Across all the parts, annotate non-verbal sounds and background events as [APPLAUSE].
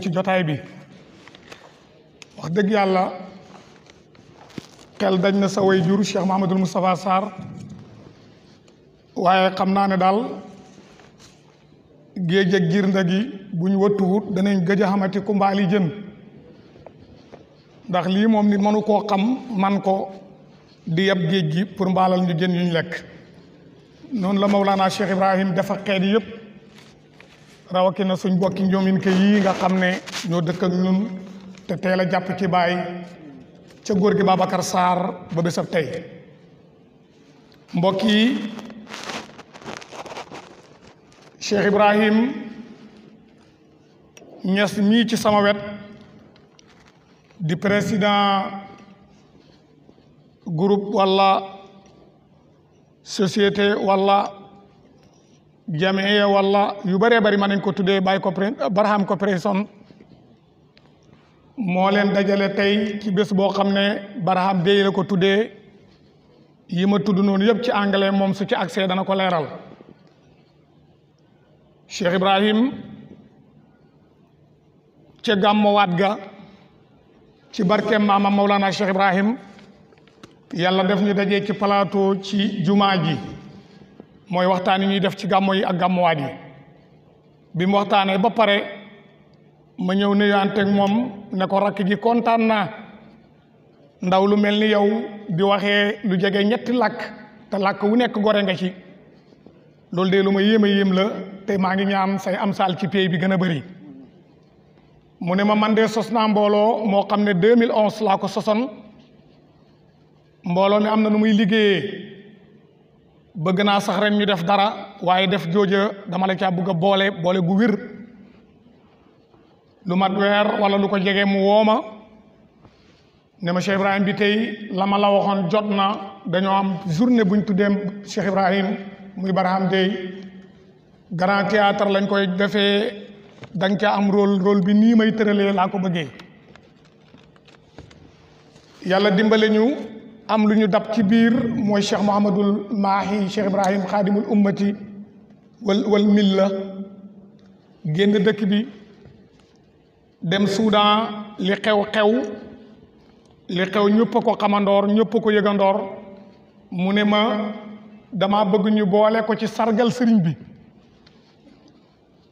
ci jotaay bi wax dëgg yàlla xel dañ na sa way jur Cheikh Mahamadul Moustapha Sarr waaye xam naa ne daal géej ak girnde gi bu ñu wëttuwut danañ gëj a xamati ku mbaali jën ndax lii moom nit mënu koo xam man ko di yab géej gi pour mbaalal ñu jën yuñ lekk noonu la Mawlaana Cheikh Ibrahim defa xeet yépp rawatina suñ bokki njoomin ke yii nga xam ne ñoo dëkk ak ñun te teel jàpp ci baay ca góor gi Babacar Sarr ba bésab tey mbokk yi Cheikh Ibrahim Niass mii ci sama wet di président groupe walla société walla jameeya walla yu bëree bari mën nañ ko tuddee Baye Copre Barham Copperson moo leen dajale tey ci bés boo xam ne Barham Day la ko tuddee yi ma tudd noonu yëpp ci anglais moom su ci accès dana ko leeral Cheikh Ibrahim ca gàmmuwaat ga ci barkeem maama Maulana Cheikh Ibrahim yàlla def ñu dajee ci plateau ci jumaa ji mooy waxtaan yi ñuy def ci gàmmo yi ak gàmmuwaat yi bi mu waxtaanee ba pare ma ñëw nuyuwanteeg moom ne ko rakk ji kontaan naa ndaw lu mel ni yow bi waxee lu jege ñetti làkk te làkk wu nekk gore nga ci loolu de lu ma yéem a yéem la te maa ngi ñaan say am saal ci pay bi gën a bëri mu ne ma man de sos naa mbooloo moo xam ne 2011 laa ko sosoon mbooloo mi am na nu muy liggéeyee bëgg naa sax ren ñu def dara waaye def jooja dama la caa bëgg a boole boole gu wir lu mat weer wala lu ko jege mu wooma ne ma Cheikh Ibrahim bi tey la ma la waxoon jot na dañoo am journée buñ tuddee Cheikh Ibrahim muy Barham Day grand théâtre lañ koy defee da caa am rôle rôle bi nii may tëralee laa ko bëggee yàlla dimbale ñu am lu ñu dab ci biir mooy cheikh mouhamadul maahi cheikh ibrahim xaadimul ummati wal wal milla génn dëkk bi dem soudan li xew-xew li xew ñëpp ko xamandoor ñëpp ko yëgandoor mu ne ma dama bëgg ñu boole ko ci sargal sëriñ bi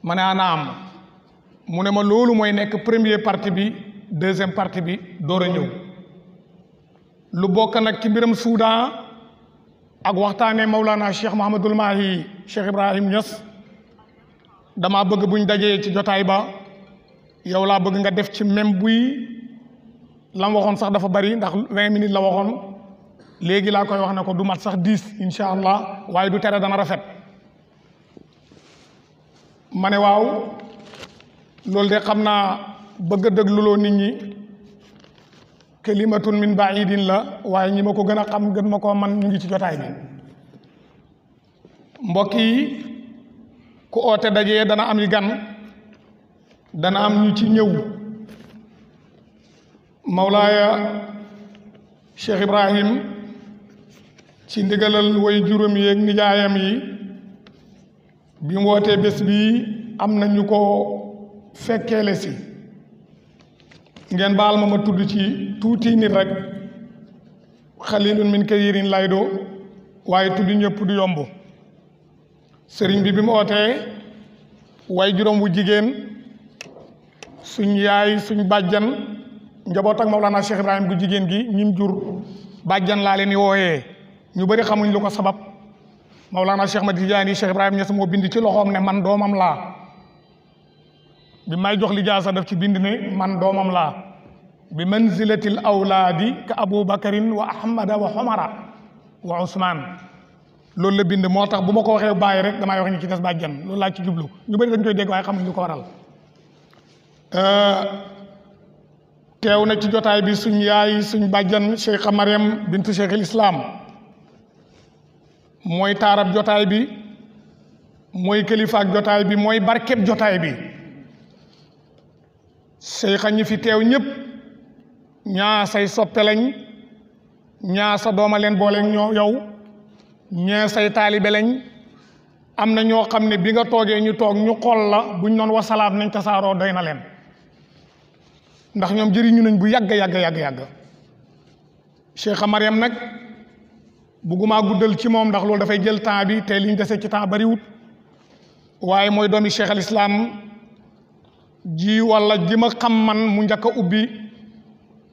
ma ne anaam ah, mu ne ma loolu mooy nekk premier partie bi deuxième partie bi door a ñëw lu bokk nag ci mbiram Soudan ak waxtaanee Maulana Cheikh Mouhamadul Mahi Cheikh Ibrahim Niass dama bëgg buñ dajee ci jotaay ba yow laa bëgg nga def ci même buy lam waxoon sax dafa bari ndax vingt minutes la waxoon léegi laa koy wax ne ko du mat sax diis incha allah waaye du tere dana rafet mane waaw loolu de xam naa bëgg a dëgluloo nit ñi kalimatun min baidin la waaye ñi ma ko gën a xam gën ma koo man ñu ngi ci jotaay bi mbokk yi ku oote dajee dana am yi gan dana am ñu ci ñëw mawlaaya Cheikh Ibrahim ci ndigalal way juróom yeeg nijaayam yi bi mu wootee bés bi am na ñu ko fekkeele si ngeen baal ma ma tudd ci tuuti nit rek xalilun min kasiirin lay doo waaye tudd ñëppu du yomb sëriñ bi bi mu ootee way juróom bu jigéen suñ yaay suñ bàjjan njaboot ak Mawlana Cheikh Ibrahim gu jigéen gi ñim jur bàjjan laa leen di wooyee ñu bëri xamuñ lu ko sabab Mawlana Cheikh Madi Jaani Cheikh Ibrahim Ñas moo bind ci loxoom ne man doomam laa bi may jox lijaasa daf ci bind ne man doomam laa bi manzilatil awlaadi ka abubakarin wa ahmada wa xomara wa usman loolu la bind moo tax bu ma ko waxee bàyyi rek damaa wax ñu ci des bàjjan loolu laa ci jublu ñu bëri dañ koy dégg waaye xamuñ lu ko waral euh, teew na ci jotaay bi suñ yaay suñ bàjjan cheikha mariam bintu cheikh al mooy taarab jotaay bi mooy kilifaak jotaay bi mooy barkeb jotaay bi sey seyxa ñi fi teew ñëpp ñaa say soppe lañ ñaa sa dooma leen boole ñoo yow ñee say taalibe lañ am na ñoo xam ne bi nga toogee ñu toog ñu xool la buñ noon wasalaat nañ tasaaroo doy na leen ndax ñoom jëriñu nañ bu yàgg yàgg yàgg yàgg Cheikha Mariam nag buggumaa guddal ci moom ndax loolu dafay jël temps bi tey liñ dese ci temps bariwut waaye mooy doomi Cheikh al ji walla jima ma xam man mu njëkk ubbi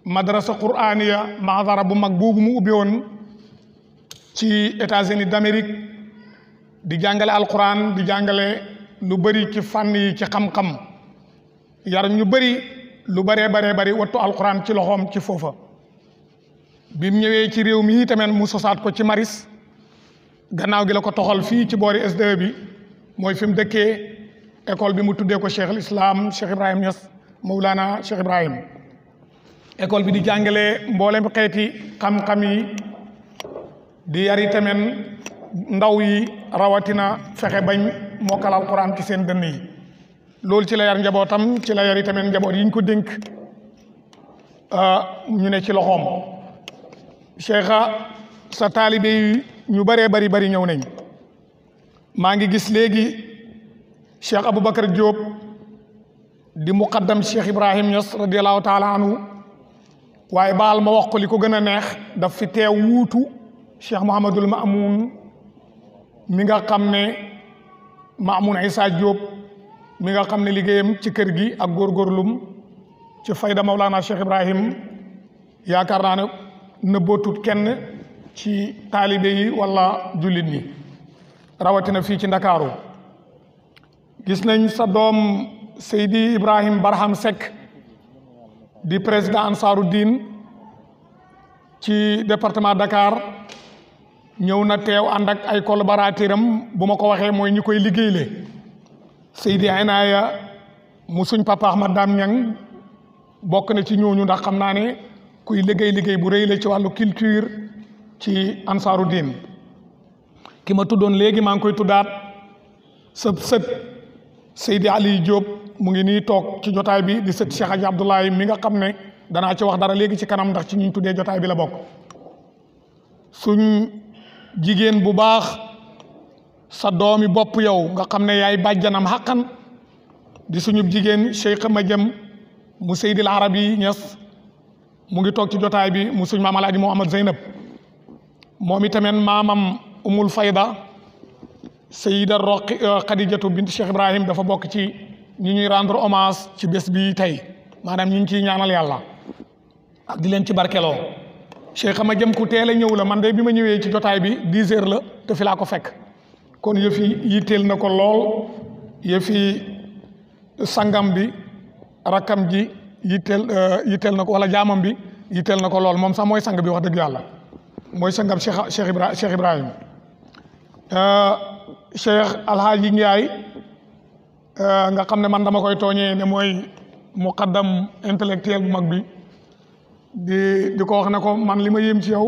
madrasa quraaniya maadara bu mag boobu mu ubbi woon ci États-Unis d'Amérique di jàngale alquran di jàngale lu bari ci fànn yi ci xam-xam yar ñu bari lu bëree baree bari wattu alquran ci loxoom ci foofa bi mu ñëwee ci réew mi tamit mu sosaat ko ci maris gannaaw gi la ko toxal fii ci boori SDE bi mooy fi dëkkee école bi mu tuddee ko cheikh al islam cheikh Ibrahim Niass Mawlana cheikh Ibrahim école bi di jàngale mboolem xeeti xam-xam yi di yari tamit ndaw yi rawatina fexe bañ mokkal alquran ci seen dënn yi loolu ci la yar njabootam ci la yari tamit njaboot yi ñu ko dénk ah, ñu ne ci loxoom cheikha sa taalibe yi ñu bëree bari bari ñëw nañ maa ngi gis léegi. cheikh Aboubacar Diop di muqaddam cheikh Ibrahim Niass radiallahu taala anhu waaye baal ma wax ko li ko gën a neex daf fi teew wuutu cheikh Mouhamadul Mamoun mi nga xam ne Mamoun Issa Diop mi nga xam ne liggéeyam ci kër gi ak góorgóorlum ci fayda Mawlana cheikh Ibrahim yaakaar naa ne nëbbootut kenn ci taalibe yi wala jullit yi rawatina fii ci Ndakaaru gis nañ sa doom Seydi Ibrahim Barham Seck di président Ansaaru Diin ci département Dakar ñëw na teew ànd ak ay collaborateur am bu ma ko waxee mooy ñi koy liggéeyle Seydi Inaya mu suñ papax Ahmad Dam Ñang bokk na ci ñooñu ndax xam naa ne kuy liggéey liggéey bu rëy la ci wàllu culture ci Ansaaru Diin ki ma tuddoon léegi maa ngi koy tuddaat sëb sët Seydi Aliou Diop mu ngi nii toog ci jotaay bi di sët Cheikh Hadji Abdoulaye mi nga xam ne danaa ci wax dara léegi ci kanam ndax ci ñu tuddee jotaay bi la bokk suñ jigéen bu baax sa doomi bopp yow nga xam ne yaay bàjjanam xaqan di suñu jigéen Cheikh Madiam mu Seydil Arabi Niass mu ngi toog ci jotaay bi mu suñ maam Alaaji Muhammad Zeynab moom itamit maamam Umul Fayda sayida roqi xadijatu euh, bint Cheikh Ibrahim dafa bokk ci ñu ñuy rendre hommage ci bés bi tey maanaam ñu ngi ciy ñaanal yàlla ak di leen ci barkeloo Cheikh ama jëm ku teel a ñëw la man de bi ma ñëwee ci jotaay bi dix heures la te fi ko fekk kon yëf yi yitteel na ko lool yëf yi sangam bi rakkam ji yitteel euh, yitteel na ko wala jaamam bi yitteel na ko lool moom sax mooy sang bi wax dëgg yàlla mooy sangam Cheikh Cheikh Ibrahima euh, Cheikh Alhaaji Ndiaye euh, nga xam ne man dama koy tooñee ne mooy muqaddam intellectuel bu mag bi di di ko ko man li ma yéem ci yow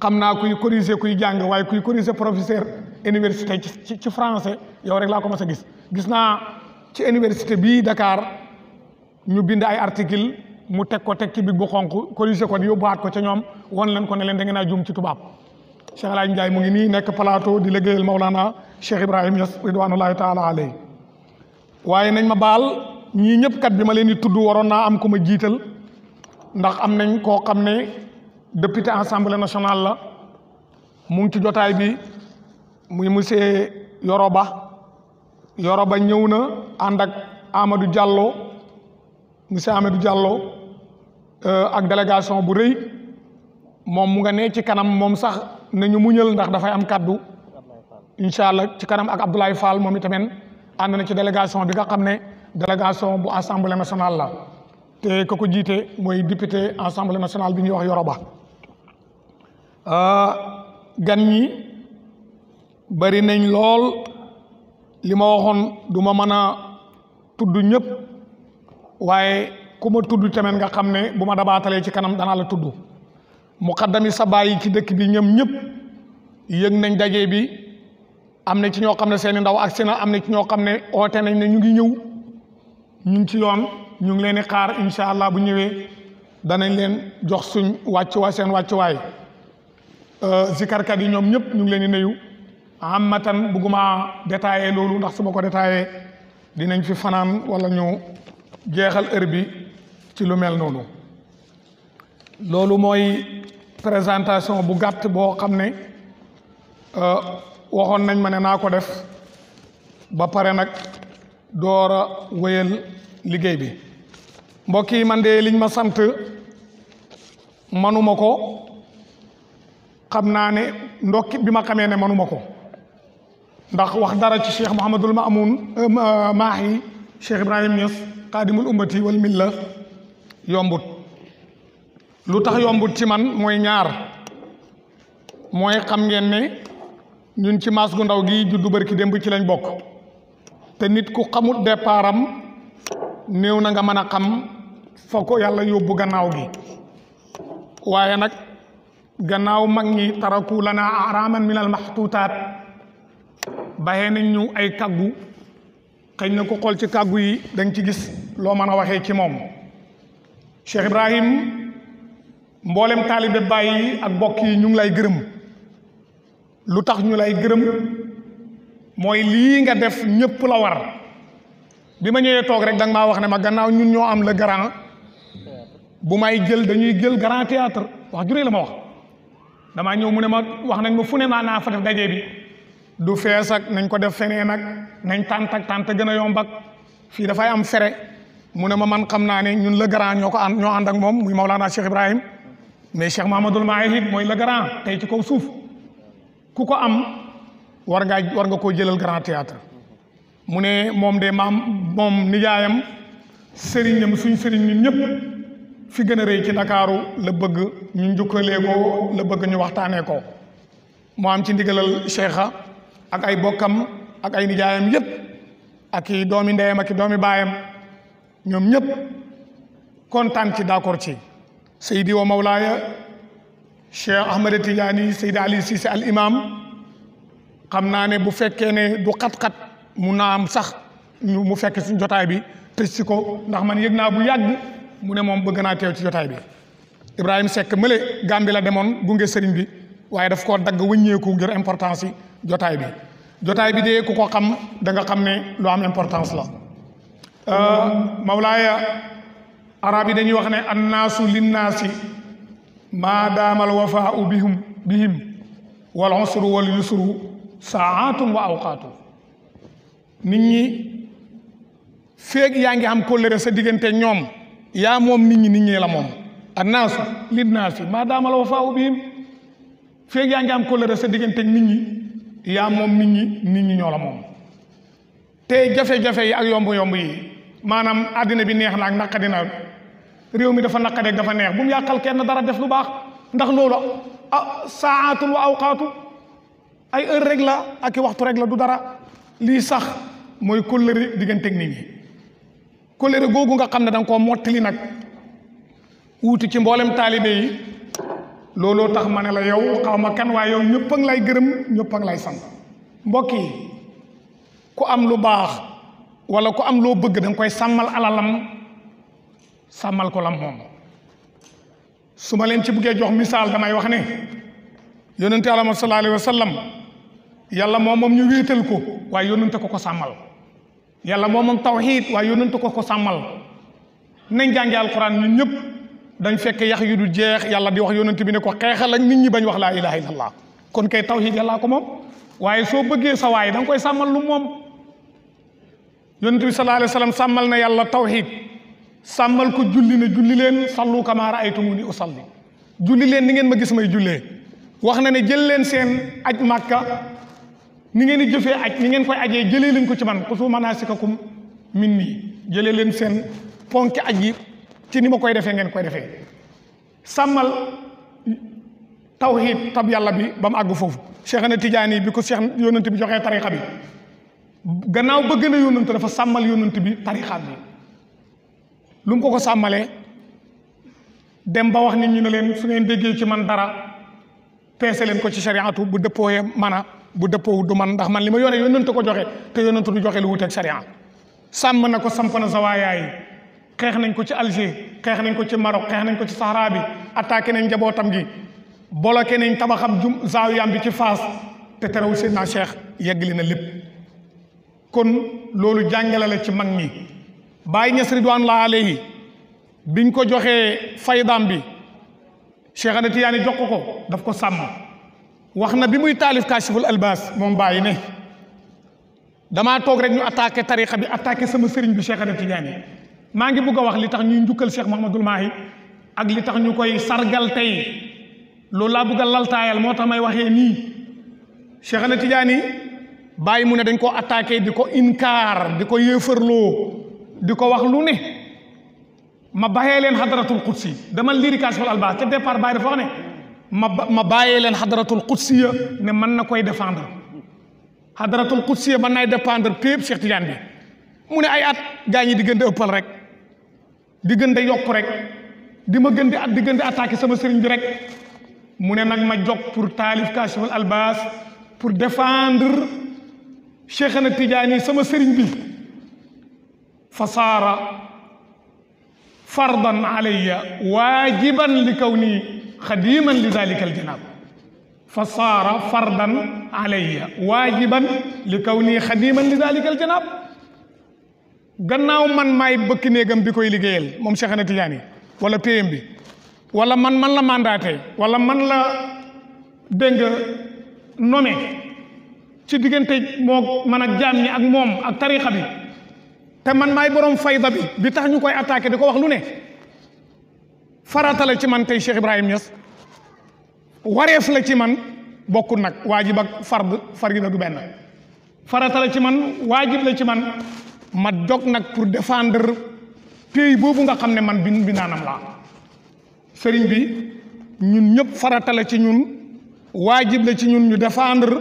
xam naa kuy corriger kuy jàng waaye kuy corriger professeur université ci ci français yow rek laa ko ma a gis gis naa ci université bii Dakar ñu bind ay article mu teg ko teg ci big bu xonq corriger ko di yóbbuwaat ko ca ñoom won leen ko ne leen da ngeen a juum ci tubaab Cheikh El mu ngi nii nekk plateau di liggéeyal Maulana Cheikh Ibrahim Niass ridwanullahi taala aley waaye nañ ma baal ñii ñëpp kat bi ma leen di tudd waroon naa am ku ma jiital ndax am nañ koo xam ne député assemblée nationale la mu ngi ci jotaay bi muy monsieur Yoroba Yoroba ñëw na ànd ak Amadou Diallo monsieur Amadou jàlloo euh, ak délégation bu rëy moom mu nga ne ci kanam moom sax. nañu muñal ndax dafay am kaddu incha allah ci kanam ak Abdoulaye Fall moom itamit ànd na ci délégation bi nga xam ne délégation bu assemblée nationale la te ku jiite mooy député assemblée nationale bi ñuy wax Yoroba ah, gan ñi bari nañ lool li ma waxoon du ma mën a tudd ñëpp waaye ku ma tudd tamit nga xam ne bu ma dabaatalee ci kanam danaa la tudd muqaddami sa bàyyi ci dëkk bi ñoom ñëpp yëg nañ daje bi am na ci ñoo xam ne seeni ndaw agsi na am na ci ñoo xam ne oote nañ ne ñu ngi ñëw ñu ngi ci yoon ñu ngi leen di xaar incha allah bu ñëwee danañ leen jox suñ wàccuwaay seen wàccuwaay euh, zikarkat yi ñoom ñëpp ñu ngi leen di nuyu amatan bugguma détaillé loolu ndax su ma ko détaillé dinañ fi fanaan wala ñu jeexal heure bi ci lu mel noonu loolu mooy présentation bu gàtt boo xam ne euh, waxoon nañ ma ne naa ko def ba pare nag door a liggéey bi mbokk yi man de liñ ma sant manuma ko xam naa ne ndokki bi ma xamee ne manuma ko ndax wax dara ci cheikh Mouhamadul Maamoun euh, Maahi cheikh Ibrahim Niass xaadimul ummati wal milla yombut lu tax yombut ci man mooy ñaar mooy xam ngeen ne ñun ci mas gu ndaw gi juddu barki démb ci lañ bokk te nit ku xamut départ am néew na nga mën a xam fa ko yàlla yóbbu gannaaw gi waaye nag gannaaw mag ñi taraku lana araman min al maxtuutaat bàyyee nañ ñu ay kàggu xëy na ku xool ci kàggu yi da ci gis loo mën a waxee ci moom Cheikh Ibrahim mboolem taalibet Baay yi ak mbokk yi ñu ngi lay gërëm lu tax ñu lay gërëm mooy lii nga def ñëpp la war bi ma ñëwee toog rek da ma wax ne ma gannaaw ñun ñoo am la grand bu may jël dañuy jël grand théâtre wax juree la ma wax damaa ñëw mu ne ma wax nañ ma fu ne naa naa fa def daje bi du fees ak nañ ko def feneen ak nañ tànt ak tànt gën a yomb fii dafay am fere mu ne ma man xam naa ne ñun la grand ñoo ko ànd ñoo ànd ak moom muy Maulana Cheikh Ibrahim mais Cheikh Mahamadul Maahib mooy la grand tey ci kaw suuf ku ko am war ngaa war nga koo jëlal grand théâtre mu ne moom de maam moom nijaayam sëriñam suñ sëriñ ñun ñëpp fi gën a rëy ci ndakaaru la bëgg ñu njukkalee ko la bëgg ñu waxtaanee ko mu am ci ndigalal cheikha ak ay bokkam ak ay nijaayam yëpp ak i doomi ndeyam ak i doomi baayam ñoom ñëpp kontaan ci d'accord ci seydi wa mawlaaya cheikh ahmada tidiani seydi ali sise al imam xam naa ne bu fekkee ne du xat-xat mun naa am sax ñu mu fekk suñ jotaay bi tëj si ko ndax man yëg naa bu yàgg mu ne moom bëgg naa teew ci jotaay bi ibrahima seck mële gambi la demoon gunge sëriñ bi waaye daf koo dagg wëññeeku ngir importance yi jotaay bi jotaay bi dee ku ko xam da nga xam ne lu am importance la euh, mawlaaya arab yi dañuy wax ne annaasu linnaasi maadaamal wafaau bihum bihim wal usru wal yusru saatun wa awqaatu nit ñi feeg yaa ngi am kóllëre sa diggante ñoom yaa moom nit ñi nit ñi la moom annaasu linnaasi maadaamal wafaau bihim feeg yaa ngi am kóllëre sa diggante nit ñi yaa moom nit ñi nit ñi ñoo la moom te jafe-jafe yi ak yomb-yomb yi maanaam àddina bi neex na ak naqadina réew mi dafa naqadeeg dafa neex bu mu yàqal kenn dara def lu baax ndax loolu ah saatun wa awqaatu ay heure rek la ak i waxtu rek la du dara lii sax mooy kóllëre diggante nit ñi kóllëre googu nga xam ne danga nga koo mottali nag wuuti ci mboolem taalibe yi looloo tax ma ne la yow xaw ma kan waaye yow ñëpp a lay gërëm ñëpp a lay sant mbokk yi ku am lu baax wala ku am loo bëgg danga koy sàmmal alalam sàmmal ko la moom suma leen ci buggee jox misaal damay wax ne yonente alama sallallahu alayhi wa sallam yàlla moom moom ñu wéetal ko waaye yonente ko ko sàmmal yàlla moom moom tawxiid waaye yonente ko ko sàmmal nañ jànge alquran ñun ñëpp dañ fekk yax yu du jeex yàlla di wax yonente bi ne ko xeexal ak nit ñi bañ wax laa ilaha illallah kon kay tawxiid yàllaa ko moom waaye soo bëggee sa waay da koy sàmmal lu moom yonente bi sallallahu sàmmal na yàlla tawxiid sàmmal ko julli na julli leen sallu kamaa raaytumuni usalli julli leen ni ngeen ma gis may jullee wax na ne jël leen seen aj màkka ni ngeen di jëfee aj ni ngeen koy aje jëlee leen ko ci man xusu min minni jëlee leen seen ponk aj yi ci ni ma koy defee ngeen koy defee sàmmal taw tawxiid tab yàlla bi ba mu àgg foofu cheikh na tijaani bi ko cheikh yónnante bi joxee tarixa bi gannaaw bëgg na yónnante dafa bi tarixaat bi lu mu ko ko sàmmalee dem ba wax nit ñu ne leen su ngeen déggee ci man dara peese leen ko ci chariatu bu dëppooyee mana bu dëppoo du man ndax man li ma yore yonent ko joxe te yonent du joxe lu wuteeg charia sàmm na ko samp na xeex nañ ko ci Alger xeex nañ ko ci Maroc xeex nañ ko ci Sahara bi attaqué nañ njabootam gi bloqué nañ tabaxam jum zaawiyam bi ci Faas te terewul seen naa Cheikh yeggali na lépp kon loolu jàngale la ci mag ñi Baay Ñas ridwaanulaahi alayhi biñ ko joxee faydaam bi Cheikh Ahmed Tidiane jox ko daf ko sàmm wax na bi muy taalif kaashiful albaas moom Baay ne damaa toog rek ñu attaqué tariqa bi attaqué sama sëriñ bi Cheikh Ahmed Tidiane maa ngi bugg a wax li tax ñuy njukkal Cheikh Mouhamadul Mahi ak li tax ñu koy sargal tey loolu laa bugg a laltaayal moo tax may waxee nii Cheikh Ahmed Tidiane Baay mu ne dañ koo attaqué di ko inkaar di ko yéefarloo di ko wax lu ne ma bàyyee leen xadaratul qudsi dama liri Kaashiful Albaas ca départ Baye dafa wax ne ma ma bàyyee leen xadaratul qudsi ya ne mën na koy défendre xadaratul qudsi ya mën naay dépendre pépp Cheikh Tidiane bi mu ne ay at gaa ñi di gën di ëppal rek di gën di yokk rek di ma gën di at di gën di attaqué sama sëriñ bi rek mu ne nag ma jog pour taalif Kaashiful Albaas pour défendre na Tidiane sama sëriñ bi fa saara fardan alayya waajiban li kaw nii xadiman li dalika aljanaab fa saara fardan alayya waajiban li kaw nii xadiman li dalika aljanaab gannaaw man maay bëkk néegam bi koy liggéeyal moom Cheikh Ahmed wala PM bi wala man man la mandaté wala man la dégg nga nommé ci diggante moo man ak jaam ñi ak moom ak tarixa bi te man maay borom fayda bi bi tax ñu koy attaqué di ko wax lu ne farata ci man tey Cheikh Ibrahim Niass wareef la ci man bokkul nag waajib ak fard fard du benn farata ci man waajib la ci man ma dog nag pour défendre pays boobu nga xam ne man bi bi naanam laa sëriñ bi ñun ñëpp farata ci ñun waajib la ci ñun ñu défendre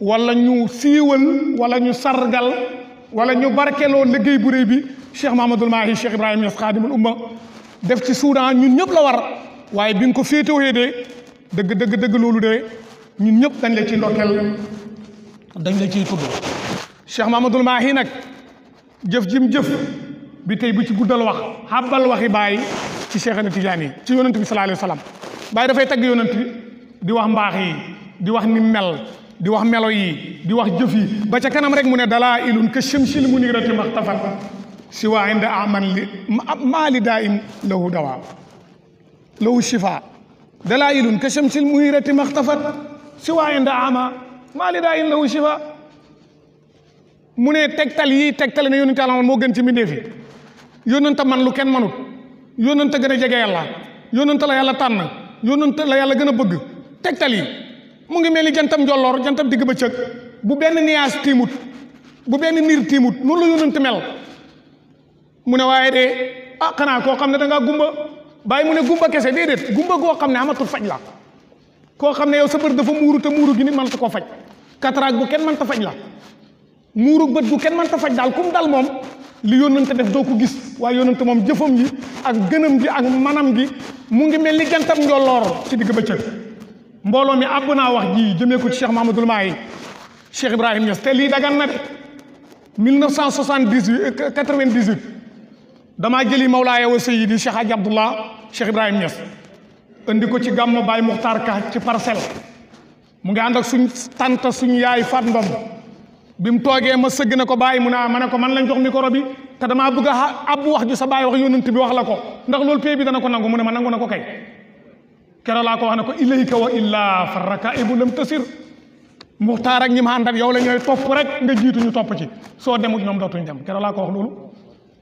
wala ñu siiwal wala ñu sargal wala ñu barkeloo liggéey bu réy bi Cheikh Mahamadul Mahi Cheikh Ibrahima Niass xaadimul umma def ci Soudan ñun ñëpp la war waaye bi nga ko féetewee de dëgg dëgg dëgg loolu de ñun ñëpp dañ la ci ndokkeel dañ la ci tudd Cheikh Mahamadul Mahi nag jëf jim jëf bi tey bu ci guddal wax xàbbal waxi bàyyi ci Cheikh Ahmed Tidiane ci yonent bi sallallahu alayhi wa dafay tagg yonent bi di wax mbaax yi di wax ni mel di wax melo yi di wax jëf yi ba ca kanam rek mu ne dalaa ilun ka shamsil munirati maxtafat si waa inda aman li maali daa im lahu dawaa lahu shifa dalaa ilun ka shamsil munirati maxtafat si waa inda ama maali daa im lahu shifa mu ne tegtal yi tegtal ne yonente Yàlla moo gën ci mbindeef yi ta man lu kenn manut ta gën a jege yàlla yonente la yàlla tànn yonente la yàlla gën a bëgg tegtal yi mu ngi mel ni jantam njolloor jantam digg bëccëg bu benn nuage tiimut bu benn niir tiimut noonu la yonent mel mu ne waaye de ah xanaa koo xam ne da gumba bàyyi mu ne gumba kese déedéet gumba goo xam ne amatul faj la koo xam ne yow sa dafa muuru te muuru gi nit mënta koo faj cataracte bu kenn mënta faj la muuru bët bu kenn mënta faj daal kum dal moom li yónnante def doo ko gis waaye yónnante moom jëfam yi ak gënam gi ak manam gi mu ngi mel ni jantam njolloor ci digg bëccëg mbooloo mi àbb naa wax ji jëmee ko ci Cheikh Mahamadul Mahi Cheikh Ibrahim Niass te lii dagan na de 1978 98 euh, damaa jëli Mawlaaya wa Sayyidi Cheikh Hadj Abdullah Cheikh Ibrahim Niass andi ko ci gàmmu baay Muxtaar Ka ci parcelle mu ngi ànd ak suñ tanta suñu yaay Fat Ngom bi mu toogee ma sëgg na ko Baye mu naa ma ne ko man lañ jox micro bi te damaa bëgg a àbb wax ju sa Baye wax yónnent bi wax la ko ndax lool pay bi dana ko nangu mu ne ma nangu na ko kay kero laa ko wax ne ko ilayka wa illaa farraka ibu lam tasir muxtaar ak ñi ma ànd yow la ñooy topp rek nga jiitu topp ci soo demut ñoom dootuñ dem kero laa ko wax loolu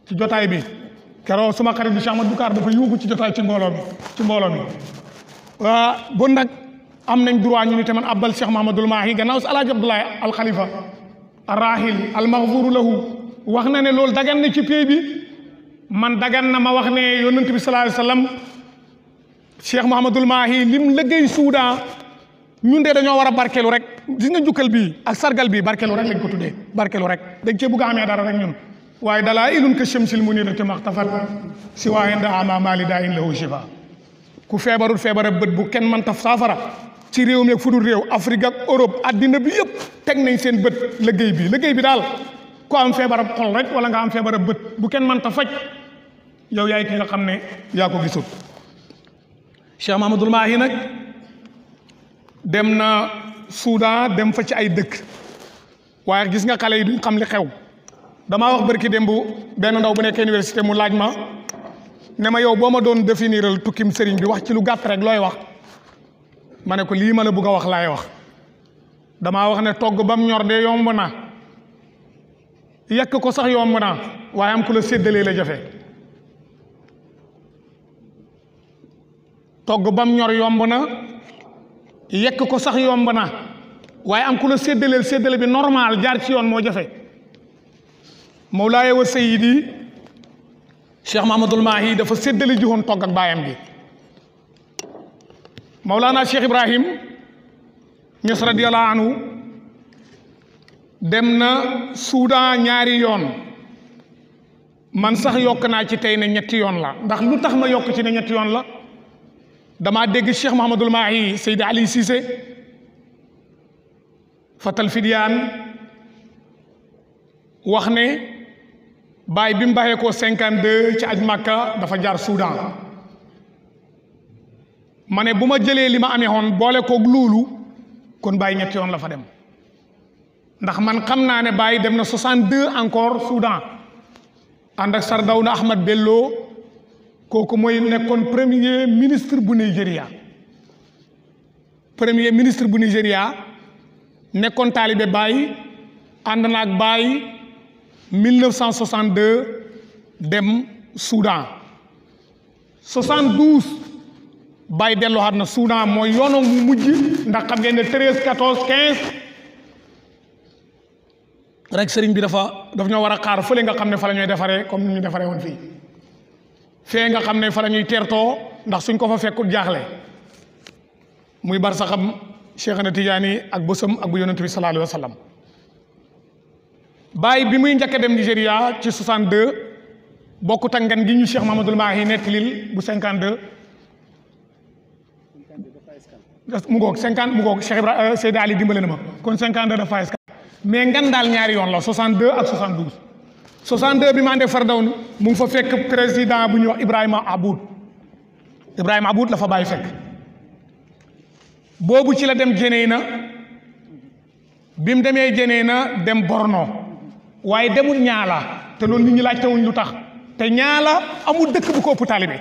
ci jotaay bi kero suma xarit bi Cheikh Ahmad Bukaar dafa yuuxu ci jotaay ci mbooloo mi ci mbooloo mi waa nag am nañ droit ñu ni tamit abbal Cheikh Mahamadul Maahi gannaaw si alaaji Abdoulaye alxalifa arrahil almaghfuru lahu wax na ne loolu dagan na ci pay bi man dagan na ma wax ne yonent bi sallallahu alayhi Cheikh Mouhamadul Mahi lim liggéey Soudan ñun de dañoo war a barkeelu rek di nga njukkal bi ak sargal bi barkelu rek lañ ko barkeelu rek dañ cee bugg a dara rek ñun waaye dalaa ilun ka shamsil munirati maxtafat si waaye nda ama maali daa in lahu shifa ku feebarul feebara bët bu kenn mën taf saafara ci réew mi fudul réew Afrique ak Europe bi yëpp seen bët liggéey bi liggéey bi daal ku am feebarab xol rek wala nga am feebarab bët bu kenn mën ta faj yow yaay ki nga xam ne yaa ko gisut Cheikh Mahamadul Mahi nag dem na Soudan dem fa ci ay dëkk waaye gis nga xale yi duñ xam li xew damaa wax barki dem bu benn ndaw bu nekk université mu laaj ma ne ma yow boo ma doon définiral tukkim sëriñ bi wax ci lu gàtt rek looy wax ma ne ko lii ma la bëgg wax laay wax damaa wax ne togg ba mu ñor de yomb na yekk ko sax yomb na waaye am ku la séddalee la jafe togg bam ñor yomb na yekk ko sax yomb na waaye am ku la séddaleel séddale bi normal jaar ci yoon moo jafe mawlaaye wa sayidi cheikh mahamadul maahi dafa séddale ji woon togg ak baayam bi mawlaana cheikh ibrahim ños radiallahu anhu dem na soudan ñaari yoon man sax yokk naa ci tey ne ñetti yoon la ndax lu tax ma yokk ci na ñetti yoon la damaa dégg Cheikh Mouhamadul Mahi Seydi Ali Cissé fatal fidiyaan wax ne baay bi mu baaxee ko cinquante deux ci aj Makka dafa jaar Soudan ma ne bu ma jëlee li ma amee woon boole kook loolu kon baay ñetti yoon la fa dem ndax man xam naa ne baay dem na soixante deux encore Soudan ànd ak Sardawna Ahmad Bello kooku mooy nekkoon premier ministre bu Nigéria premier ministre bu Nigéria nekkoon taalibe Baye ànd na ak Baye 1962 dem Soudan 72 Baye delluwaat na Soudan mooy yoonam mu mujj ndax xam ngeen ne 13 14 15. rek sëriñ bi dafa daf ñoo war a xaar fële nga xam ne fa la ñooy defaree comme ni ñu defaree woon fii fee nga xam ne fa la ñuy teertoo ndax suñ ko fa fekkut jaaxle muy bar saxam Cheikh na Tidiane ak bësam ak bu yonent bi sallallahu alayhi wa sallam bàyyi bi muy njëkk dem Nigéria ci 62 bokkut ak ngan gi ñu Cheikh Mamadul Mahi nettalil bu 52. mu ngoog 50 mu ngoog Cheikh Ibrahima euh, Seydi Ali dimbale na ma kon 52 dafa escale mais ngan daal ñaari yoon la 62 ak 72. 62 bi mu àndee Fardawni mu ngi fa fekk président bu ñuy wax Ibrahima Aboud Ibrahima Aboud la fa bàyyi fekk boobu ci la dem jenee na bi mu demee jenee na dem Borno waaye demul ñaala te loolu nit ñi laajte wuñ lu tax te ñaala amul dëkk bu ko ëpp taalibe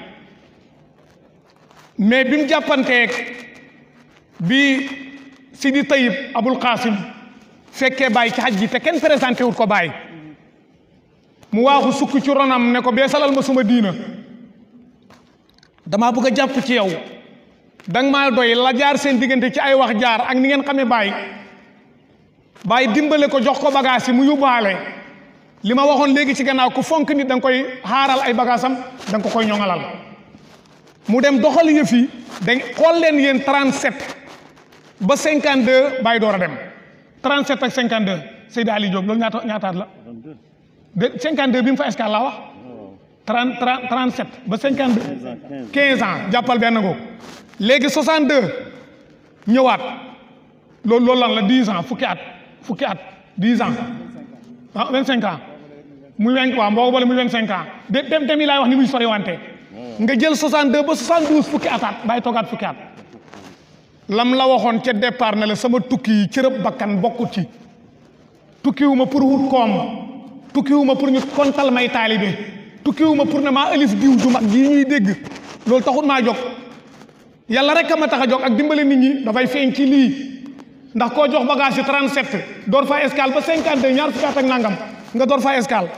mais bi mu jàppanteeg bi Sidi Tayib Abul Qasim fekkee bàyyi ci xaj ji te kenn présenté wut ko bàyyi. mu waaxu sukk ci ronam ne ko bee salal ma suma diina damaa bëgg a jàpp ci yow danga maa doy la jaar seen diggante ci ay wax jaar ak ni ngeen xamee baay baay dimbale ko jox ko bagage yi mu yóbbaale li ma waxoon léegi ci gannaaw ko fonk nit da nga koy xaaral ay bagaasam danga ko koy ñoŋalal mu dem doxal yëf yi da xool leen yéen 37 ba 52 baay door a dem 37 ak 52 Seydi Ali Diop loolu ñaata ñaataat la. de bi mu fa escale laa wax. 30 30 37 ba 52. 15 ans jàppal benn googu. léegi 62 ñëwaat lool loolu lan la 10 ans fukki at fukki at 10 ans ah 25 ans muy 20 waaw mboo boole muy 25 ans de dem dem yi laay wax ni muy sori wante nga jël 62 ba 72 fukki ataat day toogaat fukki at lam la waxoon ca départ na la sama tukki yi cërëb bakkan bokkut ci tukkiwu ma pour wut koom. tukkiwuma pour ñu kontal may taalibe tukkiwuma pour ne maa alif diw ju mag yi ñuy dégg loolu taxut maa jóg yàlla rek a ma tax a jóg ak dimbale nit ñi dafay feeñ ci lii ndax koo jox bagage yi 37 door fa escale ba 52 ñaar fukki at ak nangam nga door fa escale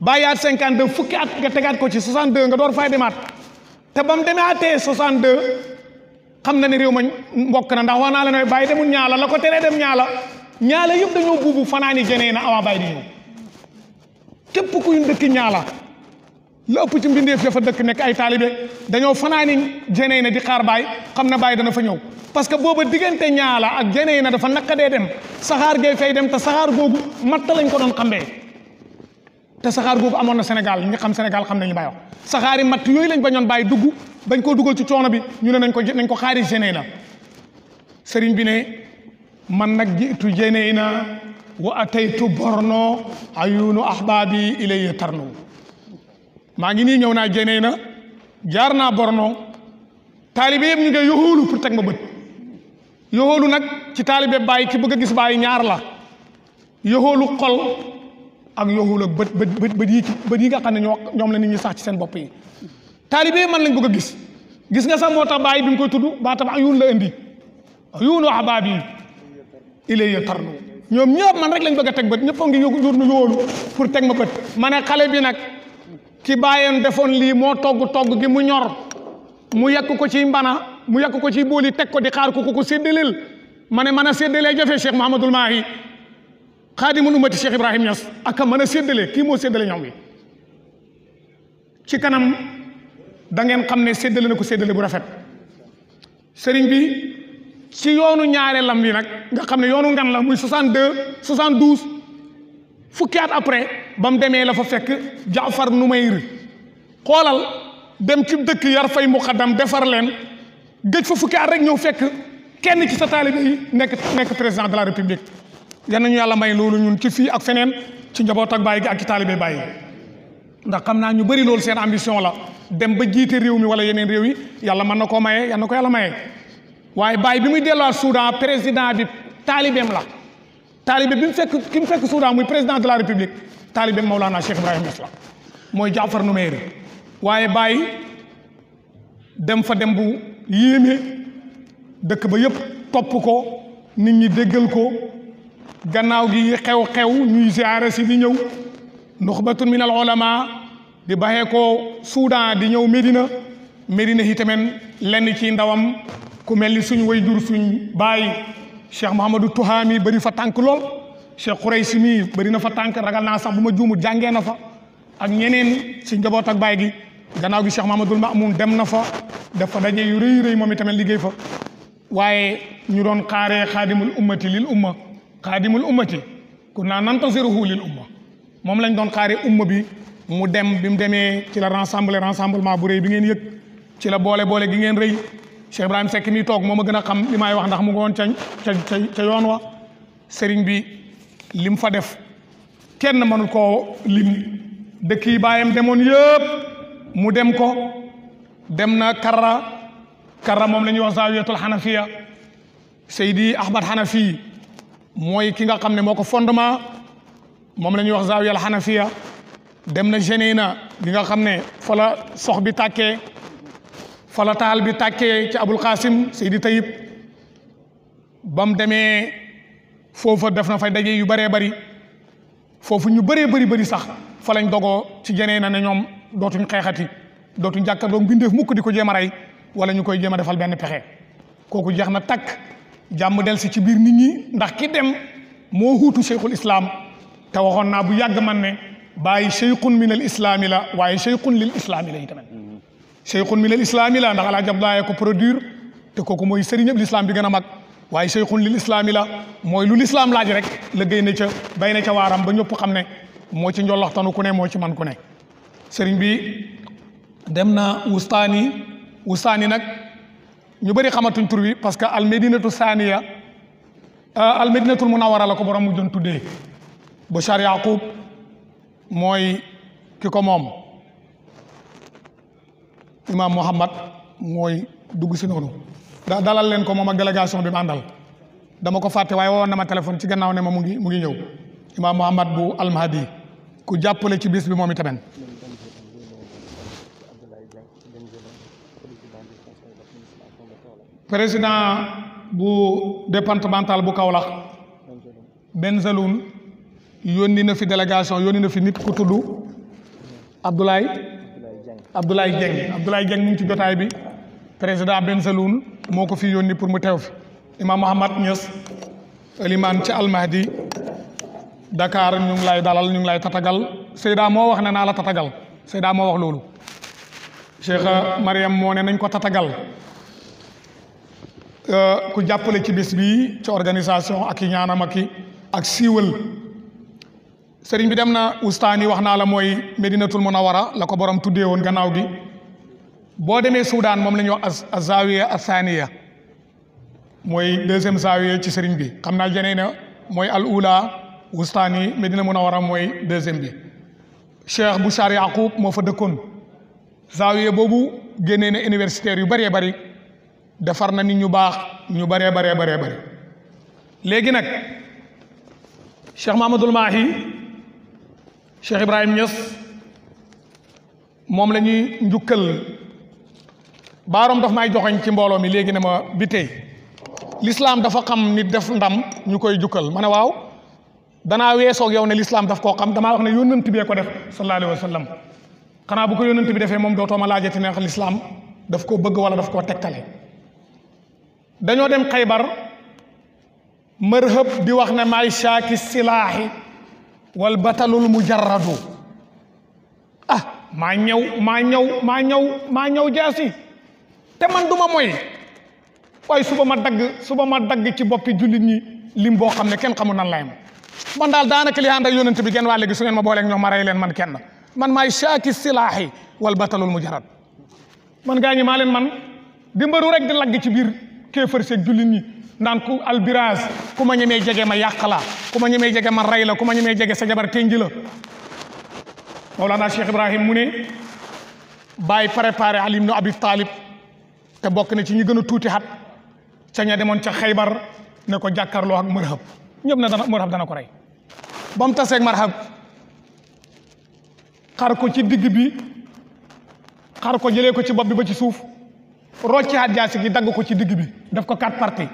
bàyyaat 52 fukki at nga tegaat ko ci de nga door fay demaat te bam mu demaatee 62 xam na ne réew ma mbokk na ndax wax naa la ne bàyyi demul ñaala la ko teree dem ñaala ñaala yëpp dañoo buubu na awa képp kuy dëkk ñaala la ëpp ci mbindeef dafa dëkk nekk ay taalibe dañoo fanaani jeney na di xaar baay xam na baay dana fa ñëw parce que booba diggante ñaala ak jeney na dafa naqadee dem saxaar gay fay dem te saxaar googu matt lañ ko doon xambee te saxaar googu amoon na Sénégal ñi xam Sénégal xam nañu bàyyi wax saxaari matt yooyu lañ bañoon bàyyi dugg bañ koo dugal ci coono bi ñu ne nañ ko nañ ko xaari jeney na sëriñ bi ne man nag jiitu jeney na wa ataytu borno ayunu ahbaabi ilayya tarnu maa ngi nii ñëw naa jeney na jaar naa borno taalibe yëpp ñu ngi yoxoolu pour teg ma bët yoxoolu nag ci taalibe bàyyi ci bëgg a gis bàyyi ñaar la yoxoolu xol ak yoxoolu ak bët bët bët yi bët yi nga xam ne ñoom la ni ñi sax ci seen bopp yi taalibe man lañ bëgg a gis gis nga sax moo tax bàyyi bi mu koy tudd baatam ayun la indi ayunu ahbaabi ilayya tarnu ñoom ñëpp man rek lañ bëgg a teg bët ñëpp a ngi yóbbu jur ñu pour teg ma bët ma xale bi nag ki bàyyeen defoon lii moo togg togg gi mu ñor mu yàq ko ci mbana mu yàq ko ci booli teg ko di xaar ku ko ko séddaleel ma ne mën a séddalee jafe Cheikh Mouhamadoul Mahi xaadimul ummati Cheikh Ibrahim Niass aka mën a séddale kii moo séddale ñoom bi ci kanam da ngeen xam ne séddale na ko séddale bu rafet sëriñ bi. si yoonu ñaareelam li nag nga xam ne yoonu ngan la muy 62 72 fukki at après ba mu demee la fa fekk nu Numayr xoolal dem ci dëkk yar fay muqaddam defar leen gëj fa fukki at rek ñëw fekk kenn ci sa taalibe nekk nekk président de la république yal nañu yàlla may loolu ñun ci fii ak feneen ci njaboot ak bàyyi gi ak ci taalibe bàyyi ndax xam naa ñu bëri loolu seen ambition la dem ba jiite réew mi wala yeneen réew yi yàlla mën na koo maye yal na ko yàlla maye. waaye bàyyi bi muy delluwaat Soudan président bi taalibeem la taalibe bi mu fekk ki mu fekk Soudan muy président de la république taalibeem Maulana Cheikh Ibrahim Niass la mooy Jaafar Numeeri waaye bàyyi dem fa dem bu yéeme dëkk ba yëpp topp ko nit ñi déggal ko gannaaw gi xew-xew ñuy ziyaara si di ñëw nuxbatun min al ulama di baxee ko Soudan di ñëw Médina Médina itamit lenn ci ndawam ku mel ni suñ way jur suñ bàyyi cheikh Mouhamadou Touhami bari fa tànk lool cheikh Khouraysi mii bëri na fa tànk ragal naa sax bu ma juumut jàngee na fa ak ñeneen ci njaboot ak baay gi gannaaw gi cheikh Mouhamadoul Mamoun dem na fa def fa daje yu rëy rëy moom itamit liggéey fa waaye ñu doon xaaree xaadimul ummati lil umma xaadimul ummati kunna nantasiruhu lil umma moom lañ doon xaaree umma bi mu dem bi mu demee ci la rassemble rassemblement bu rëy bi ngeen yëg ci la boole boole gi ngeen rëy Cheikh Ibrahim Seck mi toog moom ma gën a xam li may wax ndax mu ngi woon ca yoon wa sëriñ bi lim fa def kenn mënul ko lim dëkk yi baayam demoon yëpp mu dem ko dem na Karra Karra moom lañuy ñuy wax Zawiyatul Hanafiya Seydi Ahmad Hanafi mooy ki nga xam ne moo ko fondement moom lañuy wax Zawiyatul Hanafiya dem na Jénéna bi nga xam ne fa la sox fala taal bi tàkkee ci abul xaasim seydi tayib ba demee foofa def na fa daje yu bëree bari foofu ñu bëree bari bari sax fa lañ dogoo ci jenee na ne ñoom dootuñ xeexati dootuñ jàkkaarloo bindeef mukk di ko jéem a rey wala ñu koy jéem a defal benn pexe kooku jeex na takk jàmm del si ci biir nit ñi ndax ki dem moo huutu cheikhul islaam te waxoon naa bu yàgg man ne bàyyi cheikhun min al islaami la waaye cheikhun lil islaami la itamit cheikhun min al islaami la ndax ko produire te kooku mooy sëriñ ñëpp l'islam bi gën mag waaye cheikhun lil islaami la mooy lu l'islam laaj rek liggéey na ca bay na ca waaram ba ñëpp xam ne moo ci njolloxtanu ku ne moo ci man ku ne sëriñ bi dem na wustaani wustaani nag ñu bëri xamatuñ tur bi parce que almedinatu saaniya euh, almedinatul munawara la ko borom mu doon tuddee Bachar Yaqub mooy ki ko moom imaam Muhammad mooy dugg si noonu da dalal leen ko moom ak délégation bi ma àndal dama ko fàtte waaye woon na ma téléphone ci gannaaw ne ma mu ngi mu ngi ñëw imaam Muhammad bu almahdi ku jàppale ci bis bi moom itamit président bu départemental bu Kaolack Benzeloun yónni na fi délégation yónni na fi nit ku tudd Abdoulaye Abdoulaye Dieng Abdoulaye Dieng mu ngi ci jotaay bi président Ben Saloun moo ko fi yónni pour mu teew fi imam Mohamad Niass limaan ci almahdi Dakar ñu ngi lay dalal ñu ngi lay tatagal seydaa moo wax ne naa la tatagal Seyda moo wax loolu Cheikh Mariam moo ne nañ ko tatagal euh, ku jàppale ci bis bi ci organisation ak i ñaanam ak ak siiwal sëriñ bi dem na ustaani wax naa la mooy medinatul munawara la ko borom tuddee woon gannaaw gi boo demee Soudan moom la ñuy wax azawiya asaniya mooy deuxième zawiya ci sëriñ bi xam naa jenee na mooy al ula ustaani medina munawara mooy deuxième bi cheikh Bouchar Yaqub moo fa dëkkoon zawiya boobu génnee na universitaires yu bëree bëri defar na nit ñu baax ñu bëree bëree bëree bëri léegi nag cheikh Mahamadul Mahi Cheikh Ibrahim Niass moom la ñuy njukkal baaroom daf may joxoñ ci mbooloo mi léegi ne ma bi tey l'islam dafa xam nit def ndam ñu koy jukkal ma ne waaw danaa weesoog yow ne l'islam daf koo xam damaa wax ne yónnant bee ko def sallallahu alayhi wa sallam xanaa bu ko yónnant bi defee moom dootoo ma laajati ne l'islam daf koo bëgg wala daf koo tegtale dañoo dem xaybar mërhëb di wax ne maay saaki silaahi wal batalul mujarradu ah maa ñëw maa ñëw maa ñëw maa ñëw jaasi te man duma moy waaye suba ma dagg suba ma dagg ci boppi jullit ñi lim boo xam ne kenn xamul nan lay man daal daanaka li ànd ak yonent bi gen waa léegi su ngeen ma booleeg ñoom ma rey leen man kenn man maay shaaki silaahi wal batalul mujarrad man gaa ñi maa leen man di rek di lagg ci biir kéefër seeg jullit ñi naan ku albirage ku ma ñemee jege ma yàq la ku ma ñemee jege ma rey la ku ma ñemee jege sa jabar tenji la Mawlana Cheikh Ibrahim mu ne bàyyi préparé Ali ibn Abi Talib te bokk na ci ñi gën a tuuti xat ca ña demoon ca xeybar ne ko jàkkaarloo ak marhab ñëpp na dana marhab dana ko rey ba mu taseeg marhab ko ci digg bi xar ko jëlee ko ci bopp bi ba ci suuf rocci xat jaasi gi dagg ko ci digg bi def ko quatre parties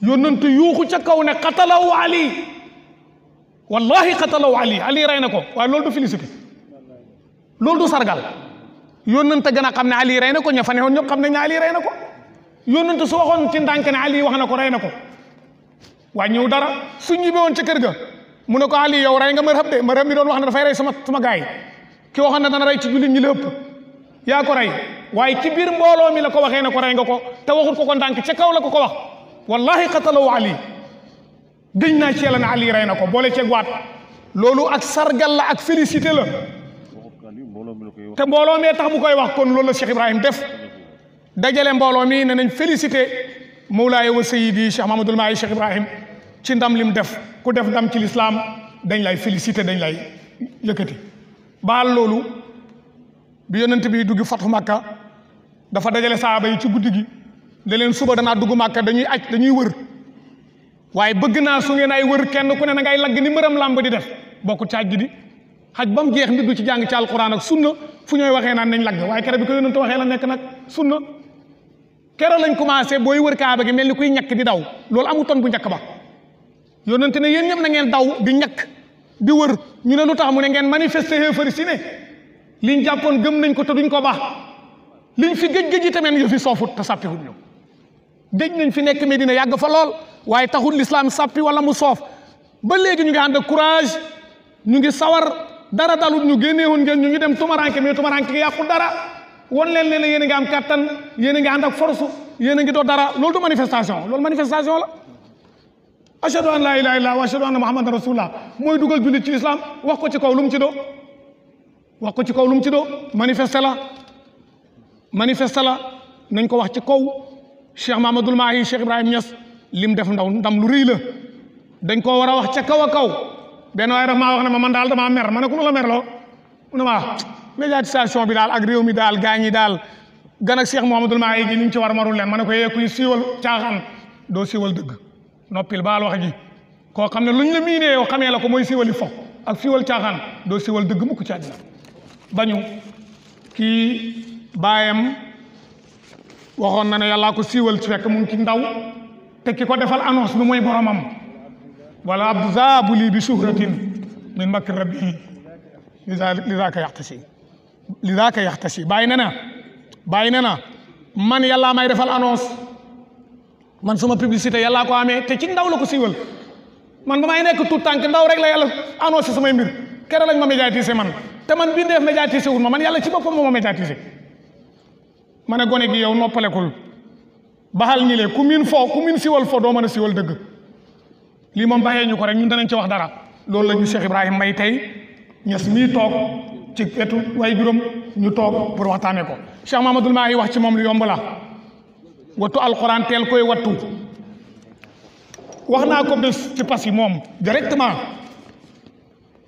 yónnant yuuxu ca kaw ne xatalaw ali wallahi xatalaw ali ali rey na ko waaye lool du félicité loolu du sargal yónnante gën a xam ne ali rey na ko ña fa newoon ñëpp xam ne ali rey na ko yónnante su waxoon ci ndànk ne ali wax na ko rey na ko waaye ñëw dara su ñibbee woon kër ga mu ne ko ali yow rey nga marhab de marhab mi wax ne dafay rey sama sama gaay ki waxoon ne dana rey ci jullit ñi la ëpp yaa ko rey ci biir mbooloo mi la ko waxee ne ko rey nga ko te waxut ko ko ndànk ca kaw la ko ko wax wallahi qatalaw ali gëñ naa ci yàlla ali rey na ko boole ceeg waat loolu ak sargal la ak félicité la te mbooloo mee tax bu koy wax kon loolu la Cheikh Ibrahim def dajale mbooloo mi ne nañ félicité moolaay wa sayidi Cheikh Mahamadul Mahi Cheikh Ibrahim ci ndam lim def ku def ndam ci lislaam dañ lay félicité dañ lay yëkkati baal loolu bi yonent bi dugg fatu Makka dafa dajale saaba yi ci guddi gi ne leen danaa dugg màkka dañuy aj dañuy wër waaye bëgg naa su ngeen ay wër kenn ku ne na ngay lagg ni mbëram làmb di def bokku caaj gi di xaj ba mu jeex nit du ci jàng ci alquran ak sunna fu ñooy waxee naan nañ lagg waaye kere bi ko yonent waxee la nekk nag sunna kere lañ commencé booy wër kaaba gi mel ni kuy ñàkk di daw loolu amutoon bu njëkk ba yonente ne yéen ñëpp na ngeen daw di ñàkk di wër ñu ne lu tax mu ne ngeen manifester xéefari si ne liñ jàppoon gëm nañ ko te duñ ko baax liñ fi gëj gëj yi tamit yu fi soofut te sàppihut ñu gëj nañ fi nekk Medina yàgg fa lool waaye taxul l'islam sappi wala mu soof ba léegi ñu ngi ànd ak courage ñu ngi sawar dara dalut ñu génneewoon ngeen ñu ngi dem tumaranke mais tumaranke gi yàqul dara won leen leen yéen a ngi am kattan yéen a ngi ànd ak force yéen a ngi doo dara loolu du manifestation loolu manifestation la ashadu an laa ilaha illallah wa ashadu anna muhammadan rasulullah mooy dugal jullit ci islam wax ko ci kaw lu mu ci doo wax ko ci kaw lu ci doo manifeste la manifeste la nañ ko wax ci kaw cheikh Mahamadul Mahi cheikh Ibrahim Niass lim def ndaw ndam lu rëy la dañ koo war a wax ca kaw a kaw benn waaye daf maa wax ne ma man daal damaa mer ma ne ku ma la merloo mu ne ma médiatisation bi daal ak réew mi daal gaañ yi daal gan ak cheikh Mahamadul Mahi gi ni ñu ci war marul leen ma ne ko yee kuy siiwal caaxaan doo siiwal dëgg noppil baal wax ji koo xam ne luñ la miinee la ko mooy siiwali fo ak siiwal caaxaan doo siiwal dëgg mukk ci àddina bañu kii baayam waxoon na ne yàllaa ko siiwal ci fekk mu ngi ci ndaw te ko defal annonce bi mooy boromam wala abdu zaabuli bi suhratin min makri rabbihi li zaaka si li zaaka si bàyyi na na bàyyi na na man yàllaa may defal annonce man suma publicité yàllaa ko amee te ci ndaw la ko siiwal man ba may nekk tout tànk ndaw rek la yàlla annoncé samay mbir kere lañ ma médiatisé man te man bindeef médiatisé wul ma man yàlla ci boppam moo ma ma ne gone gi yow noppalekul baxal ñi le ku min fo ku min siwal fo doo mën a siwal dëgg lii moom bàyyee ñu ko rek ñun danañ ci wax dara loolu lañu ñu Cheikh Ibrahima may tey ñes mii toog ci wetu way juróom ñu toog pour waxtaane ko Cheikh Mamadul Mahi wax ci moom lu yomb la wattu alxuraan teel koy wattu wax naa ko bés ci pas moom directement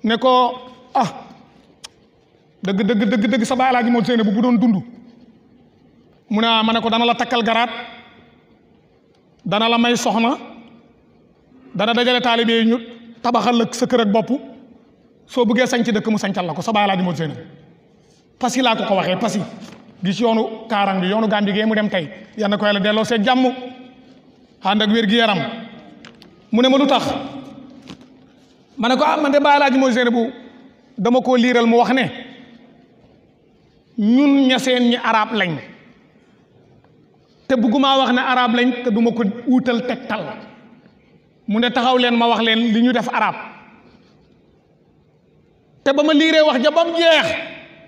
ne ko ah dëgg dëgg dëgg dëgg sa baay Alaaji Moodu Seynabu bu doon dund mu ne ah ma ne ko dana la takkal garaat dana la may soxna dana dajale taalibe ñu tabaxal la sa kër bopp soo buggee sañ dëkk mu sancal la ko sa baay laa di mot seen laa ko ko waxee pasi gi yoonu kaarang bi yoonu Gàmbi gee mu dem tey yal na ko yàlla delloo see jàmm ànd ak wér gi yaram mu ne ma lu tax ma ne ko ah man de baay laa di mot bu dama koo liiral mu wax ne ñun ñaseen ñi arab lañ te bëggumaa wax ne araab lañ te duma ko wuutal tegtal mu ne taxaw leen ma wax leen li ñu def araab te ba ma liiree wax ja bam jeex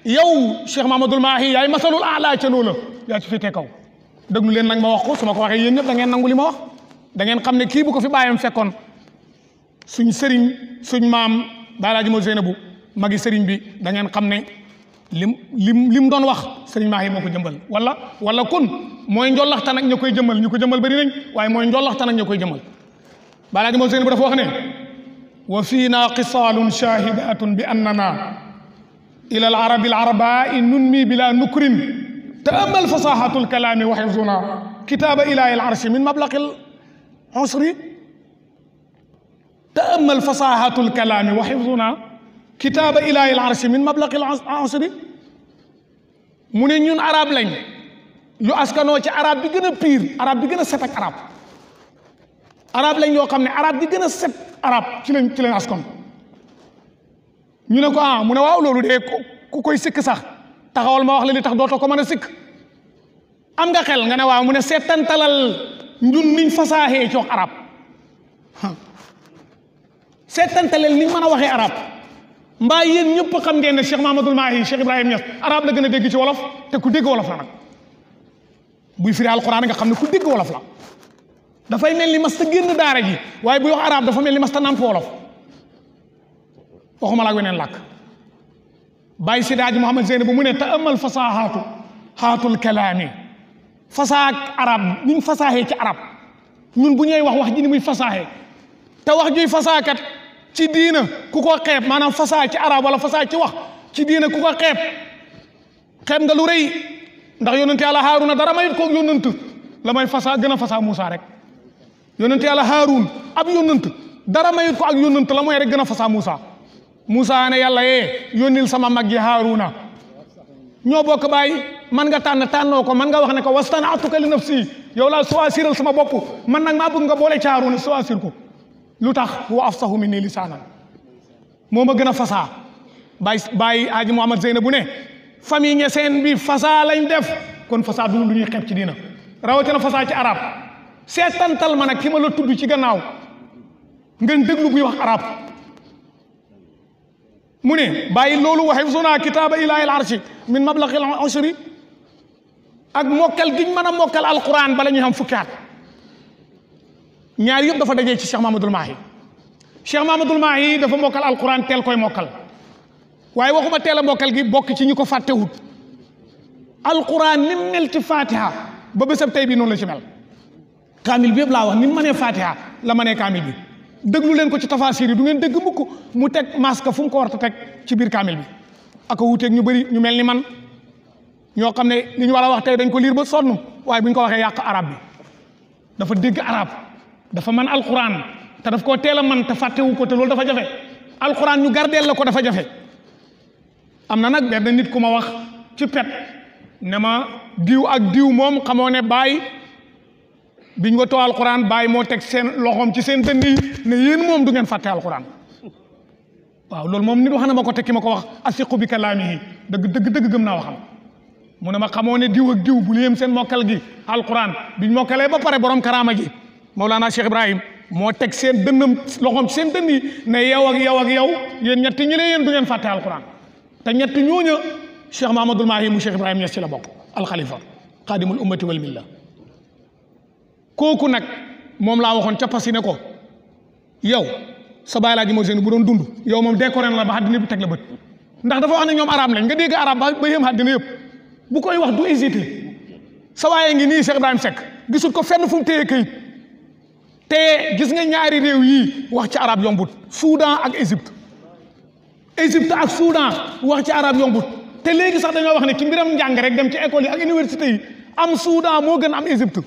yow Cheikh Mamadul Mahi yaay masalul ala ca loola yaa ci féete kaw déglu leen nag ma wax ko su ma ko waxee yéen ñëpp da ngeen nangu li ma wax da ngeen xam ne kii bu ko fi bàyyam fekkoon suñ sëriñ suñ maam daalaa ji ma Zeynabu magi sëriñ bi dangeen xam ne lim lim lim doon wax sëriñ Mahi moo ko jëmbal wala wala kon mooy njollaxtaan ak ña koy jëmbal ñu ko jëmbal bari nañ waaye mooy njollaxtaan ak ña koy jëmbal balaa ji moom sëriñ bu dafa wax ne wa fiina qisaalun shaahidatun bi annana ila al arabi al arabai nunmi bila nukrin taamal fasahatu al kalaami wa xifduna kitaaba ilahi al arshi min mablaqi al usri taamal fasahatu al kalaami wa xifduna kitaaba ilaahil arshi min mablaqil ansbi mu ne ñun araab lañ lu askanoo ci arab bi gën a pire arab bi gën a arab arab lañ yoo xam ne arab bi gën a set arab ci lañ ci askan ñu ne ko ah mu ne waaw loolu de ku koy sikk sax taxawal ma wax la li tax dootoo ko mën a sikk am nga xel nga ne waa mu ne seetantalal njun niñ fasaaxee coox arab seetantalal niñ mën a waxee arab mbaa yéen ñëpp xam ngeen ne Cheikh Mahamadul Mahi Cheikh Ibrahim Niass arab la gën a dégg ci wolof te ku dégg wolof la nag buy firi alquran nga xam ne ku dégg wolof la dafay mel ni masta génn daara ji waaye buy wax arab dafa mel ni masta namp wolof waxuma laa weneen làkk bàyyi si daaji Mouhamed Zeynab bu mu ne taamal fasahaatu xaatul kalaami fasaak arab ni mu fasaaxee ci arab ñun bu ñuy wax wax ji ni muy fasaaxee te wax juy fasaakat ci diina ku ko xeeb maanaam fasaa ci arab wala fasaa ci wax ci diina ku ko xeeb xeeb nga lu rëy ndax yonent yàlla haaruna dara mayut koog yonent la may fasaa gën a fasaa Moussa rek yonent yàlla haarun ab yonent dara mayut ko ak yonent la rek gën a fasaa Moussa Moussa ne yàlla yee yónnil sama mag yi haaruna ñoo bokk baay man nga tànn tànnoo ko man nga wax ne ko wastan atuka li nafsi yow laa suwaasiral sama bopp man nag maa bëgg nga boole ci haaruna suwaasir ko lu tax wa afsahu min nii lisaanan moo ma gën a fasaa bay bàyyi aaji Mouhamad Zeyna bu ne famille ñeseen bi fasaa lañ def kon fasaa du lu ñuy xeeb ci diina rawatina fasaa ci arab seetantal ma nag ki ma la ci gannaaw nga déglu buy wax araab mu ne bàyyi loolu wa hifzuna kitaaba ilaahi al-arshi min mablaqi al-ashri ak mokkal giñ mën a mokkal alquran bala ñuy xam fukki at ñaari yëpp dafa dajee ci Cheikh Mamadul Mahi Cheikh Mamadul Mahi dafa mokkal alquran teel koy mokkal waaye waxuma teel a mokkal gi bokk ci ñi ko fàttewut alquran ni mu mel ci fatiha ba bésab tey bii noonu la ci mel kaamil bi yëpp laa wax ni mu mënee fatiha la mënee kaamil bi déglu leen ko ci tafasir yi du ngeen dégg mukk mu teg masque fu mu ko war a teg ci biir kaamil bi aka wuuteeg ñu bëri ñu mel ni man ñoo xam ne li ñu war a wax tey dañ ko liir ba sonn waaye bu ñu ko waxee yàq arab dafa dégg arab dafa man alquran te daf koo teel a man te fàttewu ko te loolu dafa jafe alquran ñu gardeel la ko dafa jafe am na nag benn nit ku ma wax ci pet ne ma diw ak diw moom xamoo ne baay biñ ko too alquran baay moo teg seen loxoom ci seen dënn yi ne yéen moom du ngeen fàtte alquran waaw loolu moom nit wax ne ma ko te ki ma ko wax a asiqu bi kalaamihi dëgg dëgg dëgg gëm naa waxam mu ne ma xamoo ne diw ak diw bu léem seen mokkal gi alquran biñ mokkalee ba pare borom karaama gi Mawlana Cheikh Ibrahim moo teg seen dënnam loxoom seen dënn yi ne yow ak yow ak yow yéen ñetti ñi ne yéen du fàtte alquran te ñetti ñooña Cheikh Mahamadul Mahi mu la bokk alxalifa xaadimul ummati wal milla kooku nag moom laa waxoon ca ne ko yow sa laa ji moo seeni bu doon dund yow moom décoré la ba àddina bi teg la bët ndax dafa wax ne ñoom arab lañ nga dégg arab ba ba yéem àddina yëpp bu koy wax du hésité sa waaye ngi nii Cheikh Ibrahim Seck gisul ko fenn fu mu téye te gis nga ñaari réew yii wax ci arab yombut Soudan ak Égypte Égypte ak Soudan wax ci arab yombut te léegi sax dañoo wax ne ki mbiram njàng rek dem ci école yi ak université yi am Soudan moo gën am Égypte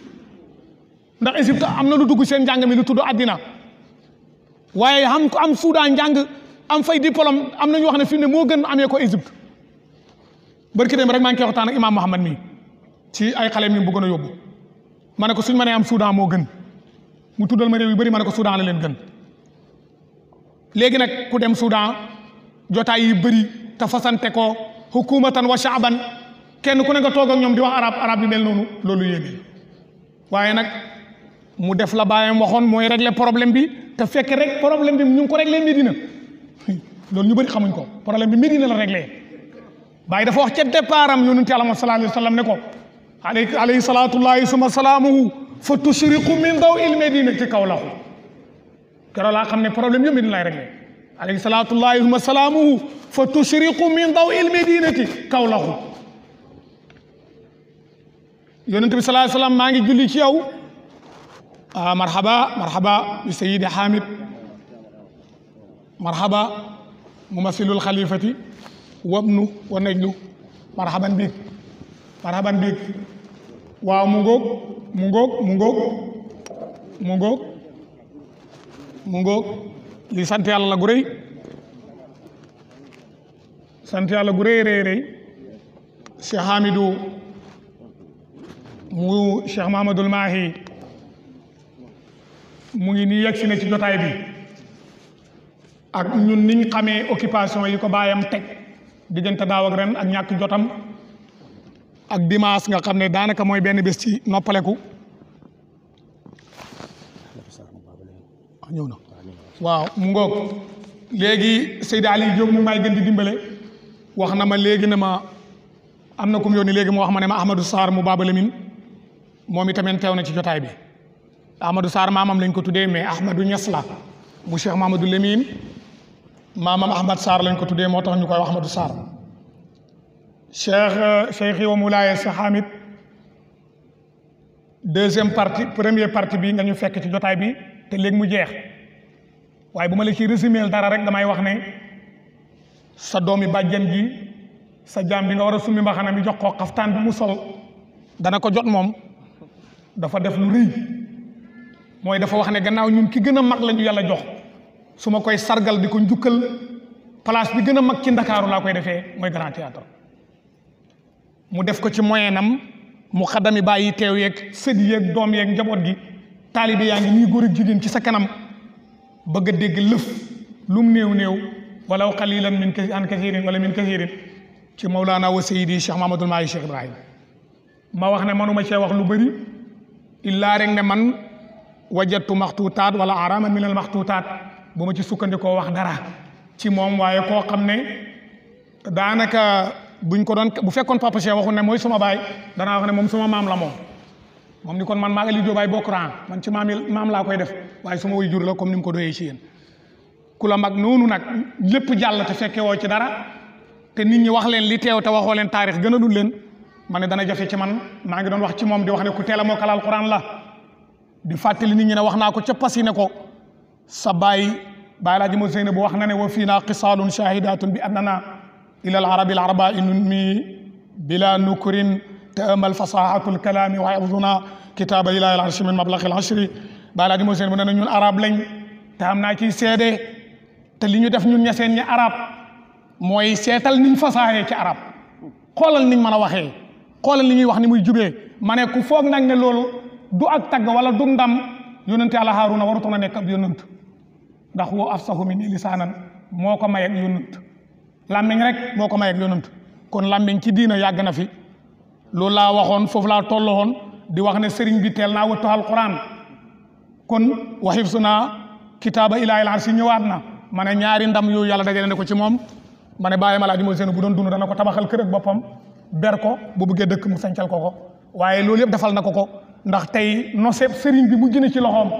ndax Égypte am na lu dugg seen njàng mi lu tudd addina waaye am am Soudan njàng am fay diplôme am na ñu wax ne fi mu ne moo gën amee ko Égypte barki dem rek maa ngi koy waxtaan ak mi ci ay xale mi bëggoon a yóbbu ma ne ko suñu mënee am Soudan moo gën. mu tuddal ma réew bari bëri ma ne ko Soudan la leen gën léegi nag ku dem Soudan jotaay yi bëri te fasante ko hukumatan wa shaaban kenn ku ne nga toog ak ñoom di wax arab arab bi mel noonu loolu yéeme waaye nag mu def la bàyyam waxoon mooy régler problème bi te fekk rek problème bi ñu ngi ko régler Médina loolu ñu bëri xamuñ ko problème bi Médina la régler bàyyi dafa wax ca départ am yonente Yàlla sallallahu alayhi wa sallam ne ko alayhi alayhi salaatullahi suma salaamuhu fa tushriqu min daw il medinati kaw lahu keroog laa xam ne problème yëpp dina lay réglé alayhi salaatullahi suma salaamuhu fa tushriqu min daw il medinati kaw lahu yonente bi salaai salaam maa ngi julli ci yow ah marhaba marhaba bi sayidi hamid marhaba mumasilul xalifati wabnu wa najlu marhaban biik marhaban biik waaw mu ngoog mu ngoog mu ngoog mu ngoog mu ngoog li la gu rëy sant yàlla gu rëy rëy rëy Cheikh Hamidou mu Cheikh Mahamadul Mahi mu ngi nii yegg si na ci jotaay bi ak ñun niñ xamee occupation yi ko baayam teg diggante daaw ak ren ak ñàkk jotam ak dimanche nga xam ne daanaka mooy benn bés ci noppaleku ah, ñëw na waaw mu ngoog léegi Seydou Aliou Diop may gën di dimbale wax na ma léegi na ma am na ku mu yónni léegi mu wax ma ne ma Ahmadou saar mu Baaba Lamin moom itamit teew na ci jotaay bi Ahmadou Sarr maamam lañ ko tuddee mais Ahmadou Niass la bu Cheikh Mamadou Lamine maamam Ahmad Sarr lañ ko tuddee moo tax ñu koy wax Ahmadou Sarr cheikh cheikhi wa moulaaye saxaamit deuxième parti premier partie bi nga ñu fekk ci jotaay bi te léegi mu jeex waaye bu ma la ci résuméel dara rek may wax ne sa doomi bàjjen ji sa jaam bi nga war a summi mbaxana mi jox koo xaftaan bi mu sol dana ko jot moom dafa def lu rëy mooy dafa wax ne gannaaw ñun ki gën a mag lañu yàlla jox su ma koy sargal di ko njukkal place bi gën a mag ci ndakaaru laa koy defee mooy grand théâtre mu def ko ci moyen am mu xadami bàyyi teew yeeg sët yeeg doom yeeg njaboot gi taalibe yaa ngi nii góor jigéen ci sa kanam bëgg a dégg lëf lum néew néew walaw qalilan min an kasirin wala min kasirin ci Mawlana wa Seydi Cheikh Mahamadul Mahi Cheikh Ibrahima ma wax ne manuma cee wax lu bëri illaa rek ne man wajatu maxtuutaat wala arama min al maxtuutaat bu ma ci sukkandikoo wax dara ci moom waaye koo xam ne daanaka buñ ko doon bu fekkoon papa Cheikh mooy suma baay danaa wax ne moom suma maam la moom moom ni kon man maa ngi Aliou Diobaye bokk ran man ci maam yi maam laa koy def waaye suma way jur la comme ni mu ko doyee ci yéen ku la mag noonu nag lépp jàll te fekke woo ci dara te nit ñi wax leen li teew te waxoo leen taarix gën a dul leen ma ne dana jafe ci man maa ngi doon wax ci moom di wax ne ku teel a mokkal alquran la di fàttali ni ñi ne wax naa ko ca pasi ne ko sa baay baay laa ji na ne wa fii naa qisaalun shahidatun bi annana ila al arabi araba arba inummi bila nukurin taamal fasahatu al kalami wa hifduna kitaba ilahi al arshi min mablaghi al ashri balaa di moo seen mu ne na ñun arab lañ te am naa ciy seede te li ñu def ñun ñaseen ñi arab mooy seetal niñ fasaaxee ci arab xoolal niñ mën a waxee xoolal li ñuy wax ni muy jubee ma ne foog nag ne loolu du ak tagg wala du ndam yonente Yàlla Haaruna warutoon a nekk ab yonent ndax woo afsahu min lisaanan moo ko may ak yonent làmmiñ rek moo ko may ak yonant kon làmmiñ ci diina yàgg na fi loolu laa waxoon foofu laa tollo tolloon di wax ne sëriñ bi teel naa wëttu alquran kon waxif su naa kitaaba ilaahil arsi ñëwaat na ma ne ñaari ndam yooyu yàlla dajale ne ko ci moom ma ne bàyyi malaaji mooy seen bu doon dund dana ko tabaxal kër ak boppam ber ko bu buggee dëkk mu sancal ko ko waaye loolu yëpp defal na ko ko ndax tey noseeb sëriñ bi mu gën ci loxoom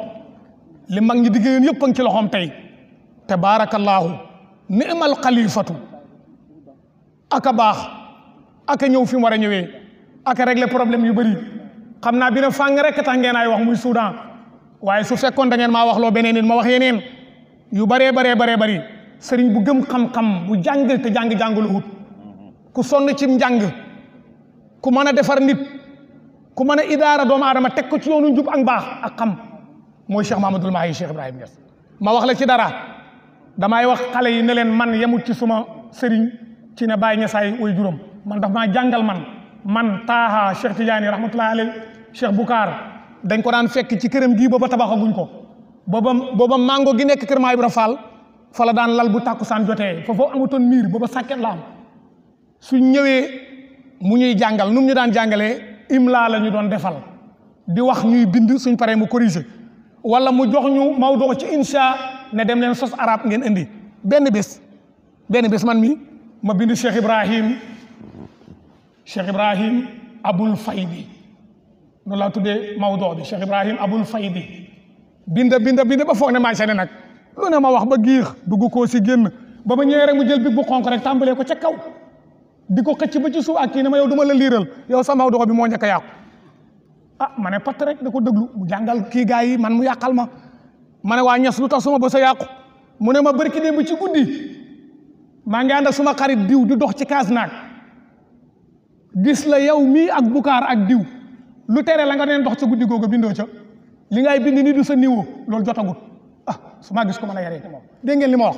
li mag ñi diggéeyoon yëpp a ngi ci loxoom tey tabarakallaahu ni'mal xalifatu ak a baax ak a ñëw fi mu war a ñëwee ak a problème yu bari xam naa bi na fàng rek tax ngeen ay wax muy Soudan waaye su fekkoon dangeen ngeen maa wax loo beneen nit ma wax yeneen yu baree baree baree bëri sëriñ bu gëm xam-xam bu jàng te jàng-jàng lu ku sonn ci njàng ku mën a defar nit ku mën a idaara doom aadama teg ko ci yoonu jub ak baax ak xam mooy Cheikh Mahamadul Mahi Cheikh Ibrahim Niass ma wax la ci dara damay wax xale yi ne man yemut ci suma sëriñ ci ne bàyyi ñesaay woy juróom man daf ma jàngal man man taaha Cheikh Tidiane rahmatullahi alayhi Cheikh Boucar dañ ko daan fekk ci këram gii booba tabaxaguñ ko booba booba mango gi nekk kër maa Ibra Fall fa la daan lal bu tàkkusaan jotee foofu amutoon miir booba sàkket la am su ñëwee mu ñuy jàngal num ñu daan jàngalee imla la ñu doon defal di wax ñuy bind suñ paree mu corriger wala mu jox ñu Maodo ci insha ne dem leen sos arab ngeen indi benn bés benn bés man mi ma bind Cheikh Ibrahim Cheikh Ibrahim Abul Faydi noonu laa tuddee Mawdo bi Cheikh Ibrahim Abul Faydi binda binda binda ba foog ne ma sene nag lu ne ma wax ba giix dugg koo si génn ba ma ñëwee rek mu jël big bu xonk rek tàmbalee ko ca kaw di ko xëcc ba ci suuf ak kii ne ma yow du ma la liiral yow sa Mawdo bi moo njëkk a yàqu ah, ma ne patt rek da ko déglu mu jàngal kii gars yi man mu yàqal ma ma ne waa ñes lu tax suma ba sa yàqu mu ne ma barki démb ci guddi maa ngi ànd ak suma xarit diw di dox ci kaas naag gis la yow mii ak bukaar ak diw lu tere la nga neen ca guddi googu bindoo ca li ngay bind ni du sa niveau loolu jotagut ah su ma gis ko mën a yaree moom dégg ma wax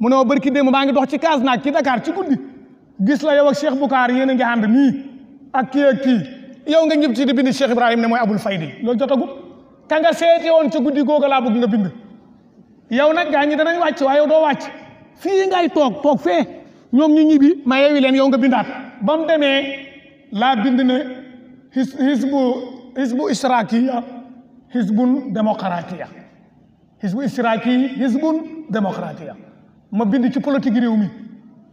mu ne ma barki démb maa ngi dox ci kaas naag ci dakaar ci guddi gis la yow ak Cheikh Bukaar yéen a ngi ànd nii ak kii ak kii yow nga ñëpp ci di bind Cheikh Ibrahim ne mooy abul faydi loolu jotagut ka nga seete woon ca guddi googu laa bëgg nga bind yow nag gaa ñi danañ wàcc waaye doo wàcc fii ngay toog toog fee ñoom ñu ñibbi ma yeewi leen yow nga bindaat ba mu demee laa bind ne his hisbu hisbu israakiya hisbun démocratia ma bind ci politique réew mi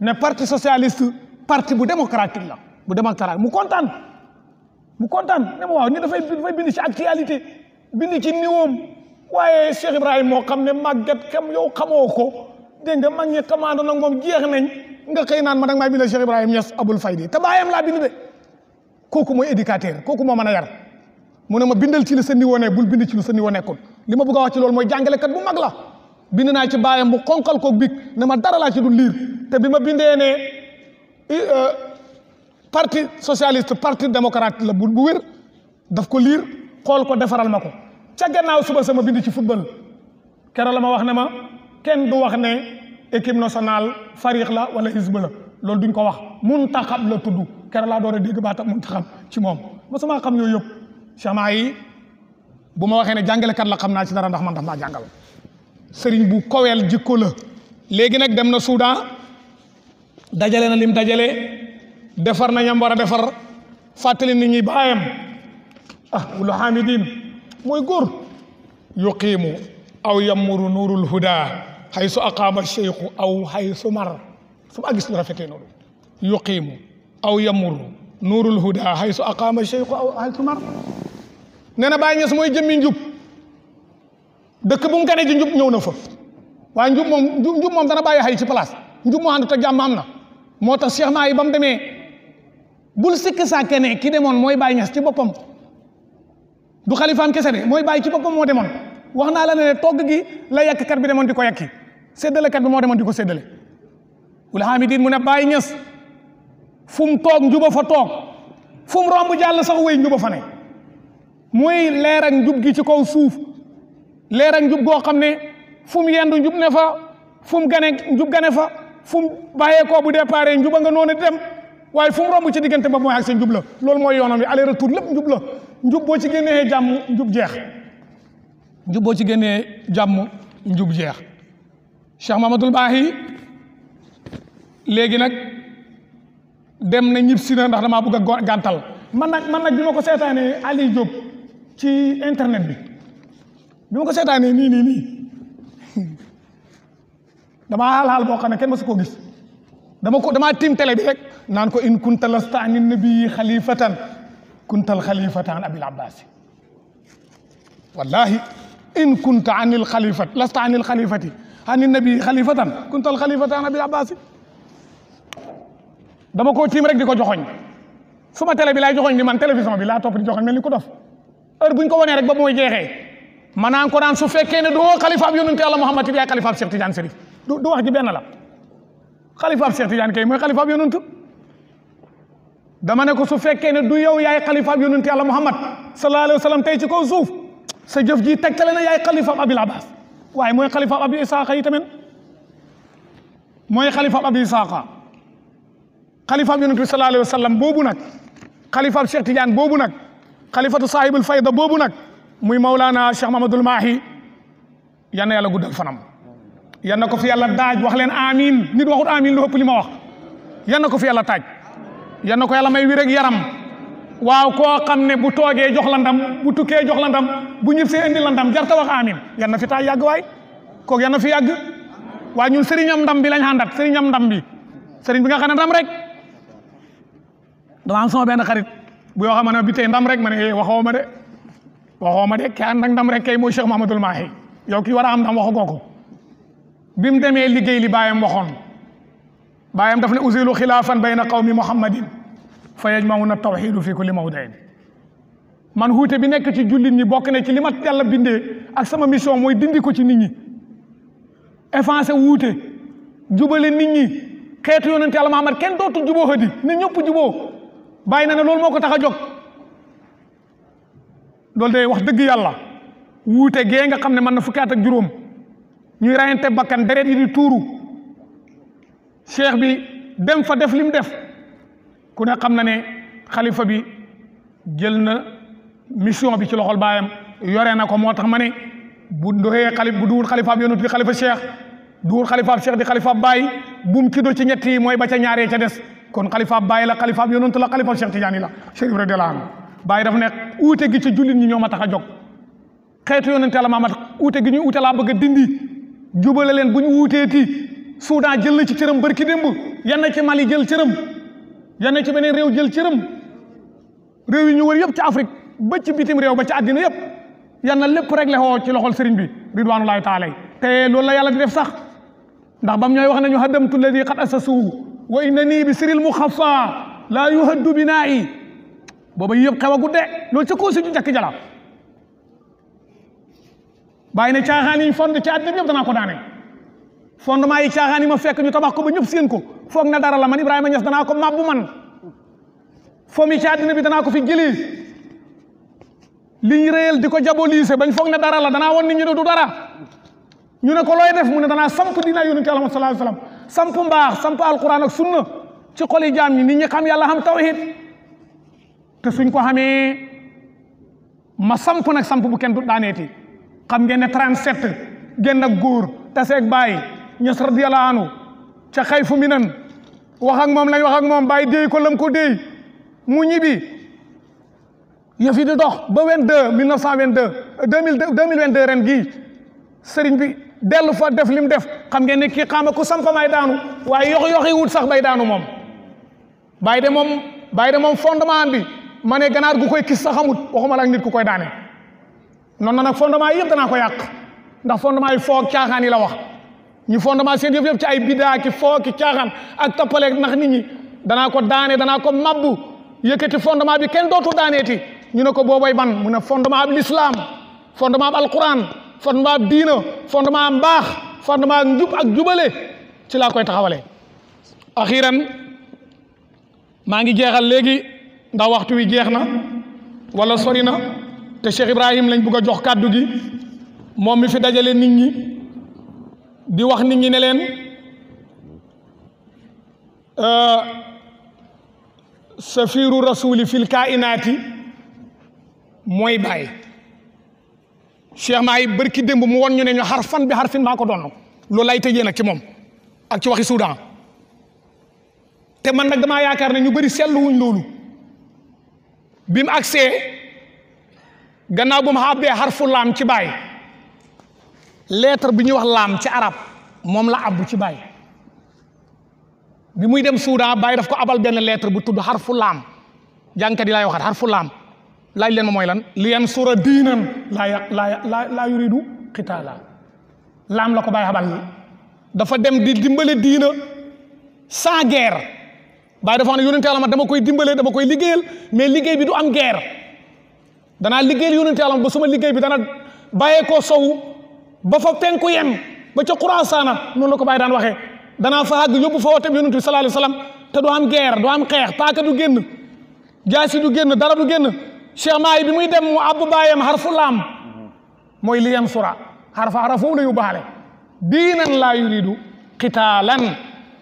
na parti socialist parti bu démocratique la bu démocratique mu kontaan mu kontaan ne ma waaw ni dafay dafay bind ci actualité bind ci niwoom waaye Cheikh Ibrahima moo xam ne màgget kam yow xamoo ko dégg nga mag ñi xamaando nag moom jeex nañ nga xëy naan ma danga may bindal Cheikh Ibrahim Niass abul faydi te baayam laa bind de kooku mooy éducateur kooku moo man a yar mu ne ma bindal ci lu sa niveau ne bul bind ci lu sa niveau nekkul li ma bëgg a wax ci loolu mooy jàngalekat bu mag la bind naa ci baayam bu konkal koog big ne ma dara laa ci du liir te bi ma bindee ne euh, parti socialiste parti démocrate la bu bu wér daf ko liir xool ko defaral ma ko ca gannaaw suba sama bind ci football keroog la ma wax ne ma kenn du wax ne équipe nationale fariq la wala isb la loolu duñ ko wax muntaxab la tudd keroog laa door a dégg baatam xam ci moom mosuma xam yooyu yëpp chama yi bu ma waxee ne jàngalekat la xam naa ci dara ndax man daf maa jàngal sëriñ bu koweel jikko la léegi nag dem na Soudan dajale na lim dajale defar na ñam war a defar fàttali nit ñi baayam ah wulu hamidin mooy góor yuqiimu aw yamuru nuurul huda xay su aqaama cheikhu aw xay su mar fu mu àgg si lu rafetee noonu yuqiimu aw yamurru nuurul huda xay su aqaama cheikhu aw xay mar nee Baay Ñas mooy jëmmi njub dëkk bu mu gane ji njub ñëw na fa waaye njub moom njub moom dana bàyyi xay ci place njub moo ànd te jàmm am na moo tax Cheikh Mahi ba mu demee bul sikk sàkke ne ki demoon mooy Baay Ñas ci boppam du xalifaam kese de mooy Baay ci boppam moo demoon wax naa la ne togg gi la yàkkkat bi demoon di séddalekat bi moo demoon di ko séddale wula xamidin mu ne bàyyi ñes fu toog njuba fa toog fu mu romb jàll sax wéy njuba fa ne mooy leer ak njub gi ci kaw suuf leer ak njub goo xam ne fu mu yendu njub ne fa fu mu gane njub gane fa fu mu bàyyee koo bu départ njuba nga noonu dem waaye fu mu romb ci diggante ba mooy ak seen njub la loolu mooy yoonam bi aller retour lépp njub la njub boo ci génnee jàmm njub jeex njub boo ci génnee jàmm njub jeex Cheikh Mamadul Baahi léegi nag dem na ñib si na ndax damaa bëgg a gàntal man nag man nag bi ma ko seetaanee Ali Diop ci internet bi bi ma ko seetaanee nii nii dama [LAUGHS] damaa xaal boo xam ne kenn ma su koo gis dama ko damaa tiim télé bi rek naan ko in kunta lastaani nabii xalifatan kuntal xalifatan abil abbasi wallahi in kunta anil xalifat lasta anil xalifati ani nabi xalifatan kuntal xalifatan abil abbasi dama koo tiim rek di ko joxoñ suma télé bi laay joxoñ di man télévision bi laa topp di joxoñ mel ni ku dof heure buñ ko wanee rek ba mooy jeexee manaan ko naan su fekkee ne doo xalifaab yonente yàlla Muhammad bi yaay xalifaab Cheikh Tidiane Serif du du wax ji benn la xalifaab Cheikh Tidiane kay mooy xalifaab yonent dama ne ko su fekkee ne du yow yaay xalifaab yonente yàlla Muhammad sallallahu alayhi wa sallam tey ci kaw suuf sa jëf ji tegtale na yaay xalifaab Abil Abbas waaye mooy xalifa ab abi isaaqa yi tamit mooy xalifa ab abi isaaqa xalifa ab yonent bi sallallahu alayhi boobu nag xalifa ab Cheikh Tidiane boobu nag xalifatu saahibul fayda boobu nag muy Maulana Cheikh Mamadul Maahi yal na guddal fanam yal ko fi yàlla daaj wax leen amiin nit waxut amiin lu ëpp li ma wax yal ko fi yàlla taaj yal ko yàlla may wér yaram. waaw koo xam ne bu toogee jox la ndam bu tukkee jox la ndam bu ñib see indi la ndam jarta wax amin yan na fi taa yàgg waay kook yan na fi yàgg waaye ñun sëriñam ndam bi lañ xàndat sëriñam ndam bi sëriñ bi nga xam ne ndam rek dama am sama benn xarit bu yoo xam ne bi tey ndam rek ma ne eh, waxoo ma de waxoo ma de kay ànd ndam rek kay mooy Cheikh Mahamadul Mahi yow ki war a am ndam waxu ko bi mu demee liggéey li baayam waxoon baayam daf ne usilu xilaafan bayna qawmi fa yajma'una tawxidu fi kulli mawdi'in man xuute bi nekk ci jullit ñi bokk na ci li ma yàlla bindee ak sama mission mooy dindi ko ci ni ñi effacé wuute jubale nit ñi xeetu yonente yàlla Muhammad kenn dootu juboo xëdi ne ñëpp juboo bàyyi na ne loolu moo ko tax a jog loolu day wax dëgg yàlla wuute gee nga xam ne mën na fukki at ak juróom ñuy rayante bakkan deret yi di tuuru cheikh bi dem fa def lim def ku ne xam na ne xalifa bi jël na mission bi ci loxol baayam yore na ko moo tax ma ne bu doxee xalif bu duwul xalifaab yonent di xalifa cheikh duwul xalifaab cheikh di xalifaab baay bu mu ci do ci ñett mooy ba ca ñaaree ca des kon xalifaab baay la xalifaab yonent la xalifaab cheikh tijaani la chérif radiyallahu anhu baay dafa ne uute gi ci jullit ñi ñoo ma tax a jóg xeetu yonent la maa ma tax uute gi ñuy uute laa bëgg a dindi jubale leen bu ñu ti Soudan jël na ci cëram barki démb yan na ci Mali jël cëram yenn ci beneen réew jël cëram réew yi ñu wër yëpp ci Afrique ba ci bitim réew ba ci àddina yëpp yanna lépp réglé woo ci loxol sëriñ bi ridwanullahi taala te la yàlla di def sax ndax bam ñooy wax ne ñu haddamtu alladi qad asasuhu wa inna nii bi siril muxafa laa yuhaddu binaa yi booba yëpp xew a guddee loolu ca koosi ju njëkk jala bàyyi ne caaxaan fond ci àddina bi yëpp danaa ko daane fondement yi caaxaan yi ma fekk ñu tabax ko ba ñëpp seen ko foog na dara la man Ibrahima Niass danaa ko mabbu man fomi ci àddina bi danaa ko fi jëli li ñu réyal di ko jabolise bañ foog na dara la danaa won ni ñu du dara ñu ne ko looy def mu ne danaa samp dinaa yonente Yàlla sallallahu alayhi wasallam samp mbaax samp alquran ak sunna ci xoli jaam ñi nit ñi xam yàlla xam tawhid te suñ ko xamee ma sampu nag samp bu kenn du daaneeti xam ngeen ne 37 genn ak góor taseeg bàyyi ñes radiyallahu anhu ca xayfu minan wax ak moom lañ wax ak moom bàyyi déy ko lam ko déy mu ñibbi yëf yi di dox ba 22 1922 2022 2022 ren gi sëriñ bi dellu fa def lim def xam ngeen ne kii xaama ku samp may daanu waaye yox yoxi wut sax bay daanu moom bàyyi de moom bàyyi de moom fondement bi ma ne ganaar gu koy kis sax xamut waxuma la ak nit ku koy daane noonu na nag fondement yi yëpp danaa ko yàq ndax fondement yi foog caaxaan yi la wax ñu fondement seen yëf yëpp ci ay bidaa ki foo ki caaxaan ak tappaleeg nax nit ñi danaa ko daane danaa ko mabbu yëkkati fondement bi kenn dootu daaneeti ñu ne ko boobay ban mu ne fondement bi l'islam fondement bi alquran fondement bi diina fondement am mbaax fondement njub ak jubale ci laa koy taxawale axiran maa ngi jeexal léegi ndax waxtu wi jeex na walla sori na te Cheikh Ibrahim lañ bugg a jox kàddu gi moom mi fi dajale nit ñi di wax nit ñi ne leen euh, safiru rasuli fil kainaati mooy baay cheikh maa yi bërki démb mu won ñu ne ñu xarfan bi xarfin maa ko doon loolu lay tëjee nag ci moom ak ci waxi Soudan te man nag damaa yaakaar ne ñu bëri seetluwuñ loolu bi mu agsee gannaaw bu mu xàbbee laam ci baay lettre bi ñuy wax laam ci arab moom la abbu ci baay bi muy dem suudaa baay daf ko abal benn lettre bu tudd xarfu laam jàngkat yi laam laaj leen mooy lan li yan sura diinan laa ya laa laa yuridu laam la ko baay abal dafa dem di dimbale diina sans guerre baay dafa xam ne yonente yàlla ma dama koy dimbale dama koy liggéeyal mais liggéey bi du am guerre danaa liggéeyal yonente yàlla ba suma liggéey bi dana bàyyee koo sowu ba fa penku yem ba ca Xuraasana noonu la ko baay daan waxee dana fa àgg yóbbu fa woote bi yonent bi sallallahu alayhi wasallam te du am guerre du am xeex paaka du génn jaasi du génn dara du génn Cheikh Maay bi muy dem mu abbu baayam xarfu laam mooy li yan sura xarfa xarafu la yóbbaale diinan laa yuridu xitaalan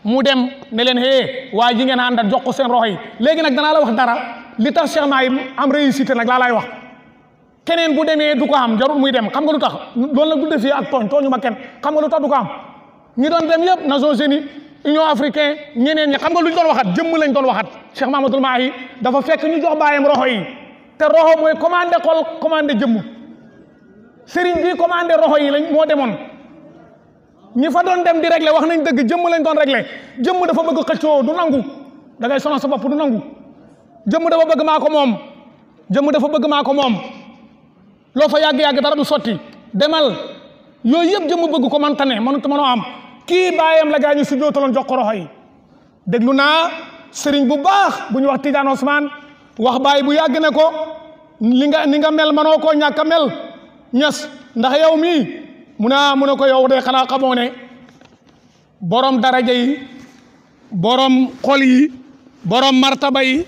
mu dem ne leen hee waa ji ngeen àndal jox ko seen rox yi léegi nag danaa la wax dara li tax Cheikh Maay am réussite nag laa lay wax keneen bu demee du ko am muy dem xam nga lu tax loolu nag du defee ak tooñ tooñu ma kenn xam nga lu tax du ko ñi doon dem yëpp Nations Unies Union africain ñeneen ñi xam nga lu ñu doon waxat jëmm lañ doon waxat Cheikh Mahamadoul Mahi dafa fekk ñu jox bàyyam roxo yi te roxo mooy commandé xol commandé jëmm sëriñ bi commandé roxo yi lañ moo demoon ñi fa doon dem di régler wax nañ dëgg jëmm lañ doon régler jëmm dafa bëgg xëccoo du nangu da ngay sonal sa bopp du nangu jëmm dafa bëgg maa ko moom jëmm dafa bëgg maa ko moom loo fa yàgg-yàgg dara du sotti demal yooyu yëpp jëmm bëgg ko mënta ne mënut mënoo am kii baayam la gaa ñu sujjootaloon jox ko roxo yi naa sëriñ bu baax bu ñu wax Tidiane Ousmane wax baay bu yàgg ne ko li nga ni nga mel manoo koo ñàkk a mel ñes ndax yow mii mu ne ah, mu ne ko yow de xanaa xamoo ne borom daraja yi borom xol yi borom martaba yi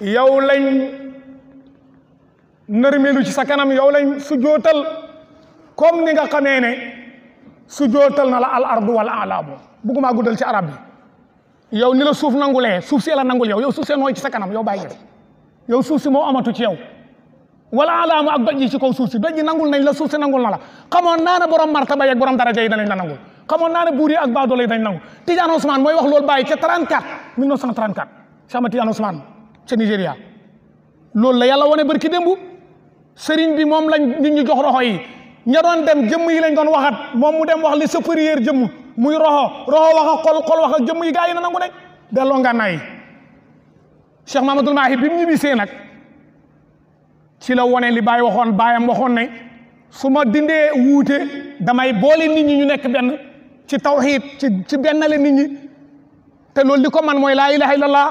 yow lañ nërmelu ci sa yaw yow lañ su jootal comme ni nga xamee ne su jootal na la al ardu wal alaamu buggumaa guddal ci arab bi yow ni la suuf nangulee suuf si la nangul yow yow suuf see nooy ci sa kanam yow bàyyi yow suuf si moo amatu ci yow wala alaamu ak doj yi ci kaw suuf si doj yi nangul nañ la suuf si nangul na la xamoon naa ne borom martaba yeeg borom daraja yi danañ la nangul xamoon naa ne buur yi ak yi dañ nangu Tidiane mooy wax loolu bàyyi ca 34 1934 sama Tidiane Ousmane ca Nigéria loolu la yàlla sëriñ bi moom lañ li ñu jox roxo yi ña doon dem jëmm yi lañ doon waxat moom mu dem wax li supérieur jëmm muy roxo roxo wax ak wax ak jëmm yi gaa yi na nangu nañ delloo nga nay Cheikh Mamadou Mahi bi mu ñibbisee nag si la wone li baay waxoon baayam waxoon ne su ma dindee wuute damay boole nit ñi ñu nekk benn ci tawxiid ci ci bennale nit ñi te loolu li ko man mooy laa ilaha illallah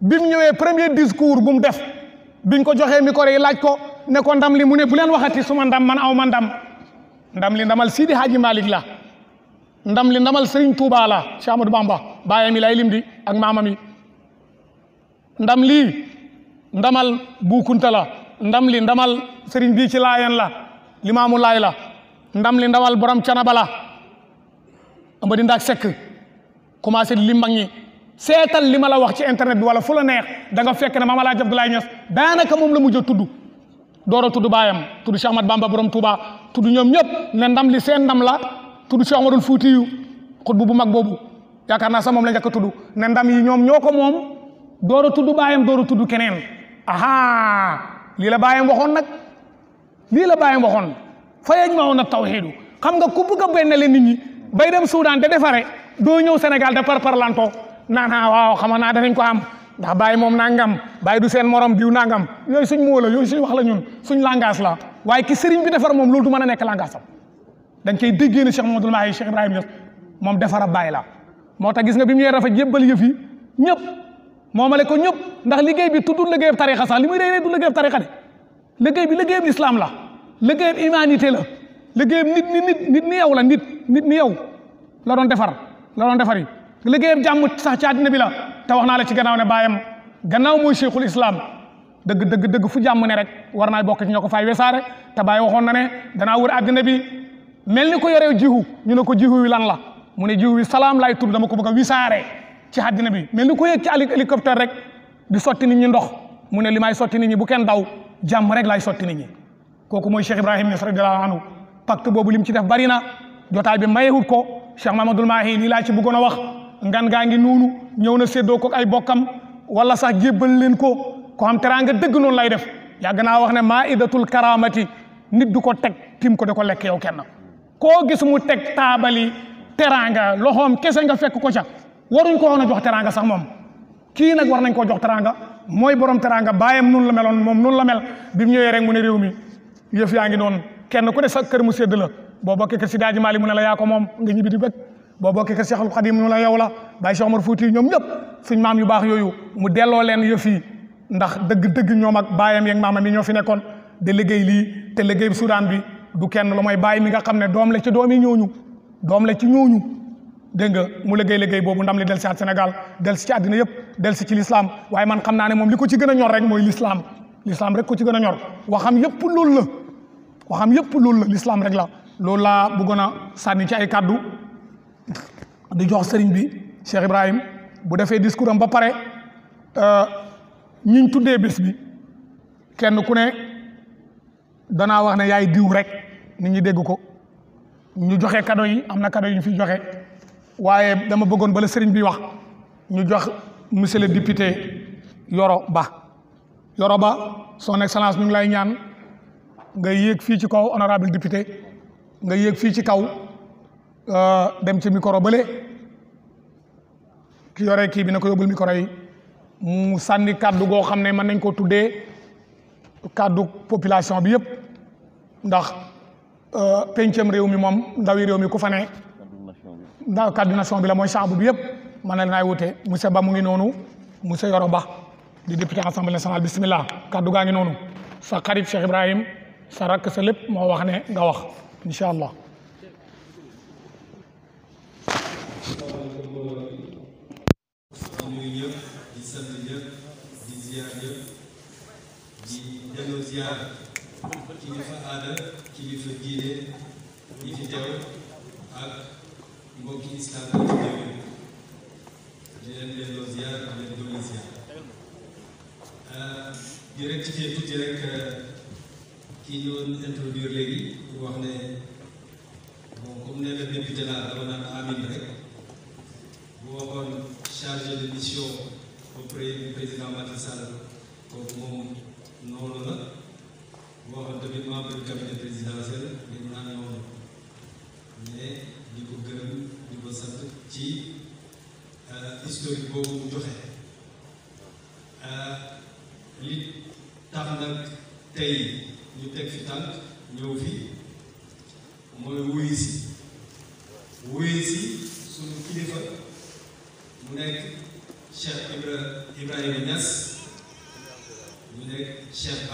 bi mu ñëwee premier discours bu mu def biñ ko joxee micro yi laaj ko ne ko ndam li mu ne bu leen waxati suma ndam man aw ma ndam ndam li ndamal Sidi Hadji Malick la ndam li ndamal Serigne Touba la Cheikh Amadou Bamba ba yi lay ak maamam ndam lii ndamal Bukunta la ndam li ndamal Serigne bii ci laayen la limaamu la ndam li ndamal borom canaba la amba di ndaak sekk commencé di lim mag ñi seetal li ma la wax ci internet bi wala fu la neex da nga fekk ne Maam Alaaji Abdoulaye Niass daanaka moom la mujj a tudd door a tudd baayam tudd mat Ahmad Bamba borom Touba tudd ñoom ñëpp ne ndam li seen ndam la tudd Cheikh Ahmadul Fuutiyu xutbu bu mag boobu yaakaar naa sax moom la njëkk a tudd ne ndam yi ñoom ñoo ko moom door a tudd baayam door a tudd keneen aha lii la baayam waxoon nag lii la baayam waxoon fa yajma'u na tawhidu xam nga ku bëgg a leen nit ñi bay dem Soudan de defare doo ñëw Sénégal de par parlanto naan ah, waaw xam naa danañ ko am ndax bàyyi moom nangam bàyyi du seen morom diw nangam yooyu suñ moo la yooyu suñ wax la ñun suñ langage la waaye ki sëriñ bi defar moom loolu du mën a nekk langage am dañ koy déggee ne Cheikh Mamadou Mahi Cheikh Ibrahima Niass moom defar a bàyyi la moo tax gis nga bi mu yee dafa jébbal yëf yi ñëpp moomale ko ñëpp ndax liggéey bi tuddul liggéeyab tarixa sax li muy rey rey du liggéeyab tarixa de liggéey bi liggéeyab lislaam la liggéeyab humanité la liggéeyab nit ni nit nit yow la nit nit ni yow la doon defar la defar yi liggéeyam jàmm sax ci àddina bi la te wax na la ci gannaaw ne baayam gannaaw mooy cheikhul islam dëgg dëgg dëgg fu jàmm ne rek war naa bokk ci ñoo ko fay wesaare te baay waxoon na ne danaa wër àddina bi mel ni ko yoree jihu ñu ne ko jihu wi lan la mu ne jihu wi salaam lay tur dama ko bëgg a wisaare ci àddina bi mel ni ko yëg ci hélicoptère rek di sotti ni ñi ndox mu ne li may sotti nit ñi bu kenn daw jàmm rek laay sotti nit ñi kooku mooy Cheikh Ibrahim Niass radiyallahu anhu pacte boobu lim ci def bari na jotaay bi mayewut ko Cheikh Mamadou Mahi lii laa ci a wax ngan gaa ngi noonu ñëw na séddoo ko ay bokkam wala sax jébbal leen ko ko xam teraanga dëgg noonu lay def yàgg naa wax ne maa idatul karamati nit du ko teg tim ko de ko lekk yow kenn koo gis mu teg taabali teraanga loxoom kese nga fekk ko ca waruñ ko woon a jox teraanga sax moom kii nag war nañ koo jox teraanga mooy borom teraanga bàyyam nun la meloon moom nun la mel bi mu ñëwee rek mu ne réew mi yëf yaa ngi noon kenn ku ne sa kër mu sédd la boo bokkee kër si daaji maali mu ne la yaa ko moom nga ñibbi di bëgg boo bokkee kër Cheikhul Khadim ñu la yow la Baye Cheikh Omar Fouti ñoom ñëpp suñ maam yu baax yooyu mu delloo leen yëf yi ndax dëgg-dëgg ñoom ak baayam yeeg maamam yi ñoo fi nekkoon di liggéey lii te liggéey Soudan bi du kenn lu mooy bàyyi mi nga xam ne doom la ci doom yi ñooñu doom la ci ñooñu dégg nga mu liggéey liggéey boobu ndam li del si at Sénégal del si ci àddina yëpp del si ci l'islam waaye man xam naa ne moom li ko ci gën a ñor rek mooy l'islam l'islam rek ko ci gën a ñor waxam yëpp loolu la waxam yëpp loolu la l'islam rek la loolu laa bëggoon a sànni ci kàddu di jox sëriñ bi Cheikh Ibrahim bu defee discours am ba pare euh, ñiñ tuddee bis bi kenn ku ne danaa wax ne yaay diw rek nit ñu dégg ko ñu joxe cadeau yi am na cadeau yi ñu fi joxe waaye dama bëggoon bala sëriñ bi wax ñu jox monsieur le député Yoro Ba Yoro Ba son excellence ñu lay ñaan nga yéeg fii ci kaw honorable député nga yéeg fii ci kaw Euh, dem ci micro bële ki yore kii bi na ko yóbbul micro mu sànni kàddu goo xam ne mën nañ ko tuddee kàddu population bi yëpp ndax euh, pencam réew mi moom ndawi réew mi ku fa ne ndaw kàddu nation bi la mooy chambre bi yëpp mën na naay wute mu se Ba mu ngi noonu mu monsieur Yoro Ba di député assemblée nationale bismillah kàddu gaa ngi noonu sa xarit Cheikh Ibrahim sa rakk sa lépp moo wax ne nga wax incha allah nuyu ñëpp di sant di ziar ñëpp di delloo ziar kilifa aada kilifa diine ñi fi ak mbokki islam yi ci teew di leen delloo ziar di leen dolli ziar euh, di rectifier tuuti rek euh, ki ñu doon introduire léegi pour ne bon comme nee na député laa dama naan rek bu waxoon chargé de mission auprès du président Macky Sall kooku moom noonu la boo xam tamit membre du cabinet présidentiel dañu naan noonu mais di ko gërëm di ko sant ci euh, historique joxe euh, li tax nag tey ñu fi tànk ñëw fii mooy wuyu si wuyu si mu nekk Cheikh Ibra Ibrahima Niass mu nekk Cheikh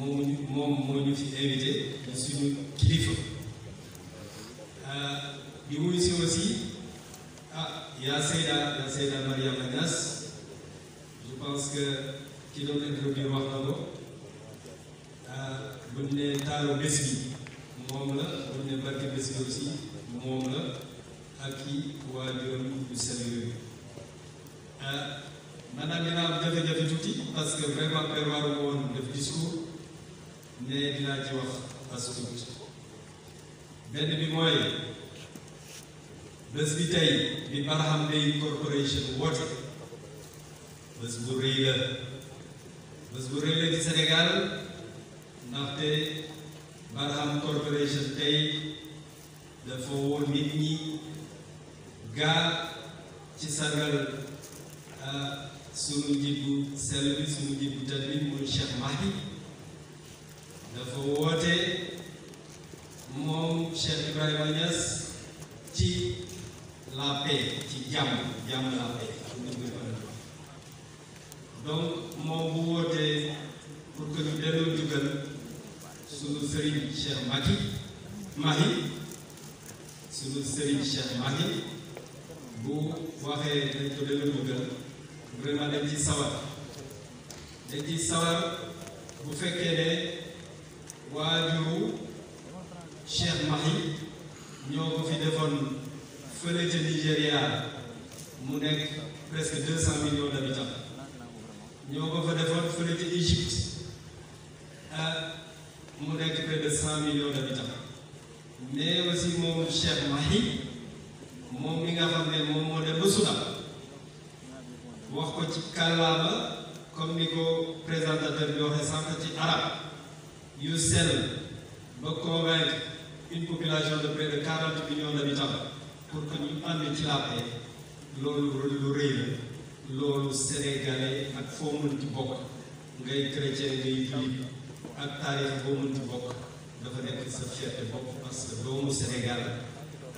moom moom ñu fi invité ñu suñu kilifa ñu euh, wuyu si aussi ah yaa Seyda yaa Seyda Mariama Niass je pense que ki doon introduire wax na ko euh, buñ ne taaru moom la buñ ne barke moom la ak i waajuram yu sell yooyu ah, maanaam dina am jafe-jafe tuuti parce que vraiment prévoir woon def discours ne dinaa ci wax parce bi mooy bés bi tey bi Barham Day Corporation woote bés bu rëy la bés bu rëy la ci Sénégal ndaxte nit ñi gaa ci sargal ah, sunu njiit bu sell bi sunu bu tedd bi muy Cheikh Mahdi woote moom Cheikh Ibrahima Niass ci la paix ci jàmm jàmm la paix donc moom bu wootee pour que ñu jugal sunu sëriñ Cheikh Mahi sunu sëriñ Cheikh bu waxee dañ ko delloo mu gën vraiment dañ ciy sawar dañ ciy sawar bu fekkee ne waajuru Cheikh Mahi ñoo ko fi defoon fële ca mu nekk presque deux cent millions d'habitants ñoo ko fa defoon fële ca Égypte ah, mu nekk près de cent millions d'habitants mais aussi moom Cheikh Mahi moom mi nga xam ne moom moo dem ba Soudan wax ko ci kàllaama comme ni ko présentateur bi waxee sànq ci arab yu sell ba convaincre une population de près de quarante millions d'habitants pour que ñu ànd ci la paix loolu lu rëy la loolu sénégalais ak foo mën ci bokk ngay chrétien ngay jullit ak taarix boo mën ci bokk dafa nekk sa fierté bopp parce que doomu Sénégal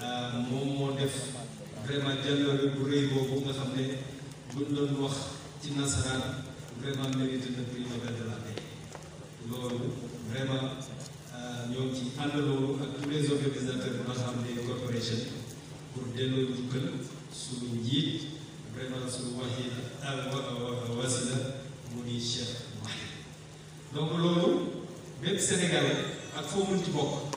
Euh, moom moo def vraiment jaloore bu rëy boobu nga xam ne buñ doon wax ci nasaraan vraiment mérite na prix Nobel de la paix loolu vraiment euh, ñoo ngi ci àndaloo ak tous les organisateurs nga xam ne corporation pour delloo njukkal suñu njiit vraiment suñu waxi euh, wasila mu di Cheikh Mahi loolu bépp Sénégalais ak foo mën ci bokk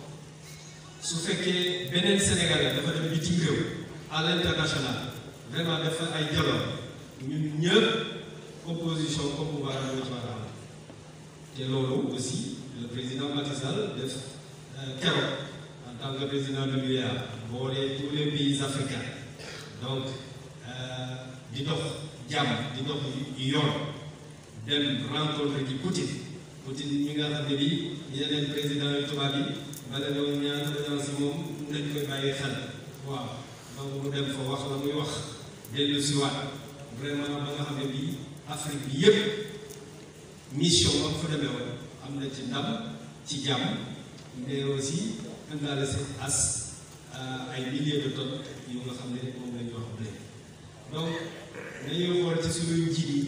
su fekkee beneen Sénégalais dafa dem bitim réew à l'international vraiment dafa ay jaloor ñun ñëpp opposition comme pouvoir ñoo ci war a am te def euh, keroog en tant que président de l'UEA boolee tous les donc euh, di dox jàmm di dox yoon dem rencontre ji Poutine Poutine ñi nga xam ne bi yeneen président yu tubaab bala ñoo ñaan audience yi moom nañ ko bàyyi xel waaw donc mu dem fa wax la muy wax dellu si ba nga xam ne bii Afrique bi yëpp mission ba fa demee woon am na ci ndam ci jàmm mais aussi indaale as euh, ay milliers de tonnes nga xam ne moom la wax blé donc nañuy xool ci suñu njiit yi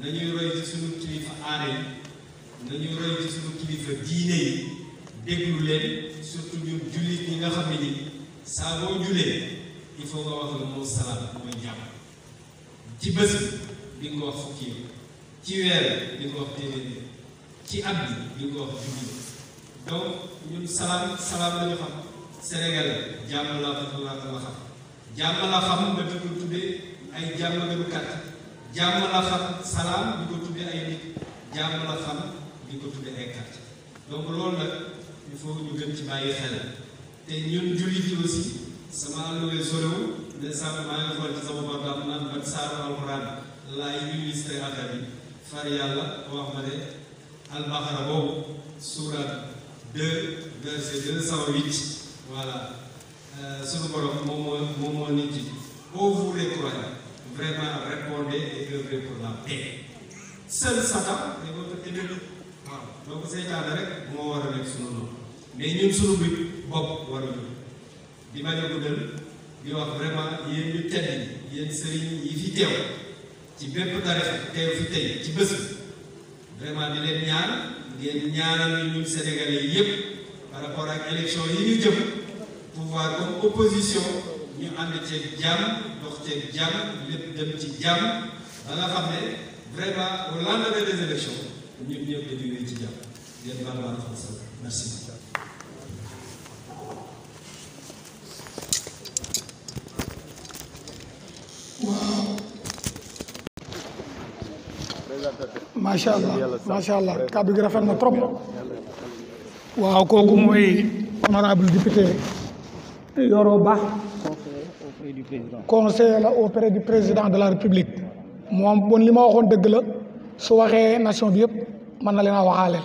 nañuy roy ci suñu kilifa aada nañuy roy ci suñu kilifa diine yi. déglu leen surtout jullit ñi nga xam ne ni saa boo julee il faut nga wax la moom salaat mooy jàmm ci bés bi nga wax fukki yi ci weer bi nga ko wax téeméer ci at bi bi nga ko wax junni donc ñun salaam salaam la xam Sénégal jàmm la la xam jàmm la xam ba ko tuddee ay jàmmalekat jàmm la xam salaam di ko tuddee ay nit jàmm la xam di ko tuddee ay kàtt donc loolu nag. il faut ñu gën ci bàyyi xel te ñun jullit yi aussi sama alluwee soriwul mais sànq maa ngi xool ci sama portable naan ban saaru alxuraan laay ministre affaire bi far yàlla wax ma ne albaqara boobu suuraat deux verset deux cent huit voilà euh, sunu borom moom moo moom moo nit yi ô vous les croyants vraiment répondez et œuvrez pour la paix seul Satan est votre ennemi waaw donc seytaane rek moo war a nekk sunu noonu mais ñun suñu mbir bopp waruñu di bañ a guddal di wax vraiment yéen ñu tedd yi yéen sëriñ yi fi teew ci bépp tarixa teew fi tey ci bés vraiment di leen ñaan ngeen ñaanal ñun sénégalais yépp par rapport ak élection yi ñu jëm pouvoir comme opposition ñu ànd ceeg jàmm dox ceeg lépp dem ci jàmm ba nga xam ne vraiment au lendemain des élections ñun ñëpp dañuy wéy ci jàmm ngeen baal baal merci macha allah macha allah kàddu gi rafet na trop waaw kooku mooy honorable député Yoro Ba conseiller la auprès du président de la république moom bon li ma waxoon dëgg la su waxee nation bi yëpp mën na leen a waxaaleel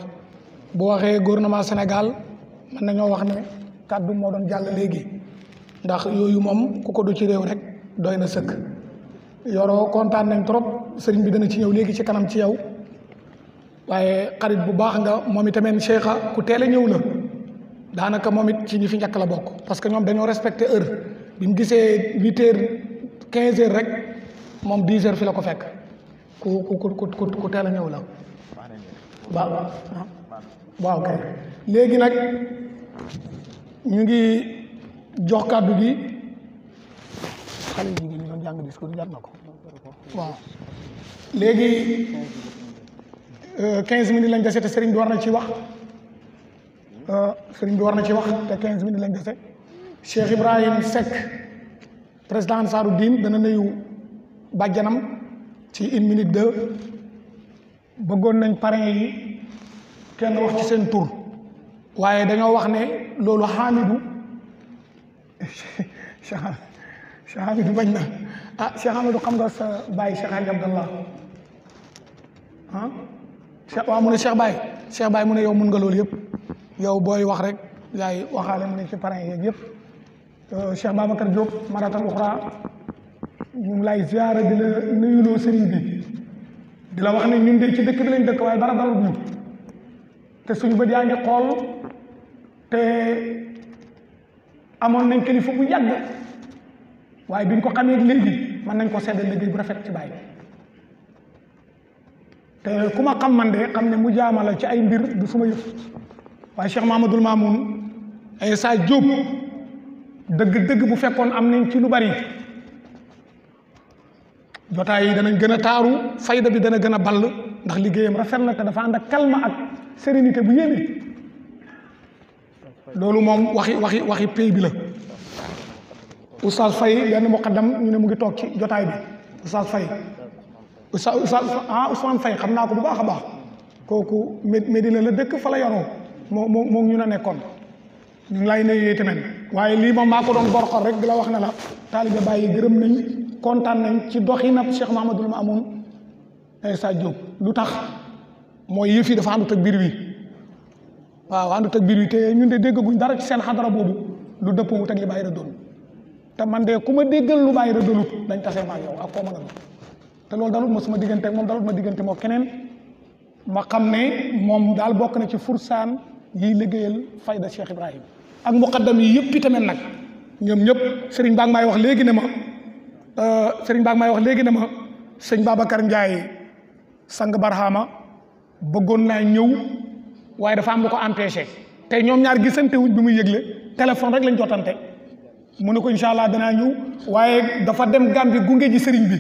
bu waxee gouvernement Sénégal na nañoo wax ne kàddu moo doon jàll léegi ndax yooyu moom ku ko du ci réew rek doy na sëkk yoro kontaan nañ trop sëriñ bi dana ci ñëw léegi ci kanam ci yow waaye xarit bu baax nga moom itamit Cheikha ku teel a ñëw la daanaka moom it ci ñi fi njëkk la bokk parce que ñoom dañoo respecté heure bi mu gisee huit heures quinze heures rek moom dix heures fi la ko fekk ku ku ku ku ku teel a ñëw la waaw waaw léegi nag ñu ngi jox kàddu gi jàng discours jar na ko waaw léegi 15 euh, minutes lañ dese te sëriñ bi war na ci wax euh, sëriñ bi war na ci wax te 15 minutes lañ dese Cheikh Ibrahim Seck président Ansaaru dana nuyu bàjjanam ci une minute deux bëggoon nañ parrain yi kenn wax ci seen tur waaye dañoo wax ne loolu xaamidu [LAUGHS] Cheikh Hamidou bañ na ah Cheikh Amadou xam nga sa baay Cheikh Hadj Abdallah ah Cheikh waaw mu ne Cheikh Baye Cheikh mu ne yow mun nga loolu yëpp yow booy wax rek yaay waxaale mu ne ci parents yeeg yëpp euh, Cheikh Babacar Diop maratal uxra ñu ngi lay ziara di la nuyuloo sëriñ bi di la wax ne ñun de ci dëkk bi lañ dëkk waaye dara dalul ñu te suñu bët yaa ngi xool te amoon nañ kilifa bu yàgg waaye bi ñu ko xamee léegi man nañ koo seddal liggéey bu rafet ci baay te ku ma xam man de xam ne mu jaamala ci ay mbir du suma yëf waaye Cheikh Mahamadul Mamoun Insa Diop dëgg-dëgg bu fekkoon am nañ ci lu bari jotaay yi danañ gën a taaru fayda bi dana gën a ball ndax liggéeyam rafet na te dafa ànd ak calme ak sérénité bu yéeme loolu moom waxi waxi waxi pay bi la Oustaz Faye benn muqaddam ñu ne mu ngi toog ci jotaay bi Oustaz Faye Oustaz Oustaz ah Ousmane Faye xam naa ko bu baax a baax kooku Medina la dëkk fa la yaroo moo moo ñu ne nekkoon ñu ngi lay nuyu tamit waaye lii moom maa ko doon borxor rek di la wax na la taalibe bàyyi gërëm nañ kontaan nañ ci doxinam Cheikh Mahamadul Mamoun Issa Diop lu tax mooy yëf yi dafa àndut ak biir wi waaw àndut ak biir wi te ñu ñun de déggaguñ dara ci seen xadara boobu lu dëppoo wut ak te man de ku ma déggal lu bàyyi rek dalut dañ tase ma ak yow ak koo mën te loolu dalut ma suma diggante ak moom dalut ma diggante moo keneen ma xam ne moom daal bokk na ci fursaan yiy liggéeyal fayda Cheikh Ibrahim ak muqaddam yi yëpp itamit nag ñoom ñëpp sëriñ baa ngi wax léegi ne ma sëriñ baa ngi may wax léegi ne ma euh, sëñ Babacar Ndiaye sang Barhama bëggoon naa ñëw waaye dafa am lu ko empêché te ñoom ñaar gisante wuñ bi muy yëgle téléphone rek lañ jotante mu ne ko incha allah danaa ñëw waaye dafa dem Gàmbi gunge ji sëriñ bi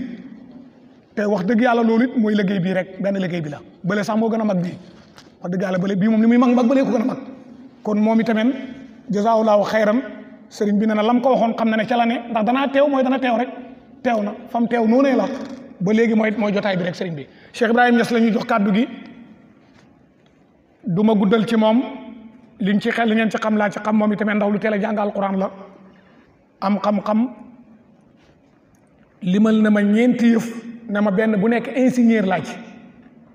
te wax dëgg yàlla loolu it mooy liggéey bii rek benn liggéey bi la bale sax moo gën a mag bii wax dëgg yàlla bële bii moom ni muy mag mag bële ko gën a mag kon moom itamit jazaawulaahu xayran sëriñ bi ne na lam ko waxoon xam na ne ca la ndax danaa teew mooy dana teew rek teew na fam teew noonee la ba léegi mooy mooy jotaay bi rek sëriñ bi Cheikh Ibrahima Niass la ñuy jox kàddu gi duma ma guddal ci moom liñ ci xel li ngeen ci xam laa ci xam moom itamit ndax lu teel a jàng la am xam-xam limal na ma ñeenti yëf ne ma benn bu nekk ingénieur laaj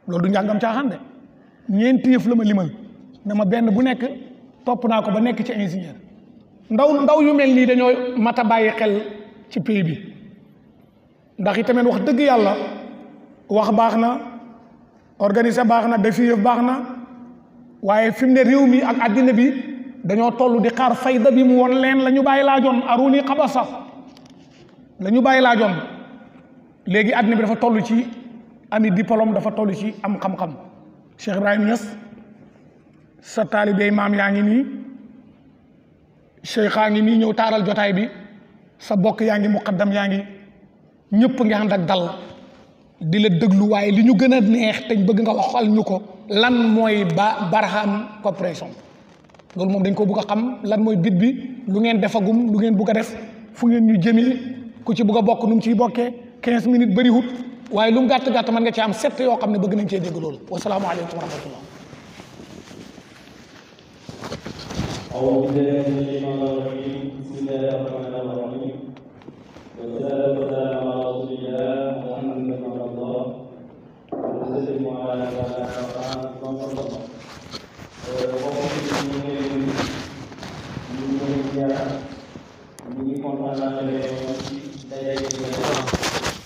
loolu du njàngam caaxaan de ñeenti yëf la ma limal ne ma benn bu nekk topp naa ko ba nekk ci ingénieur ndaw ndaw yu mel nii dañoo mat a bàyyi xel ci pays bi ndax itamit wax dëgg yàlla wax baax na organiser baax na def yëf baax na waaye fim mu ne réew mi ak àddina bi dañoo tollu di xaar fayda bi mu woon leen la ñu bàyyi laajoon aruni xabasa la lañu bàyyi laajoon léegi àddina bi dafa toll ci ami diplôme dafa tollu ci am xam-xam Cheikh Ibrahim Niass yaa ngi nii cheikhaa ngi nii ñëw taaral jotaay bi sa bokk yaa ngi muqaddam yaa ngi ñëpp ngi ànd ak dal di la déglu waaye li ñu gën a neex te bëgg nga waxal ñu ko lan mooy ba Barham Corporation loolu moom dañ ko bëgg a xam lan mooy bit bi lu ngeen defagum lu ngeen bëgg a def fu ngeen ñu jëmee ku ci bëgg a bokk nu mu ciy bokkee 15 minutes bëri waaye lu mu gàtt gàtt mën nga ci am sept yoo xam ne bëgg nañ cee dégg loolu wasalaamaaleykum wa rahmatullah أعوذ بالله من الشيطان الرجيم بسم الله الرحمن الرحيم والسلام والسلام على رسول الله محمد بن عبد الله وسلم على آله وصحبه وسلم bokk ci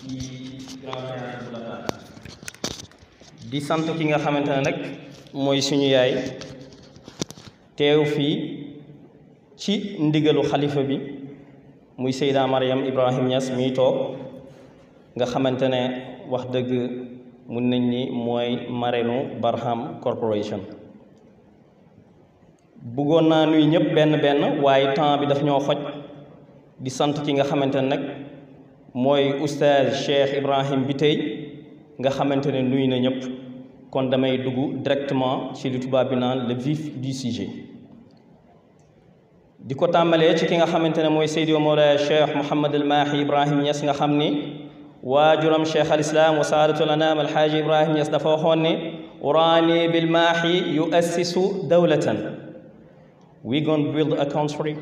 bi di sant ki nga xamante ne nag mooy suñu yaay teew fii ci ndigalu xalifa bi muy Seyda Mariam Ibrahim Niass miy toog nga xamante ne wax dëgg mun nañ ni mooy marraine Barham Corporation bëggoon naa nuyu ñëpp benn benn waaye temps bi daf ñoo xoj di sant ki nga xamante ne nag mooy oustaz Cheikh Ibrahim bi tey nga xamante ne nuyu na ñëpp kon damay dugg directement ci li tubaab bi naan le vif du sujet di ko tàmbalee ci ki nga xamante ne mooy Seydi Mawlaya Cheikh Mouhamad al Mahi Ibrahim Niass nga xam ni waajuram Cheikh al Islam wa saadatul anam alxaaji Ibrahim Niass dafa waxoon ne uraani bil yu yuassisu dawlatan We're going to build a country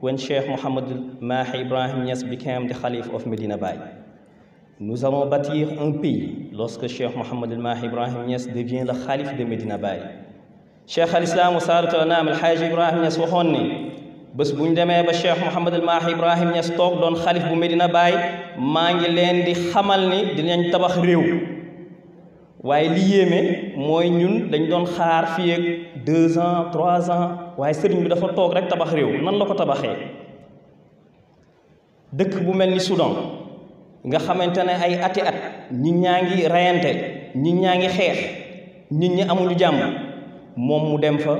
when Sheikh Mohammed Mahi Ibrahim Niass became the Caliph of Medina Bay. Nous allons bâtir un pays lorsque Sheikh Mohammed Mahi Ibrahim Niass devient le Caliphe de Medina Bay. Cheikh al Islam Saadatul Naam Ibrahim Niass waxoon ne bu ñu demee ba Cheikh Mohammed Mahi Ibrahim ñas toog doon Caliphe bu Medina baay maa ngi leen di xamal ni dinañ tabax réew waaye li yéeme mooy ñun dañ doon xaar fii deux ans trois ans waaye sëriñ bi dafa toog rek tabax réew nan la ko tabaxee dëkk bu mel ni Soudan nga xamante ne ay ati at nit ñaa ngi reyante nit ñaa ngi xeex nit ñi amuñu jàmm moom mu dem fa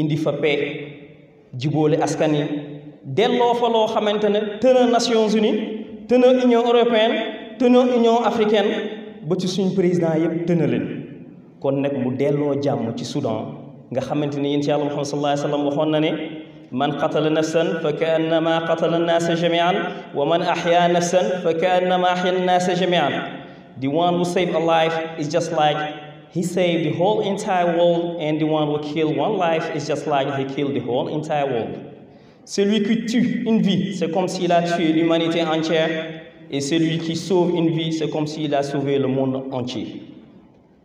indi fa paix jiboole askan yi delloo fa loo xamante ne teneur Nations Unies teneur Union européenne teneur Union africaine ba ci suñu président yëpp tëna leen kon nag mu delloo jàmm ci Soudan nga xamante ni yéen ci yàlla Muhammad sallallahu alayhi wa sallam waxoon na ne man qatala nafsan fa ka annama qatala annaasa jamian wa man ahya nafsan fa ka annama ahya annaasa jamian the one who saved a life is just like he saved the whole entire world and the one who killed one life is just like he killed the whole entire world celui qui tue une vie c'est comme s'il a tué l'humanité entière et celui qui sauve une vie c'est comme s'il a sauvé le monde entier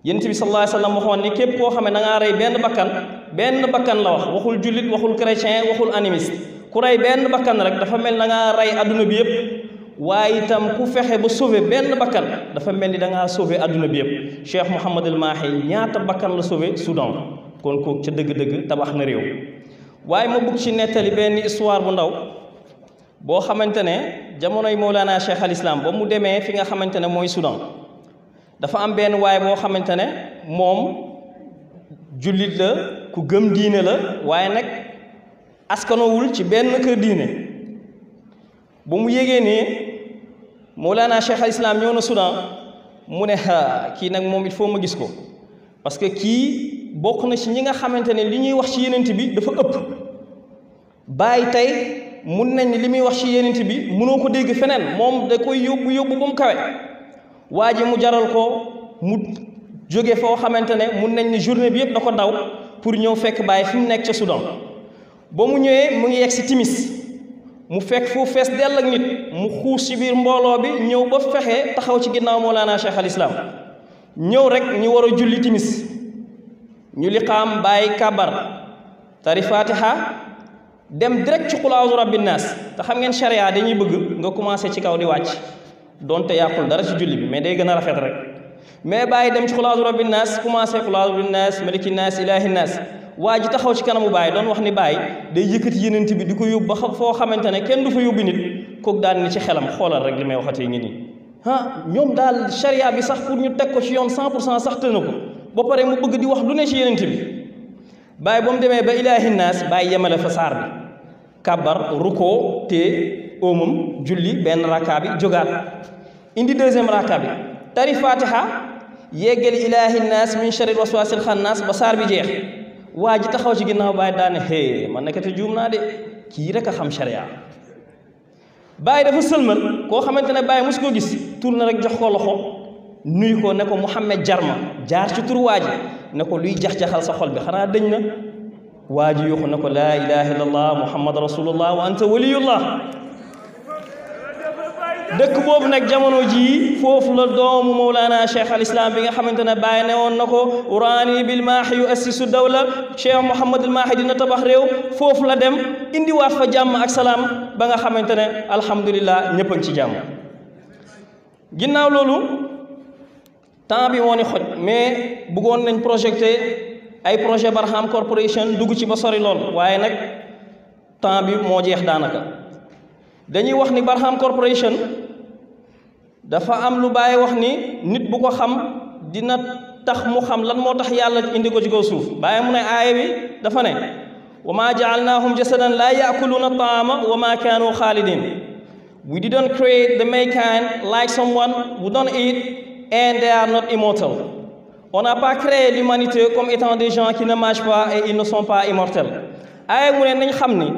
yént bi sallallahu alayhi wa sallam waxoon ni képp koo xam ne da rey benn bakkan benn bakkan la wax waxul jullit waxul chrétien waxul animiste ku rey benn bakkan rek dafa mel na ngaa rey adduna bi yëpp waaye itam ku fexe ba sauver benn bakkan dafa mel ni da ngaa sauver àdduna bi yëpp Cheikh Mouhamadul Mahi ñaata bakkan la sauver Soudan kon kooku ca dëgg-dëgg tabax na réew waaye ma bëgg ci nettali benn histoire bu ndaw boo xamante ne jamono Mawlana Cheikh al Islam ba mu demee fi nga xamante ne mooy Soudan dafa am benn waaye boo xamante ne moom jullit la ku gëm diine la waaye nag askanowul ci benn kër diine ba mu yégee nii Mawlana Cheikh naa Islam ñëw na Soudan mu ne kii nag moom it faut ma gis ko parce que kii bokk na ci ñi nga xamante ne li ñuy wax ci yenent bi dafa ëpp bàyyi tey mun nañ li muy wax ci yenent bi mënoo ko dégg feneen moom da koy yóbbu yóbbu ba mu kawe waa ji mu jaral ko mu jóge foo xamante ne mun nañ ni journée bi yëpp da ko daw pour ñëw fekk bàyyi fi mu nekk ca Soudan ba mu ñëwee mu ngi yegg si timis mu fekk fu fees dell ak nit mu xuus ci biir mbooloo bi ñëw ba fexe taxaw ci ginnaaw Mawlana Cheikh al Islam ñëw rek ñu war a julli timis ñu liqaam bàyyi kabar tari fatiha dem direct ci xulaasu rabbi naas te xam ngeen charia dañuy bëgg nga commencé ci kaw di wàcc donte yàqul dara ci julli bi mais day gën a rafet rek mais bàyyi dem ci xulaasu rabbi naas commencé xulaasu rabbi naas maliki naas ilaahi naas waa ji taxaw ci kanamu Baye doon wax ni Baye day yëkkati yenent bi di ko yóbbu ba foo xamante ne kenn du fa yóbbu nit kooku daal ni ci xelam xoolal rek li may waxatee ngi nii ah ñoom daal charia bi sax pour ñu teg ko ci yoon 100 pour cent sax tëna ko ba pare mu bëgg di wax lu ne ci yenent bi Baye ba mu demee ba ilaahi naas Baye yemale fa saar bi kàbbar rukkoo te óomam julli benn rakka bi indi deuxième rakka bi tari fatiha yeggali ilaahi naas min sharril waswaasil xannaas ba saar bi jeex waa ji taxaw ci ginnaaw bàyyi daane hee man nekkati juum naa de kii rek a xam sharia bàyyi dafa sëlmal koo xamante ne bàyyi mos koo gis tur na rek jox ko loxo nuyu ko ne ko Mouhamed Jarma jaar ci tur waa ji ne ko luy jax-jaxal sa xol bi xanaa dëñ na waa ji yuuxu ne ko laa ilaha illallah muhammad rasulullah wa anta waliyullah dëkk boobu nag jamono jii foofu la doomu Mawlana Cheikh al bi nga xamante ne bàyyi ne woon na ko uraani bil maahi yu assisu dawla Cheikh Mouhamadul Maahi dina tabax réew foofu la dem indiwaat fa jàmm ak salaam ba nga xamante ne alhamdulilah ñëpp ngi ci jàmm ginnaaw loolu temps bi moo ni xoj mais bëggoon nañ projeté ay projet Barham Corporation dugg ci ba sori lool waaye nag temps bi moo jeex daanaka. dañuy wax ni Barham Corporation dafa am lu bàyyi wax ni nit bu ko xam dina tax mu xam lan moo tax yàlla indi ko ci suuf bàyyi mu ne aaya bi dafa ne wa ma ja'alnahum jasadan la ya'kuluna ta'ama wa ma kanu khalidin di didn't create the mankind like someone who don't eat and they are not immortal on n'a pas créé l'humanité comme étant des gens qui ne mangent pas et ils ne pas immortels aaya mu ne nañ xam ni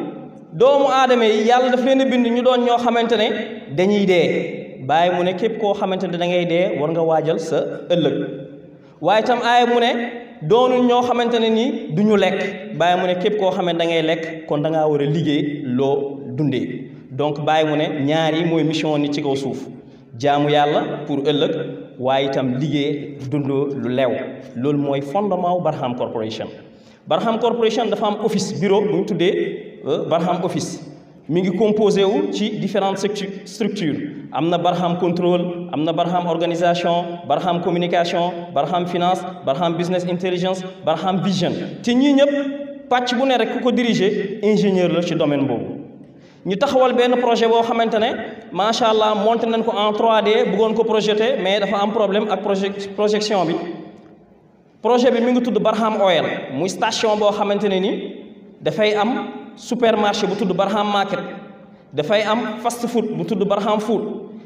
doomu aadama yi yàlla daf leen a bind ñu doon ñoo xamante ne dañuy dee bàyyi mu ne képp koo xamante ne da ngay dee war nga waajal sa ëllëg waaye itam aaya mu ne doonu ñoo xamante ne ni du ñu lekk bàyyi mu ne képp koo xamante da ngay lekk kon da war a liggéey loo dundee donc bàyyi mu ne ñaar mooy mission ni ci kaw suuf jaamu yàlla pour ëllëg waaye itam liggéey dund lu lew loolu mooy fondement wu Barham Corporation Barham Corporation dafa am office Euh, Barham office mi ngi composé wu ci différentes structures am na Barham contrôle am na Barham organisation Barham communication Barham finance Barham business intelligence Barham vision te ñii ñëpp pàcc bu ne rek ku ko diriger ingénieur la ci domaine boobu. ñu taxawal benn projet boo xamante ne macha allah monté nañ ko en 3D bëggoon ko projeté mais dafa am problème ak projection bi projet bi mi ngi tudd Barham Oil muy station boo xamante ne supermarché bu tudd Barham market dafay am fast food bu tudd Barham food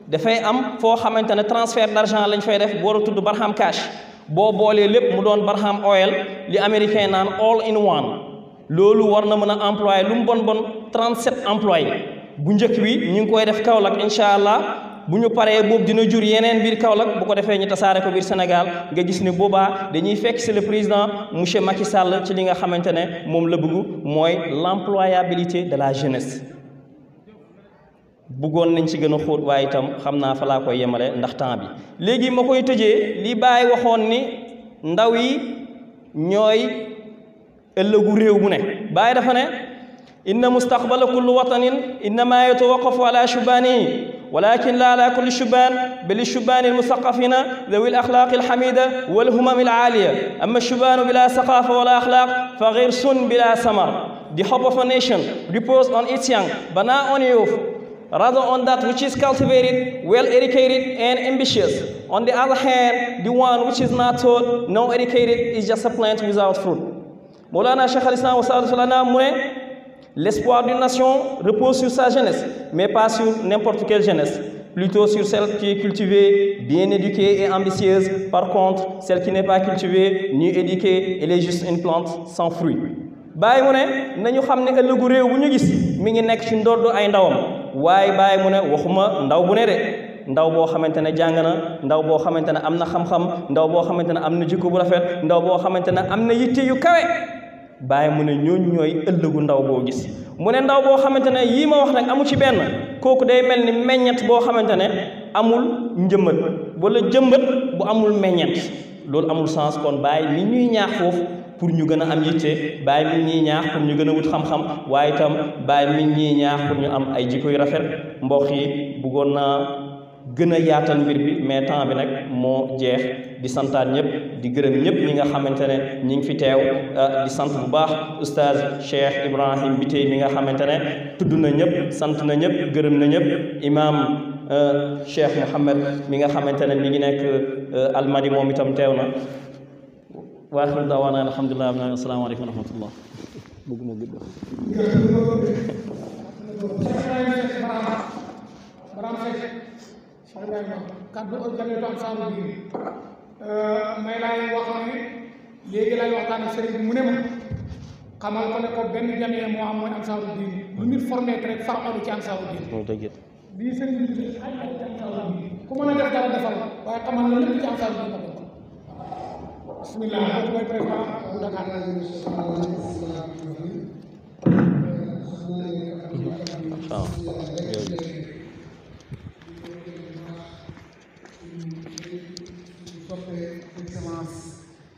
dafay am foo xamante ne transfert d'argent lañ fay def war a tudd Barham cash boo boolee lépp mu doon Barham oil li américain naan all in one loolu war na mën a employé lu mu bon bon 37 employé bu njëkk wi ñu ngi koy def Kaolack incha allah bu ñu paree boobu dina jur yeneen mbir kaw Kaolack bu ko defee ñu tasaare ko biir Sénégal nga gis ne boobaa dañuy fekk si le président monsieur Macky Sall ci li nga xamante ne moom la bëgg mooy l'employabilité de la jeunesse buggoon nañ ci gën a xóot waaye itam xam naa fa laa koy yemale ndax temps bi léegi moo koy tëjee lii Baye waxoon ni ndaw yi ñooy ëllëgu réew bu ne baay dafa ne inna mustaqbala kullu watanin innama yatawaqqafu ala shubanihi ولكن لا على كل شبان بل الشبان المثقفين ذوي الأخلاق الحميدة والهمم العالية أما الشبان بلا ثقافة ولا أخلاق فغرس بلا ثمر The hope of a nation reposes on its young, but not on youth. Rather on that which is cultivated, well-educated, and ambitious. On the other hand, the one which is not taught, nor educated, is just a plant without fruit. Mawlana Shaykh al-Islam wa sallallahu alayhi wa sallam mu ne L'espoir d'une nation repose sur sa jeunesse, mais pas sur n'importe quelle jeunesse, plutôt sur celle qui est cultivée, bien éduquée et ambitieuse. Par contre, celle qui n'est pas cultivée ni éduquée, elle est juste une plante sans fruit. bàyyi mu ne nañu xam ne ëllëgu réew bu ñu gis mi ngi nekk ci ndoddo ay ndawam waaye bàyyi mu ne waxuma ndaw bu ne de ndaw boo xamante ne jàng na ndaw boo xamante ne am na xam-xam ndaw boo xamante ne am na jikko bu rafet ndaw boo xamante ne am na bàyyi mu ne ñooñu ñooy ëllëgu ndaw boo gis mu ne ndaw boo xamante ne yii ma wax nag amu ci benn kooku day mel ni meññet boo xamante ne amul njëmbat wala jëmbat bu amul meññet loolu amul sens kon bàyyi ni ñuy ñaax foofu pour ñu gën a am yitte bàyyi mi ñuy ñaax pour ñu gën a wut xam-xam waaye itam bàyyi mi ñuy ñaax pour ñu am ay jikko yu rafet mbokk yi buggoon naa gën a yaatal mbir bi mais temps bi nag moo jeex di santaat ñëpp di gërëm ñëpp ñi nga xamante ne ñi ngi fi teew ah, di sant bu baax oustaz Cheikh Ibrahim Bitey mi nga xamante ne tudd na ñëpp sant na ñëpp gërëm na ñëpp imaam ah, Cheikh Mouhamed mi nga xamante ne mi ngi nekk ah, almadi moom itam teew na waaxiru daawaana alhamdulilah wa salaamaaleykum wa rahmatullah bëgguma gëdd Barang saya Cheikh Ibrahima kaddu jaleetu Ansaarul Diin euh, may laa leen wax léegi lay waxtaan ak sëriñ bi mu ne ma xamal ko ne ko benn jamee moo am mooy Diin lu nit formé rek farmalu ci Ansaarul ci Ansaarul Diin ku mën a def dara defal waaye xamal na lépp ci Ansaarul Diin la bismillah boobu mooy président bu Dakar waaw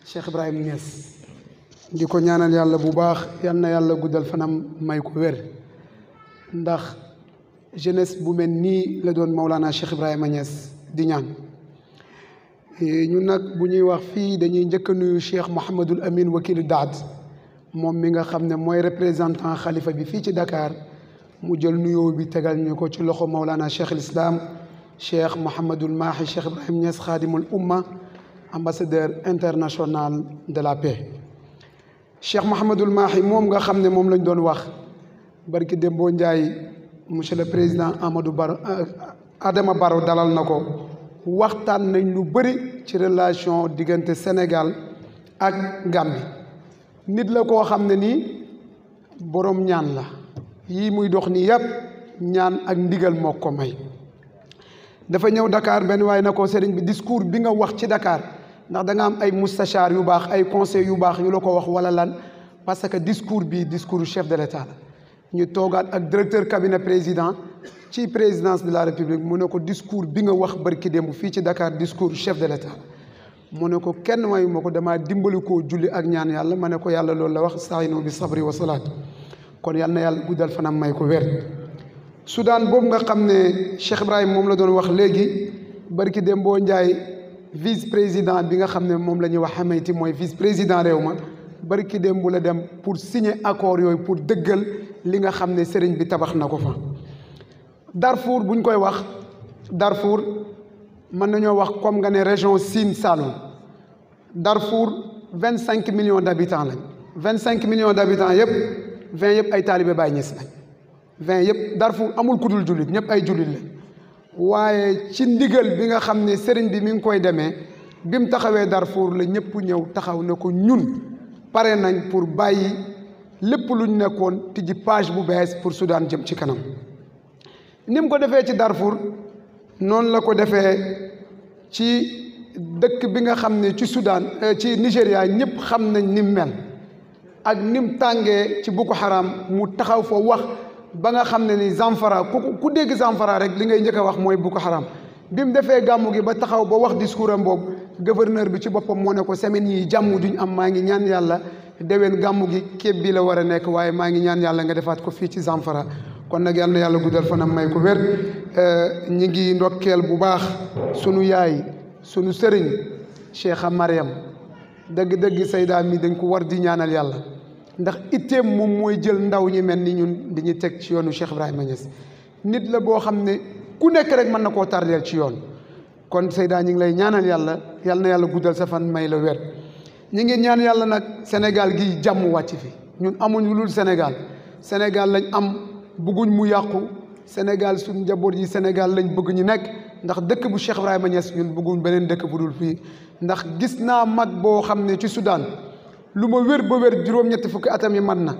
Cheikh Ibrahim Niass di ko ñaanal yàlla bu baax yal na yàlla guddal fanam may ko wér ndax jeunesse bu mel nii la doon Maulana Cheikh Ibrahima Niass di ñaan e, ñun nag bu ñuy wax fii dañuy njëkk a nuyu Cheikh Mouhamadul Amin wakilu daad moom mi nga xam ne mooy représentant xalifa bi fii ci dakaar mu jël nuyoo bi tegal ñu ko ci loxo Maulana Cheikh al Islam Cheikh Mouhamadul Mahi Cheikh Ibrahim Niass xaadimul umma ambassadeur international de la paix Cheikh Mouhamadul Mahi moom nga xam ne moom lañu doon wax barki Dembo Ndiaye monsieur le président Amadou Baro euh, Adama Baro dalal na ko waxtaan nañ lu bari ci relation diggante Sénégal ak Gambie nit la koo xam ne nii boroom ñaan la yii muy dox nii yëpp ñaan ak ndigal moo ko may dafa ñëw Dakar benn waaye na ko sëriñ bi discours bi nga wax ci dakaar ndax da am ay mustachar yu baax ay conseil yu baax yu la ko wax wala lan parce que discours bi discours chef de l'état la ñu toogaat ak directeur cabinet président ci présidence de la république mu ne ko discours bi nga wax barki démb fii ci Dakar discours chef de l'état mu ne ko kenn mayu ma ko damaa dimbali ko julli ak ñaan yàlla ma ne ko yàlla loolu la wax saayino bi sabri wa salaat kon yàlla na yàlla guddal fanam may ko wér Soudan boobu nga xam ne Cheikh Ibrahim moom la doon wax léegi barki démb boo njaay vice président bi nga xam ne moom la ñuy wax ti mooy vice président réew ma barki dem bu la dem pour signer accord yooyu pour dëggal li nga xam ne sëriñ bi tabax na ko fa bu ñu koy wax Darfour mën nañoo wax comme nga ne région Sine Saloum Darfour vingt cinq million d' habitants lañ vingt cinq million d' habitants yëpp vingt yëpp ay taalibe Baay Ñas lañ vingt yëpp Darfour amul ku dul jullit ñëpp ay jullit lañ waaye ci ndigal bi nga xam ne sëriñ bi mi ngi koy demee bi mu taxawee Darfour la ñëpp ñëw taxaw ne ko ñun pare nañ pour bàyyi lépp luñ nekkoon tijji page bu bees pour Soudan jëm ci kanam nim ko defee ci Darfour noonu la ko defee ci dëkk bi nga xam ne ci Soudan euh, ci Nigéria ñëpp xam nañ ni mu mel ak ni tàngee ci Boko Haram mu taxaw fa wax ba nga xam ne ni zamfara ku ku dégg zamfara rek li ngay njëkk a wax mooy Boko xaram bi mu defee gàmmu gi ba taxaw ba wax discours am boobu gouverneur bi ci boppam moo ne ko semaine yi jàmm duñ am maa ngi ñaan yàlla déwén gàmmu gi képp bi la war a nekk waaye maa ngi ñaan yàlla nga defaat ko fii ci zamfara kon nag yal yàlla guddal fanam may ko wér euh, ñi ngi ndokkeel bu baax sunu yaay sunu sëriñ Cheikha Mariam dëgg-dëgg saydaa mi dañ ko war di ñaanal yàlla ndax itteem moom mooy jël ndaw ñi mel ni ñun di ñu teg ci yoonu Cheikh Ibrahima Niass nit la boo xam ne ku nekk rek mën na koo tardeel ci yoon kon Seyda ñu ngi lay ñaanal yàlla yàlla na yàlla guddal sa fan may la wer ñu ngi ñaan yàlla nag Sénégal gi jàmm wàcc fi ñun amuñ lu dul Sénégal Sénégal lañ am bëgguñ mu yàqu Sénégal suñu njaboot yi Sénégal lañ bëgg ñu nekk ndax dëkk bu Cheikh Ibrahima Niass ñun bëgguñ beneen dëkk bu dul fii ndax gis naa mag boo xam ne ci Soudan lu ma wér ba wér juróom-ñetti fukki atam yi man na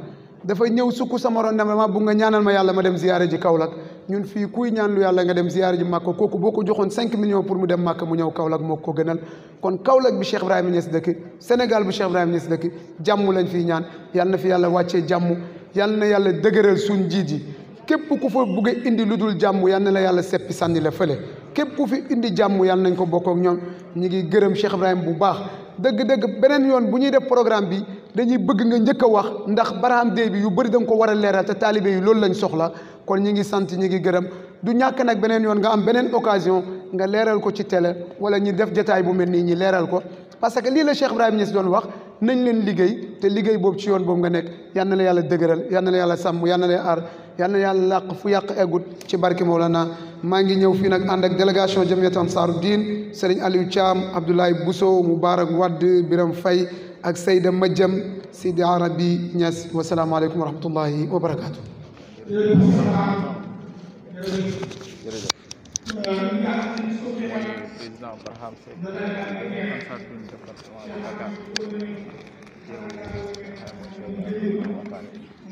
dafa ñëw sukk sama ron dem ma bu nga ñaanal ma yàlla ma dem ziyaare ji Kaolack ñun fii kuy ñaan lu yàlla nga dem ziyaare ji Màkka kooku boo ko joxoon cinq millions pour mu dem màkk mu ñëw Kaolack moo ko gënal kon Kaolack bi Cheikh Ibrahima Niass dëkk Sénégal bi Cheikh Ibrahima Niass dëkk jàmm lañ fiy ñaan yàlla na fi yàlla wàccee jàmm yàlla na yàlla dëgëral suñ jii ji képp ku fa bugg a indi lu dul jàmm yàlla na la yàlla seppi sànni la fële képp ku fi indi jàmm yàlla nañ ko bokk ak ñoom ngi gërëm Cheikh Ibrahima bu baax dëgg-dëgg beneen yoon bu ñuy def programme bi dañuy bëgg nga njëkk a wax ndax Barham Day bi yu bari da nga ko war a leeral te taalibe yi loolu lañ soxla kon ñi ngi sant ñi ngi gërëm du ñàkk nag beneen yoon nga am beneen occasion nga leeral ko ci télé wala ñi def jetaay bu mel nii ñi leeral ko parce que lii la Cheikh Ibrahima Niass doon wax nañ leen liggéey te liggéey boobu ci yoon boobu nga nekk yal na la yàlla dëgëral yal na la yàlla sàmm yal na la yal na yàlla làq fu yàq eggut ci barke Mawlana maa ngi ñëw fii nag ànd ak délégation jamiyat ansaaru diin Serigne Aliou Thiam Abdoulaye Bousso Moubarak Wade Biram Faye ak Seyda Majam Sidi Arabi Niass wasalaamaaleykum wa rahmatullahi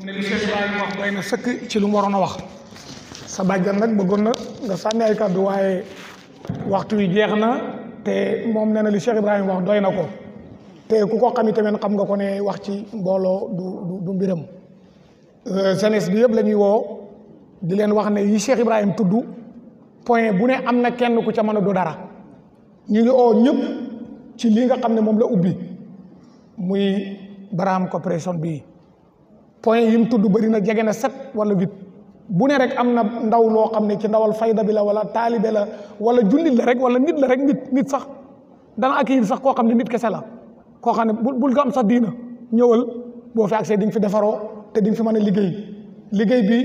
ne li Cheikh wax doy na sëkk ci lu mu waroon a wax sa bàjjan nag bëggoon na nga sànni ay kàddu waaye waxtu wi jeex na te moom nee na li Cheikh wax doy na ko te ku ko xam tamit xam nga ko ne wax ci mbooloo du du mbiram euh, jeunesse bi yëpp lañuy ñuy woo di leen wax ne yi Cheikh Ibrahima tudd point bu ne am na kenn ku ca mën a du dara ñu ngi oo ñëpp ci lii nga xam ne moom la ubbi muy baraam Corporation bii point yi mu tudd bëri na jege na sept wala huit bu ne rek am na ndaw loo xam ne ci ndawal fayda bi la wala taalibe la wala jullit la rek wala nit la rek nit nit sax dana accueillir sax koo xam ne nit kese la koo xam ne bul nga am sax diina ñëwal boo fi accès di nga fi defaroo te di fi mën a liggéey liggéey bi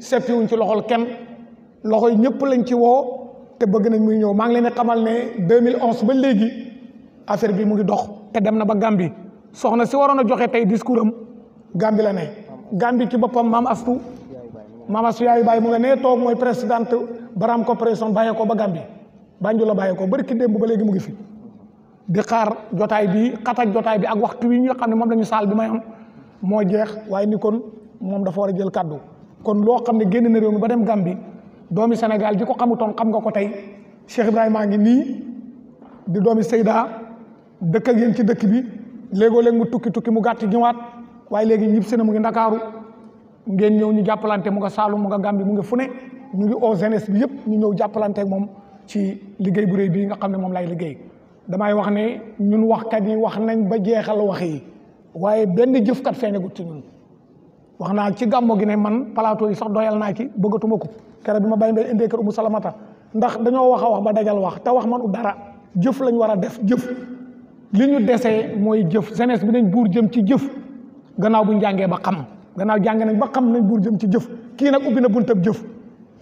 seppiwuñ ci loxol kenn loxoy ñëpp lañ ci woo te bëgg nañ muy ñëw maa ngi leen di xamal ne 2011 ba léegi affaire bi mu ngi dox te dem na ba Gambie soxna si waroon a joxe tey discours am Gambie la ne Gambie ci boppam maam astu maam astu yaayu baay mu nga nee toog mooy présidente Baram Corporation bàyyee ko ba Gambie Banjul la bàyyee ko bari ki démb ba léegi mu ngi fi di xaar jotaay bi xatak jotaay bi ak waxtu wi ñu xam ne moom la ñu saal bi may moo jeex waaye ni kon moom dafa war a jël kàddu kon loo xam ne génn na réew mi ba dem Gambie doomi Sénégal ji ko xamutoon xam nga ko tey Cheikh Ibrahima ngi nii di doomi Seyda dëkk génn ci dëkk bi léegoo léeg tukki tukki mu gàtt ñëwaat waaye léegi ñib si mu ngi ndakaaru ngeen ñëw ñu jàppalante mu nga Saalum mu nga Gambie mu nga fu ne ñu ngi au jeunesse bi yëpp ñu ñëw jàppalante moom ci liggéey bu réy bii nga xam ne moom lay liggéey damay wax ne ñun waxkat yi wax nañ ba jeexal waxi waaye benn jëfkat feeñagut ci ñun wax naa ci gàmmo gi ne man plateau yi sax doyal naa ci bëggatuma ko keroog bi ma bàyyi mbay indee kër umu salamata ndax dañoo wax a wax ba dajal wax te wax manu dara jëf lañ war a def jëf li ñu mooy jëf jeunesse bi nañ buur jëm ci jëf gannaaw bu ñu jàngee ba xam gannaaw jàng nañ ba xam nañ buur jëm ci jëf kii nag ubbi na buntab jëf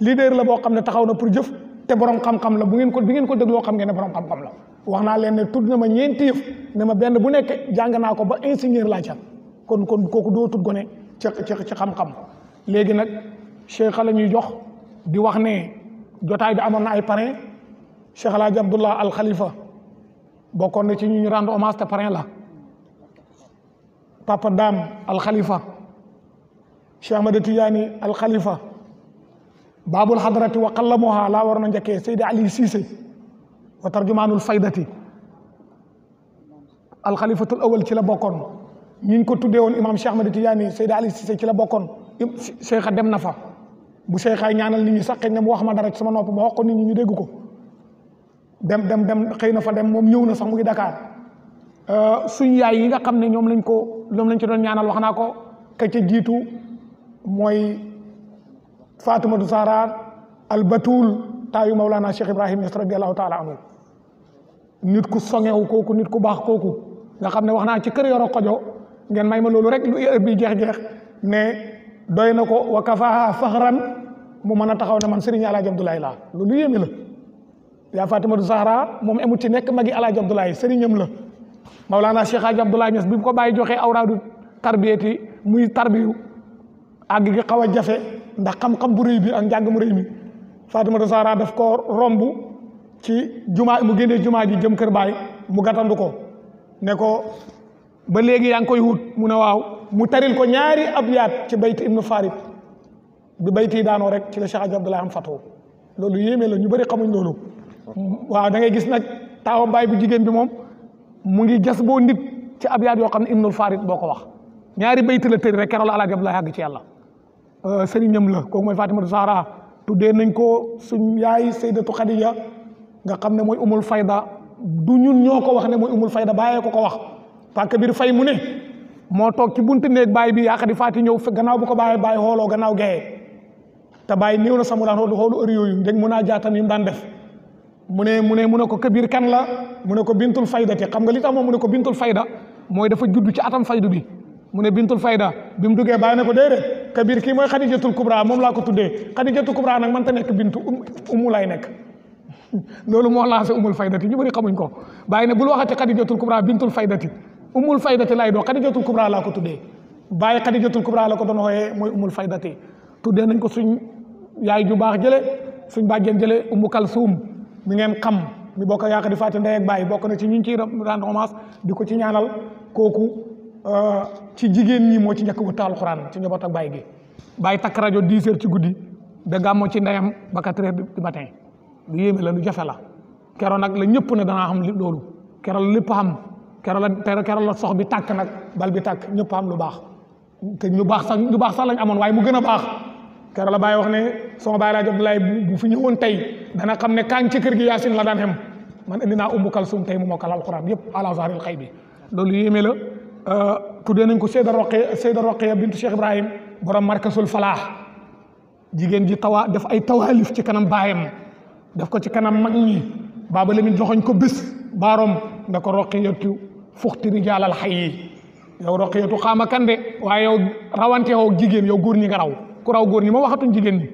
leader la boo xam ne taxaw na pour jëf te borom xam-xam la bu ngeen ko bi ngeen ko dégloo xam ngeen ne borom xam-xam la wax naa leen ne tudd na ma ñeenti yëf ne ma benn bu nekke jàng naa ko ba ingénieur laa ca kon kon kooku doo tudd gone ci ci xam-xam léegi nag cheikh la ñuy jox di wax ne jotaay bi amoon na ay parrain cheikh alaaji abdullah al xalifa bokkoon na ci ñu ñu rendre hommage te parrain la papa daam alxalifa cheikh ahmada tijaani alxalifa baabul xadrati wa qallamuha laa waroon a njëkkee seydi ali siise wa tarjumaanul faydati alxalifatul awal ci la bokkoon ñi ñu ko tuddee woon imam cheikh ahmada tijaani seydi ali siise ci la bokkoon cheikha dem na fa bu cheikhaay ñaanal nit ñi sax xëy na mu wax ma dara ci sama nopp ma wax ko nit ñi ñu ko dem dem dem xëy na fa dem moom ñëw na sax mu ngi Dakar Euh, suñ yaay yi nga xam ne ñoom lañ ko loom lañ ci doon ñaanal wax naa ko ka jiitu mooy Fatimatu Zahra al Batul taayu Mawlana Cheikh Ibrahim Niass radiyallahu taala anhu nit ku soŋewu kooku nit ku baax kooku nga xam ne wax naa ci kër Yoro Kojo ngeen may ma loolu rek lu heure jeex-jeex ne doy na ko wa kafaha faxran mu mën a taxaw ne man Serigne Alaaji Abdoulaye laa loolu yéeme la yaa Fatimatu Zahra moom amut ci nekk magi Alaaji Abdoulaye sëriñam la Mawlana Cheikh Hadj Abdoulaye Niass bi mu ko bàyyi joxe awraadu tarbiyati muy tarbiyu àgg gi xaw a jafe ndax xam-xam bu rëy bi ak njàng mu rëy mi Fatimata Zahra daf ko romb ci jumaa mu génnee jumaa ji jëm kër baay mu gàttandu ko ne ko ba léegi yaa ngi koy wut mu ne waaw mu taril ko ñaari abyaat ci bayti ibnu Farid bi bayti daanoo rek ci la Cheikh Hadj am fatoo loolu yéeme la ñu bari xamuñ loolu mm-hmm. waaw da ngay gis nag taawam baay bu jigéen bi moom mu ngi jas boo nit ci abyaat yoo xam ne Ibnul Farid boo ko wax ñaari bayt la tëri rek keroog la alaaji Abdoulaye àgg ci yàlla euh, sëriñam la kooku mooy Fatimatu Zahra tuddee nañ ko suñ yaay Sayyidatu Khadija nga xam ne mooy umul fayda du ñun ñoo ko wax ne mooy umul fayda bàyyee ko ko wax parce que biir fay mu ne moo toog ci buntu néeg baay bi yaakaar di faati ñëw gannaaw bu ko bàyyee bàyyi xooloo gannaaw gayee te bàyyi néew na samu daan xoolu xoolu heure yooyu ndég mën naa jaatan yi mu daan def mu ne mu ne mu ne ko Kabir kan la mu ne ko Bintul Fayda te xam nga li tax moom mu ne ko Bintul Fayda mooy dafa judd ci atam faydu bi mu ne Bintul Fayda bi mu duggee bàyyi na ko déedéet Kabir kii mooy Xadijatul Kubra moom laa ko tuddee Xadijatul Kubra nag mënta nekk Bintu um, umu lay nekk [LAUGHS] loolu moo lancé umul faydati ñu bëri xamuñ ko bàyyi ne bul waxati Xadijatul Kubra Bintul Faydati umul faydati lay doon Xadijatul Kubra laa ko tuddee bàyyi Xadijatul Kubra la ko doon wooyee mooy umul faydati tuddee nañ ko suñ yaay ju baax jële suñ bàjjen jële umu kalsuum mi ngeen xam mi bokk ak yaakaar di fàtte ndey ak bàyyi bokk na ci ñu ciy rendre hommage di ko ci ñaanal kooku euh, ci jigéen ñi moo ci njëkk wutta alxuraan ci njaboot ak bàyyi gi bàyyi takk rajo 10 heures ci guddi ba gàmmo ci ndeyam ba 4 heures du matin lu yéeme la lu jafe la keroon nag la ñëpp ne danaa xam loolu keroog lépp xam keroog la keroog la sox bi tàkk nag bal bi tàkk ñëpp xam lu baax te ñu baax sax ñu baax sax lañ amoon waaye mu gën a baax keroog la Baye wax ne sama Baye laaj Abdoulaye bu fi ñëwoon tey dana xam ne kaan ci kër gi Yaasin la daan xem man indi naa Ummu Kalsum tey mu mokkal alquran yëpp ala zahril xay bi loolu yéeme la euh, tuddee nañ ko Seyda Roqe Seyda Roqe bintu Cheikh Ibrahim borom markasul falaax jigéen ji tawa def ay tawaalif ci kanam baayam def ko ci kanam mag ñi baaba lamin joxoñ ko bés baaroom nda ko roqiyatu fuxti rijaalal xay yi yow roqiyatu xaama kande waaye yow rawante yow jigéen yow góor ñi nga ku raw góor ñi ma waxatuñ jigéen ñi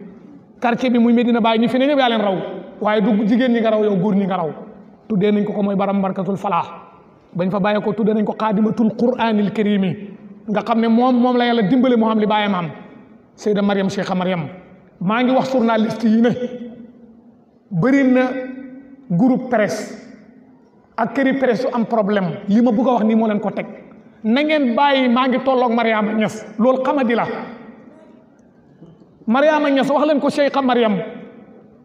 quartier bi muy Medina Baye ñu fi ne ñëpp yaa leen raw waaye du jigéen ñi nga raw yow góor ñi nga raw tuddee nañ ko ko mooy baram barkatul falaax bañ fa bàyyee ko tuddee nañ ko xaadimatul quraanil karimi nga xam ne moom moom la yàlla dimbale moo xam li bàyyam am Seyda Mariam Cheikha Mariam maa ngi wax journaliste yi ne bëri na groupe presse ak këri presse am problème li ma bëgg a wax nii moo leen ko teg na ngeen bàyyi maa ngi tolloog Mariama Ñas loolu xamadi la Mariama Ñas wax leen ko Cheikha Mariam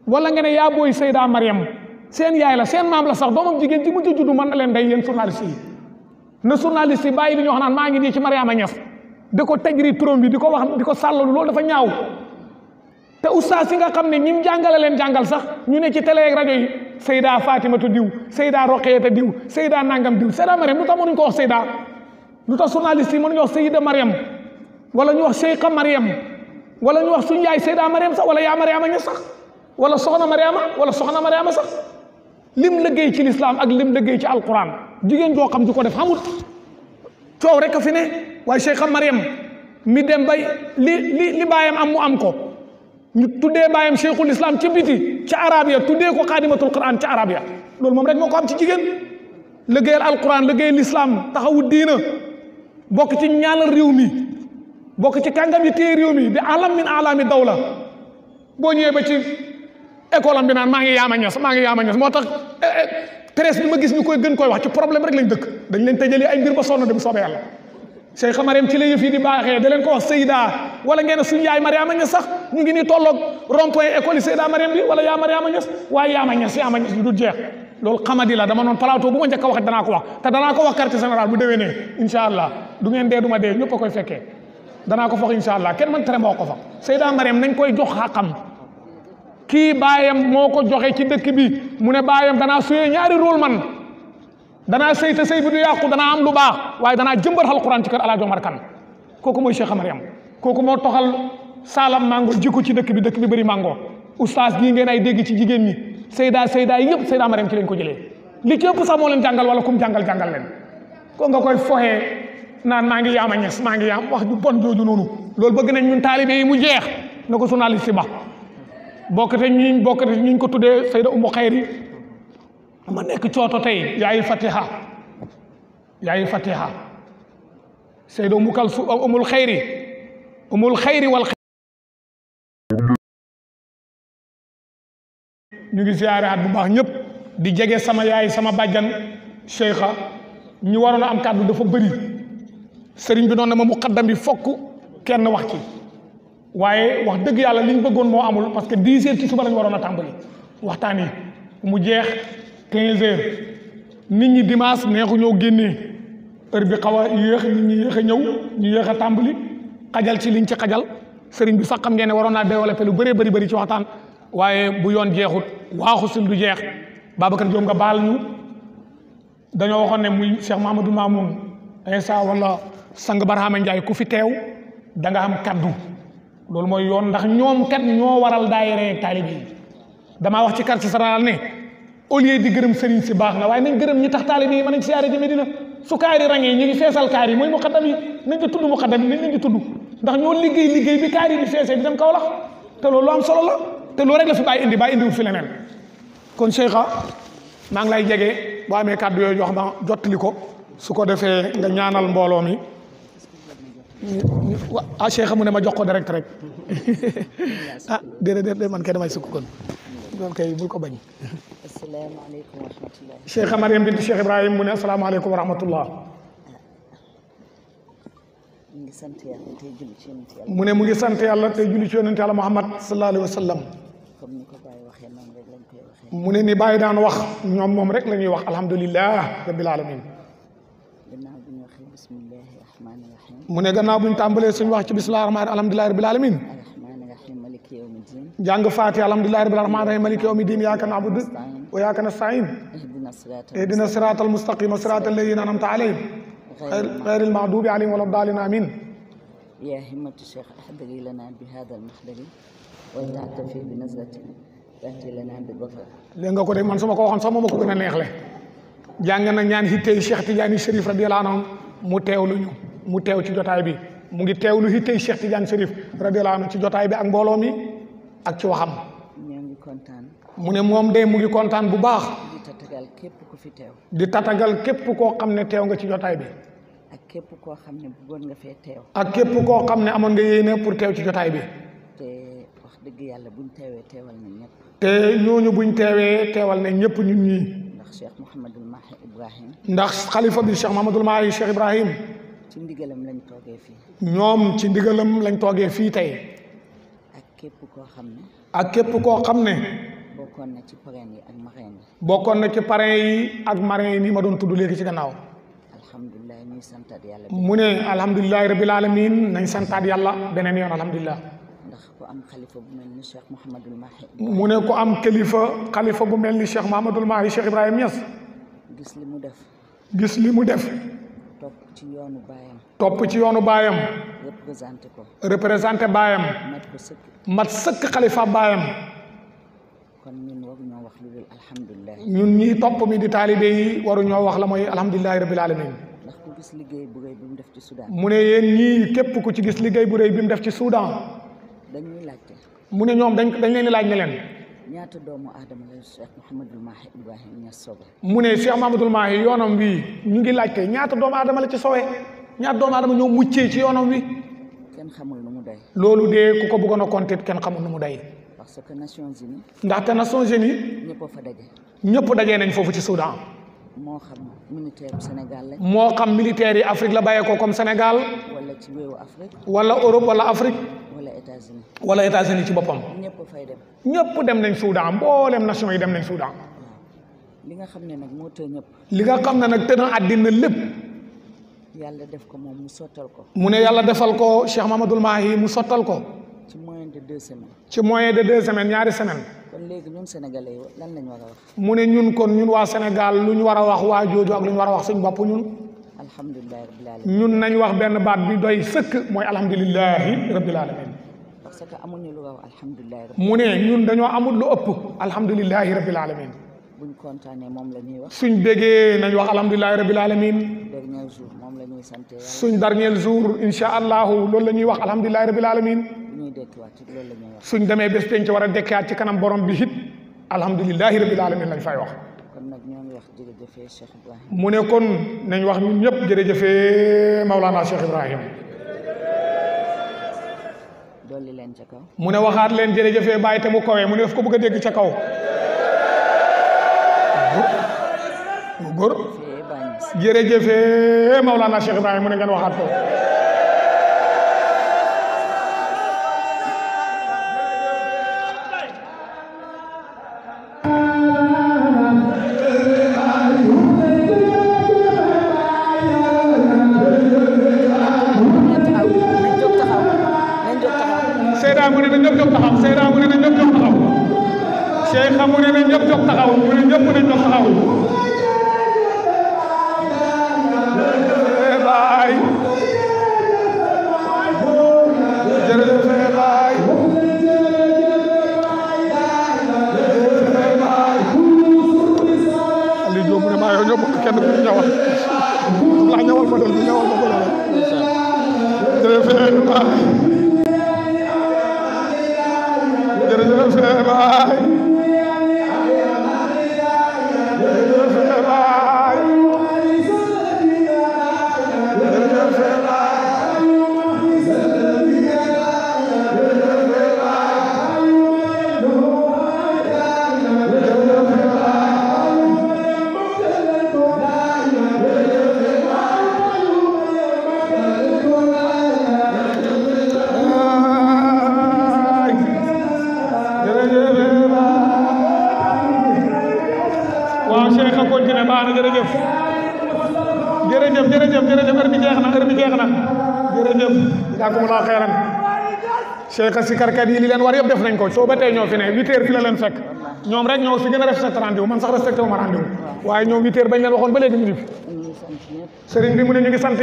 wala nga ne yaa booy Seyda Mariam seen yaay la seen maam la sax doomam jigéen ci mujj a juddu man na leen day yéen journaliste yi na journaliste yi bàyyi li wax naan maa ngi nii ci Mariama Ñas di ko tegri turam bi di ko wax di ko sàllalu loolu dafa ñaaw te ustaas yi nga xam ne ñim jàngale leen jàngal sax ñu ne ci télé ak rajo yi Seyda Fatimatu diw Seyda Roqeeta diw Seyda Nangam diw Seyda Mariam lu tax mënuñu ko wax Seyda lu tax journaliste yi mënuñu wax Seyda Mariam wala ñu wax Cheikha Mariam wala ñu wax suñu yaay Seyda Mariam sax wala yaa Mariama ñu sax wala soxna Mariama wala soxna Mariama sax lim liggéey ci lislaam ak lim liggéey ci alquran jigéen joo xam ju ko def xamut soow rek ka fi ne waaye Cheikha Mariam mi dem bay li li li baayam am mu am ko ñu tuddee baayam cheikhul islam ci biti ca arabia tuddee ko xaadimatul quran ci arabia loolu moom rek moo ko am ci jigéen liggéeyal alquran liggéeyal lislaam taxawu diina bokk ci ñaanal réew mi bokk ci kàngam yi téye réew bi alam min alami dawla boo ñëwee ba ci école am maa ngi yaama ños maa ngi yaama ños moo tax eh, eh, presse bi ma gis ñu koy gën koy wax ci problème rek lañ dëkk dañ leen tëjalee ay mbir ba sonn dem soobee yàlla Cheikh Mariam ci la yëf yi di baaxee da ko wax Seyda wala ngeen suñu yaay Mariama Ñas sax ñu ngi ni tolloog rond point école yi Seyda Mariam bi wala yaa Mariama Ñas waaye yaama Ñas yaama Ñas yu dul jeex loolu xamadi la dama noon plateau a wax danaa ko wax te danaa ko wax quartier général bu déwénee danaa ko fox insha allah kenn man tere moo ko fox Seyda Mariam nañ koy jox xaqam kii baayam moo ko joxe ci dëkk bi mu ne baayam danaa suyee ñaari rôle man danaa sëy te sëy bi du yàqu danaa am lu baax waaye danaa jëmbat alquran ci kër Alaaji Omar Kan kooku mooy Cheikh Mariam kooku moo toxal saalam mango jikko ci dëkk bi dëkk bi bëri mango oustaz gii ngeen ay dégg ci jigéen ñi Seyda Seyda yëpp Seyda Mariam ci lañ ko jëlee li ci ëpp sax moo jàngal wala kum jàngal jàngal leen naan maa ngi yaam a ñes maa ngi yaam wax ju bon jooju noonu loolu bëgg nañ ñun taalibe yi mu jeex na ko journaliste si ba bokkate ñuñ bokkate ñu ko tuddee sayda umu xayri ma nekk cooto tey yaayi fatiha yaayi fatiha ngi ziyaaraat bu baax ñëpp di jege sama yaay sama bàjjan cheikha ñu waroon a am kàddu dafa bëri sëriñ bi noonu na ma muqaddam bi fokk kenn wax ci waaye wax dëgg yàlla liñ bëggoon moo amul parce que dix heures ci suba lañ waroon a tàmbali waxtaan yi mu jeex nit ñi dimanche neexu ñoo génne heure bi xaw yéex nit ñi yéex a ñëw ñu yéex a tàmbali xajal ci liñ ci xajal sëriñ bi sax xam ngeen ne waroon naa développé lu bëree bari bëri ci waxtaan waaye bu yoon jeexut waaxu sul du jeex Babacar Diop nga baal ñu dañoo waxoon ne muy Cheikh Mahamadou Mamoun insa wala sang Barhama Ndiaye ku fi teew da am kaddu loolu mooy yoon ndax ñoom kat ñoo waral daayira taalibe yi damaa wax ci kar carte générale ne au lieu di gërëm sëriñ si baax na waaye nañ gërëm ñi tax taalibe yi mën nañ siyaare ji Medina su kaari rangee ñu ngi feesal kaar yi mooy muqaddam yi nañ di tudd muqaddam yi nañ leen tudd ndax ñoo liggéey liggéey bi kaar yi di feesee di dem Kaolack te loolu am solo la te loolu rek la fi baa indi bàyyi indiwul fi kon Cheikha maa lay jege boo amee kàddu yooyu jox ma jottali ko su ko defee nga ñaanal mbooloo mi ah Cheikh mu ma jox ko direct rek [LAUGHS] ah déedéet man kay damay sukk kon loolu ko bañ. asalaamaaleykum wa rahmatulah. Cheikh Ibrahim mu mu ngi sant yàlla tey julli ci yonent yàlla. Muhammad sallallahu alayhi wa daan wax ñoom moom rek la ñuy wax alhamdulilah rabbil alamin mu ne gannaaw buñ tàmbalee suñ wax ci bismillahi rahmaani alhamdulillahi rabbil alamin jàng faati alhamdulillahi rabbil rahmaani rahim maliki yawmi din yaaka na'budu wa yaaka nasta'in ihdina siratal mustaqima siratal ladina an'amta alayhim ghayril maghdubi alayhim wala ddaalin amin ya himmatu cheikh ahdiri lana bi hada almahdari wa la tafi bi nazrati tati lana bi bafar léegi nga ko de man su ma ko waxoon sax moom ma ko gën a neexle jàng na ñaan hittey cheikh tidiane chérif radiyallahu anhu mu teewlu ñu mu teew ci jotaay bi mu ngi teew lu hittey Cheikh Tidiane Chérif radiyallahu anhu ci jotaay bi ak mbooloo mi ak ci waxam mu ne moom de mu ngi kontaan bu baax di tatagal képp ku fi teew di tatagal képp koo xam ne teew nga ci jotaay bi ak képp koo xam ne bëggoon nga fee teew ak képp koo xam ne amoon nga yéene pour teew ci jotaay bi te wax dëgg yàlla buñ teewee teewal te ñooñu buñ teewee teewal na ñëpp ñun ñii ndax Cheikh Mouhamadul Mahi Ibrahim bi Cheikh Mouhamadul Mahi Cheikh Ibrahim ci ndigalam lañ toogee fii. ñoom ci ndigalam lañ toogee fii tey. ak képp koo xam ne. ak képp koo xam ne. bokkoon na ci parrain yi ak marraine yi. bokkoon na ci parrain ak marraine yi ma doon tudd léegi ci gannaaw. alhamdulilah ñuy santaat yàlla. mu ne alhamdulilah rabil alamin nañ santaat yàlla beneen yoon alhamdulilah. ndax ku am xalifa bu mel ni Cheikh Mouhamadul Mahi. mu ne ku am kilifa xalifa bu mel ni Cheikh Mouhamadul Mahi Cheikh Ibrahima Niass. gis li mu def. gis li mu def. ci yoonu baayam. topp ci yoonu baayam. représenté ko. représenté baayam. mat sëkk. mat sëkk xalifa baayam. kon ñun waruñoo wax lu dul alhamdulilah. ñun ñii topp mi di taalibe yi waruñoo wax la mooy alhamdulilah rabbil alamin ndax bu mu def ci Soudan. mu ne yéen ñii képp ku ci gis liggéey bu rëy bi mu def ci Soudan. dañuy laajte. mu ne ñoom dañ dañ leen laaj ne leen. ñaata doomu aadama la Cheikh Mouhamadul Mahi Ibrahim Niass sowe mu ne Cheikh Mouhamadul Mahi yoonam wi ñu ngi laajte ñaata doomu aadama la ci sowe ñaata doomu aadama ñoo muccee ci yoonam wi. kenn xamul nu mu day. loolu de ko bëggoon a compter kenn xamul nu mu day. parce que Nations Unies. ndaxte Nations Unies. ñëpp fa daje. ñëpp daje nañ foofu ci Soudan. moo xam militaire Sénégal la. moo xam militaire yi Afrique la bàyyeekoo comme Sénégal. wala ci wéewu wala Europe wala Afrique. wala États-Unis wala États-Unis ci boppam. ñëpp fay dem. ñëpp dem nañ Soudan mboolem nation yi dem nañ Soudan. li nga xam ne nag moo tënk ñëpp. li nga xam ne nag tënk àddina lépp. yàlla def ko moom mu sottal ko. mu ne yàlla defal ko Cheikh Mamadou Mahi mu sottal ko. ci moyen de deux semaines. ci moyen de deux ñaari semaines. kon léegi mu ne ñun kon ñun waa Sénégal lu ñu war a wax waa jooju ak lu ñu war a wax suñu bopp ñun. alhamdulilah rabbil alamin ñun nañ wax benn baat bi doy sëkk mooy alhamdulilahi rabbil alamin parce que amuñu lu raw alhamdulilah. mu ne ñun dañoo amul lu ëpp alhamdulilahi rabil alamin buñ kontaanee moom la ñuy wax. suñ bégee nañ wax alhamdulilahi rabil alamin dernier jour moom la ñuy sant yàlla. suñ dernier jour incha allahu loolu la ñuy wax alhamdulilahi rabil alamin ñuy dekkiwaat ci loolu la ñuy wax. suñ demee bés penc war a dekkiwaat ci kanam borom bi hit alhamdulilahi rabil alamin lañ fay wax. mu ne kon nañ wax ñun ñëpp jërëjëfee Maulana Cheikh Ibrahim. dolli leen ca kaw. mu ne waxaat leen jërëjëfee bàyyi te mu mu ne daf ko bëgg a dégg ca kaw. góor jërëjëfee Maulana Cheikh Ibrahima mu ne ngeen waxaat ko. cheikh a sikarkat yi li leen war yëpp def nañ ko soo ba tey ñoo fi ne huit heures fi fekk ñoom rek ñoo si gën a respecté rendez man sax respecté wu ma waaye ñoom huit heures bañ waxoon ba léegi ñu ngi fi sëriñ mu ne ñu ngi sant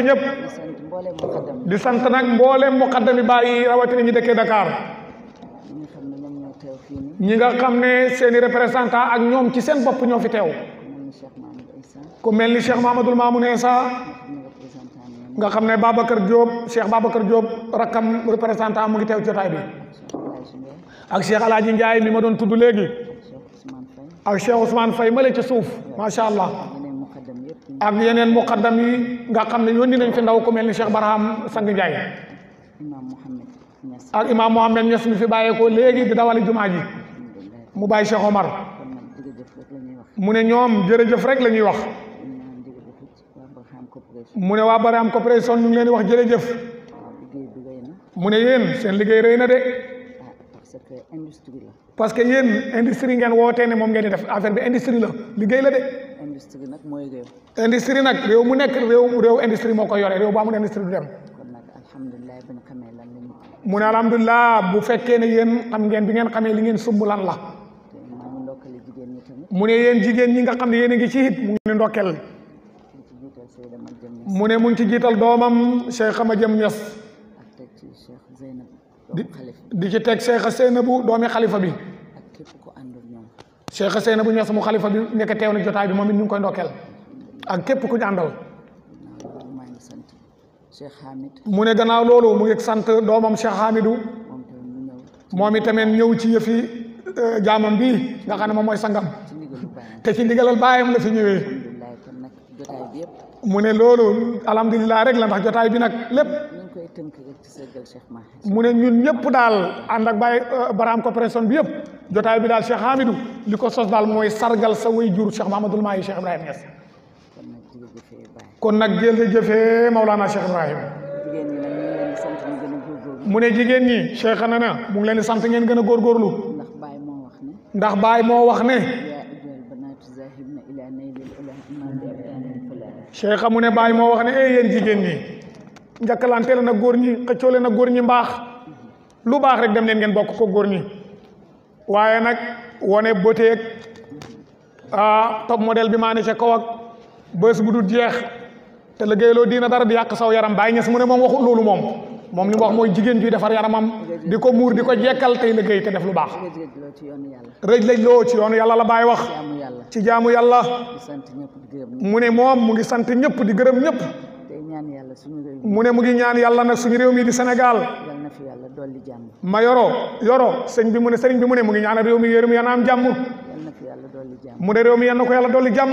di sant mbooleem muqaddami bàyyi rawatina ñi dëkkee Dakar ñi nga ne seen i représentant ak ñoom ci seen bopp ñoo fi teew ku mel ni Cheikh Mahamadul Mamoun Insa nga xam ne Babacar Diop Cheikh Babacar Diop rakkam représentant mu ngi teew jotaay bi ak Cheikh Alaaji Ndiaye mi ma doon tudd léegi ak Cheikh Ousmane Faye ma ci suuf macha allah ak yeneen muqaddam yi nga xam ne yónni nañ fi ndaw ku mel ni Cheikh Barham Sang njaay ak Imam Mohamed Niass mi fi bàyyeekoo léegi di dawali jumaa ji mu bàyyi Cheikh Omar mu ne ñoom jërëjëf rek la ñuy wax. mu ne waa Barham Corporation ñu ngi leen di wax jërëjëf mu ne yéen seen liggéey rëy na de parce que yéen industrie ngeen wootee ne moom ngeen di def affaire bi industrie la liggéey la de. industrie nag mooy réew. industrie nag réew mu nekk réew réew industrie moo koy yore réew bu ne industrie du dem. mu ne alhamdulilah bu fekkee ne yéen xam ngeen bi ngeen xamee li ngeen sumb lan la. mu ne yéen jigéen ñi nga xam ne yéen a ngi ci it mu ngi leen ndokkeel mu ne mu ngi ci jiital doomam Cheikh Amadou Niass di ci teg Cheikh Seynabou doomi xalifa bi Cheikh Seynabou Niass mu xalifa bi nekk teew na jotaay bi moom it ñu koy ndokkeel ak képp ku ñu àndal mu ne gannaaw loolu mu ngi doomam Cheikh Hamidou ñëw ci yëfi e, jaamam bi nga xam ne moom mooy sangam te ci ndigalal baayam la fi ñëwee mu ne loolu alhamdulilah rek la ndax jotaay bi nag lépp mu ne ñun ñëpp daal ànd ak Baye euh, Barham coopération bi yëpp jotaay bi daal Cheikh Hamidou li ko sos daal mooy sargal sa way jur Cheikh Mahamadul Mahi Cheikh Ibrahim Niass kon nag jërëjëfee Maulana Cheikh Ibrahim mu ne jigéen ñi Cheikh na mu ngi leen di sant ngeen gën a góorgóorlu ndax Baye moo wax ne cheikh amu ne baay moo wax ne e yéen jigéen ñi njàkkalante leen na góor ñi xëccoo leen ak góor ñi mbaax lu baax rek dem leen ngeen bokk ko góor ñi waaye nag wone boteeg ah top modèle bi maa ne ca kaw ak bés bu du jeex te liggéeyloo diina dara di yàq saw yaram bàyyi ñes mu ne moom waxul loolu moom moom li mu wax mooy jigéen juy defar yaramam di ko muur di ko jekkal tey liggéey te def lu baax rëj lëj loo ci yoonu yàlla la Baay wax ci jaamu yàlla mu ne moom mu ngi sant ñëpp di gërëm ñëpp mu ne mu ngi ñaan yàlla nag suñu réew mi di Sénégal ma yoro yoro sëñ bi mu ne sëriñ bi mu ne mu ngi ñaan réew mi yërëm yanaam jàmm mu ne réew mi yal na ko yàlla dolli jàmm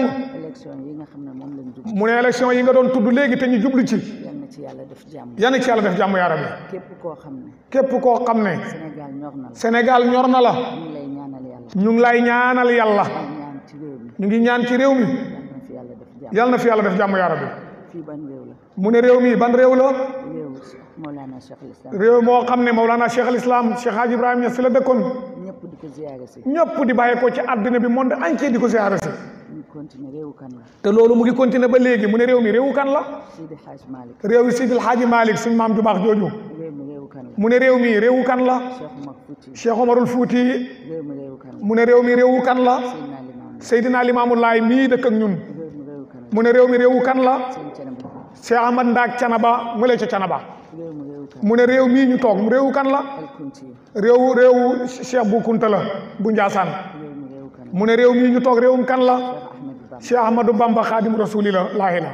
mu ne élection yi nga doon tudd léegi te ñu jublu ci yal na ci yàlla def jàmm yaa rabbi képp koo xam ne Sénégal ñor na la ñu ngi lay ñaanal yàlla ñu ngi ñaan ci réew mi yal na fi yàlla def jàmm yaa rabbi réew mi ban réew la Mawlana Cheikh al réew moo xam ne Mawlana Cheikh al Islam Cheikh Hadj Ibrahima Niass fi la dëkkoon. ñëpp di ko ci àddina bi monde entier di ko ziyaare si. mu continué kan la. te loolu mu ngi continué ba léegi mu ne réew mi réewu kan la. Sidi Hadj Malick. réew Sidi Hadj Malick maam ju baax jooju. mu ne réew mi réewu kan la. Cheikh Omarul Fouti. ne réew mi réewu kan la. Seydina Limaamu Laay mii dëkk ak ñun. mu ne réew mi réewu kan la. Cheikh Ahmad Ndaak Canaba mu lee ca Canaba. mu ne réew mii ñu toog réew kan la réewu réewu Cheikh bu Kunta la bu Njaasaan mu ne réew mii ñu toog réew réewum kan la Cheikh Ahmadou Bamba Xaadim Rasuli la laahi la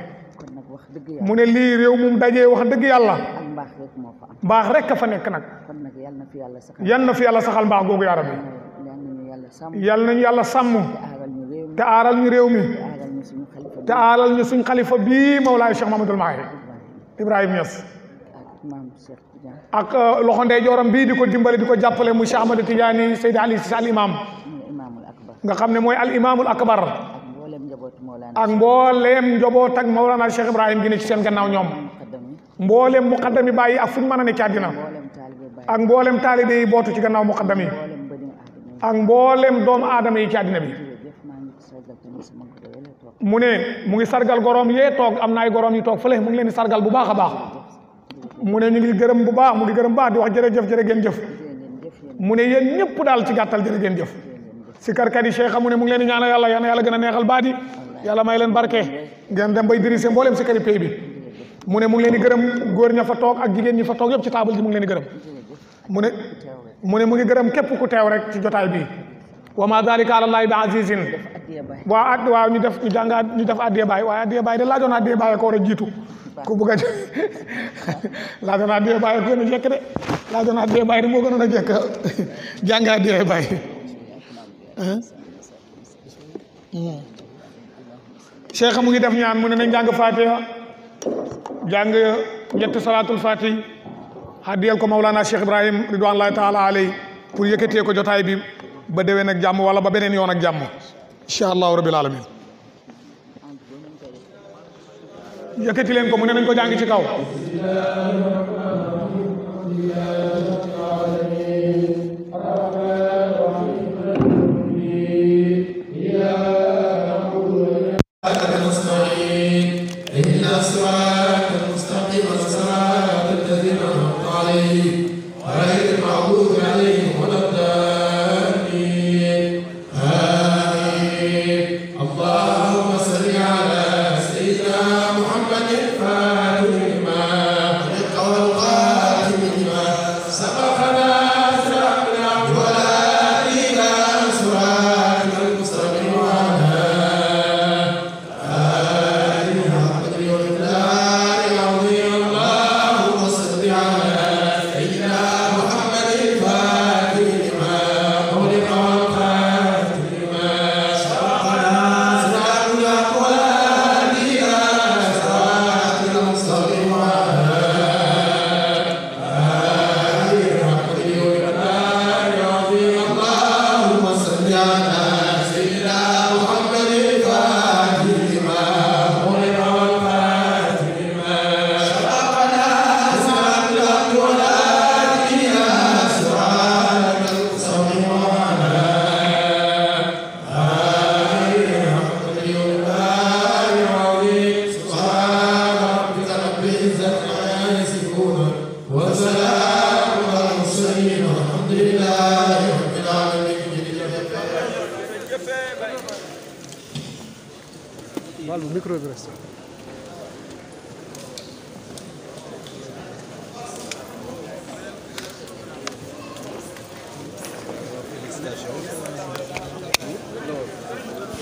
mu ne lii réew mu dajee wax dëgg yàlla mbaax rekk a fa nekk nag yal na fi yàlla saxal mbaax googu yaa rabbi yal nañu yàlla sàmm te aaral ñu réew mi te aaral ñu suñ xalifa bii Mawlaay Cheikh Mamadul Mahi Ibrahima Niass ak euh, loxo ndeyjooram bii di ko dimbale di ko jàppale mu Cheikh Ahmad Tidiane Seydi Ali Cissé al imam nga xam ne mooy al imamul akbar ak mbooleem njoboot ak Mawlana Cheikh Ibrahim gi ci seen gannaaw ñoom mbooleem muqaddam yi bàyyi ak fu ñu mën a ne ci ak mboolem taalibe yi bootu ci gannaaw muqaddam yi ak mbooleem doom aadama yi ci bi mu ne mu ngi sargal goroom yee toog am na ay goroom yi toog fële mu ngi leen sargal bu baax a baax mu ne ñu ngi gërëm bu baax mu ngi gërëm baax di wax jërëjëf jërë ngeen jëf mu ne yéen ñëpp daal ci gàttal jërë ngeen jëf si karkat yi cheikh mu ne mu ngi leen di ñaanal yàlla yal na yàlla gën a neexal baat yi yàlla may leen barke ngeen dem bay dirise mboolem si kari pay bi mu ne mu ngi leen di gërëm goor ña fa toog ak jigéen ñi fa toog yëpp ci taabal ji mu ngi leen di gërëm mu ne mu ngi gërëm képp ku teew rek ci jotaay bi wa ma dalika àlallaahi bi azizin waa at waaw ñu def ñu jàngaa ñu def addiya baay waaye addiya ku bëgg a [LAUGHS] laata naa dee bàyyi ko gën a jekk de laata naa dee bàyyi de moo gënoon a jekk [LAUGHS] jàngaa dee bàyyi hmm. mu ngi def ñaan mu ne nañ jàng fatiha jàng ñetti salaatul fatih hadiyal ko Mawlana Cheikh Ibrahim ridwanullahi taala aley pour yëkkatee ko jotaay bi ba déwén ak jàmm wala ba beneen yoon ak jàmm incha allahu alamin yëkkati leen ko mu ne nañ ko jàng ci kaw bismillaahi rahmaani rahiim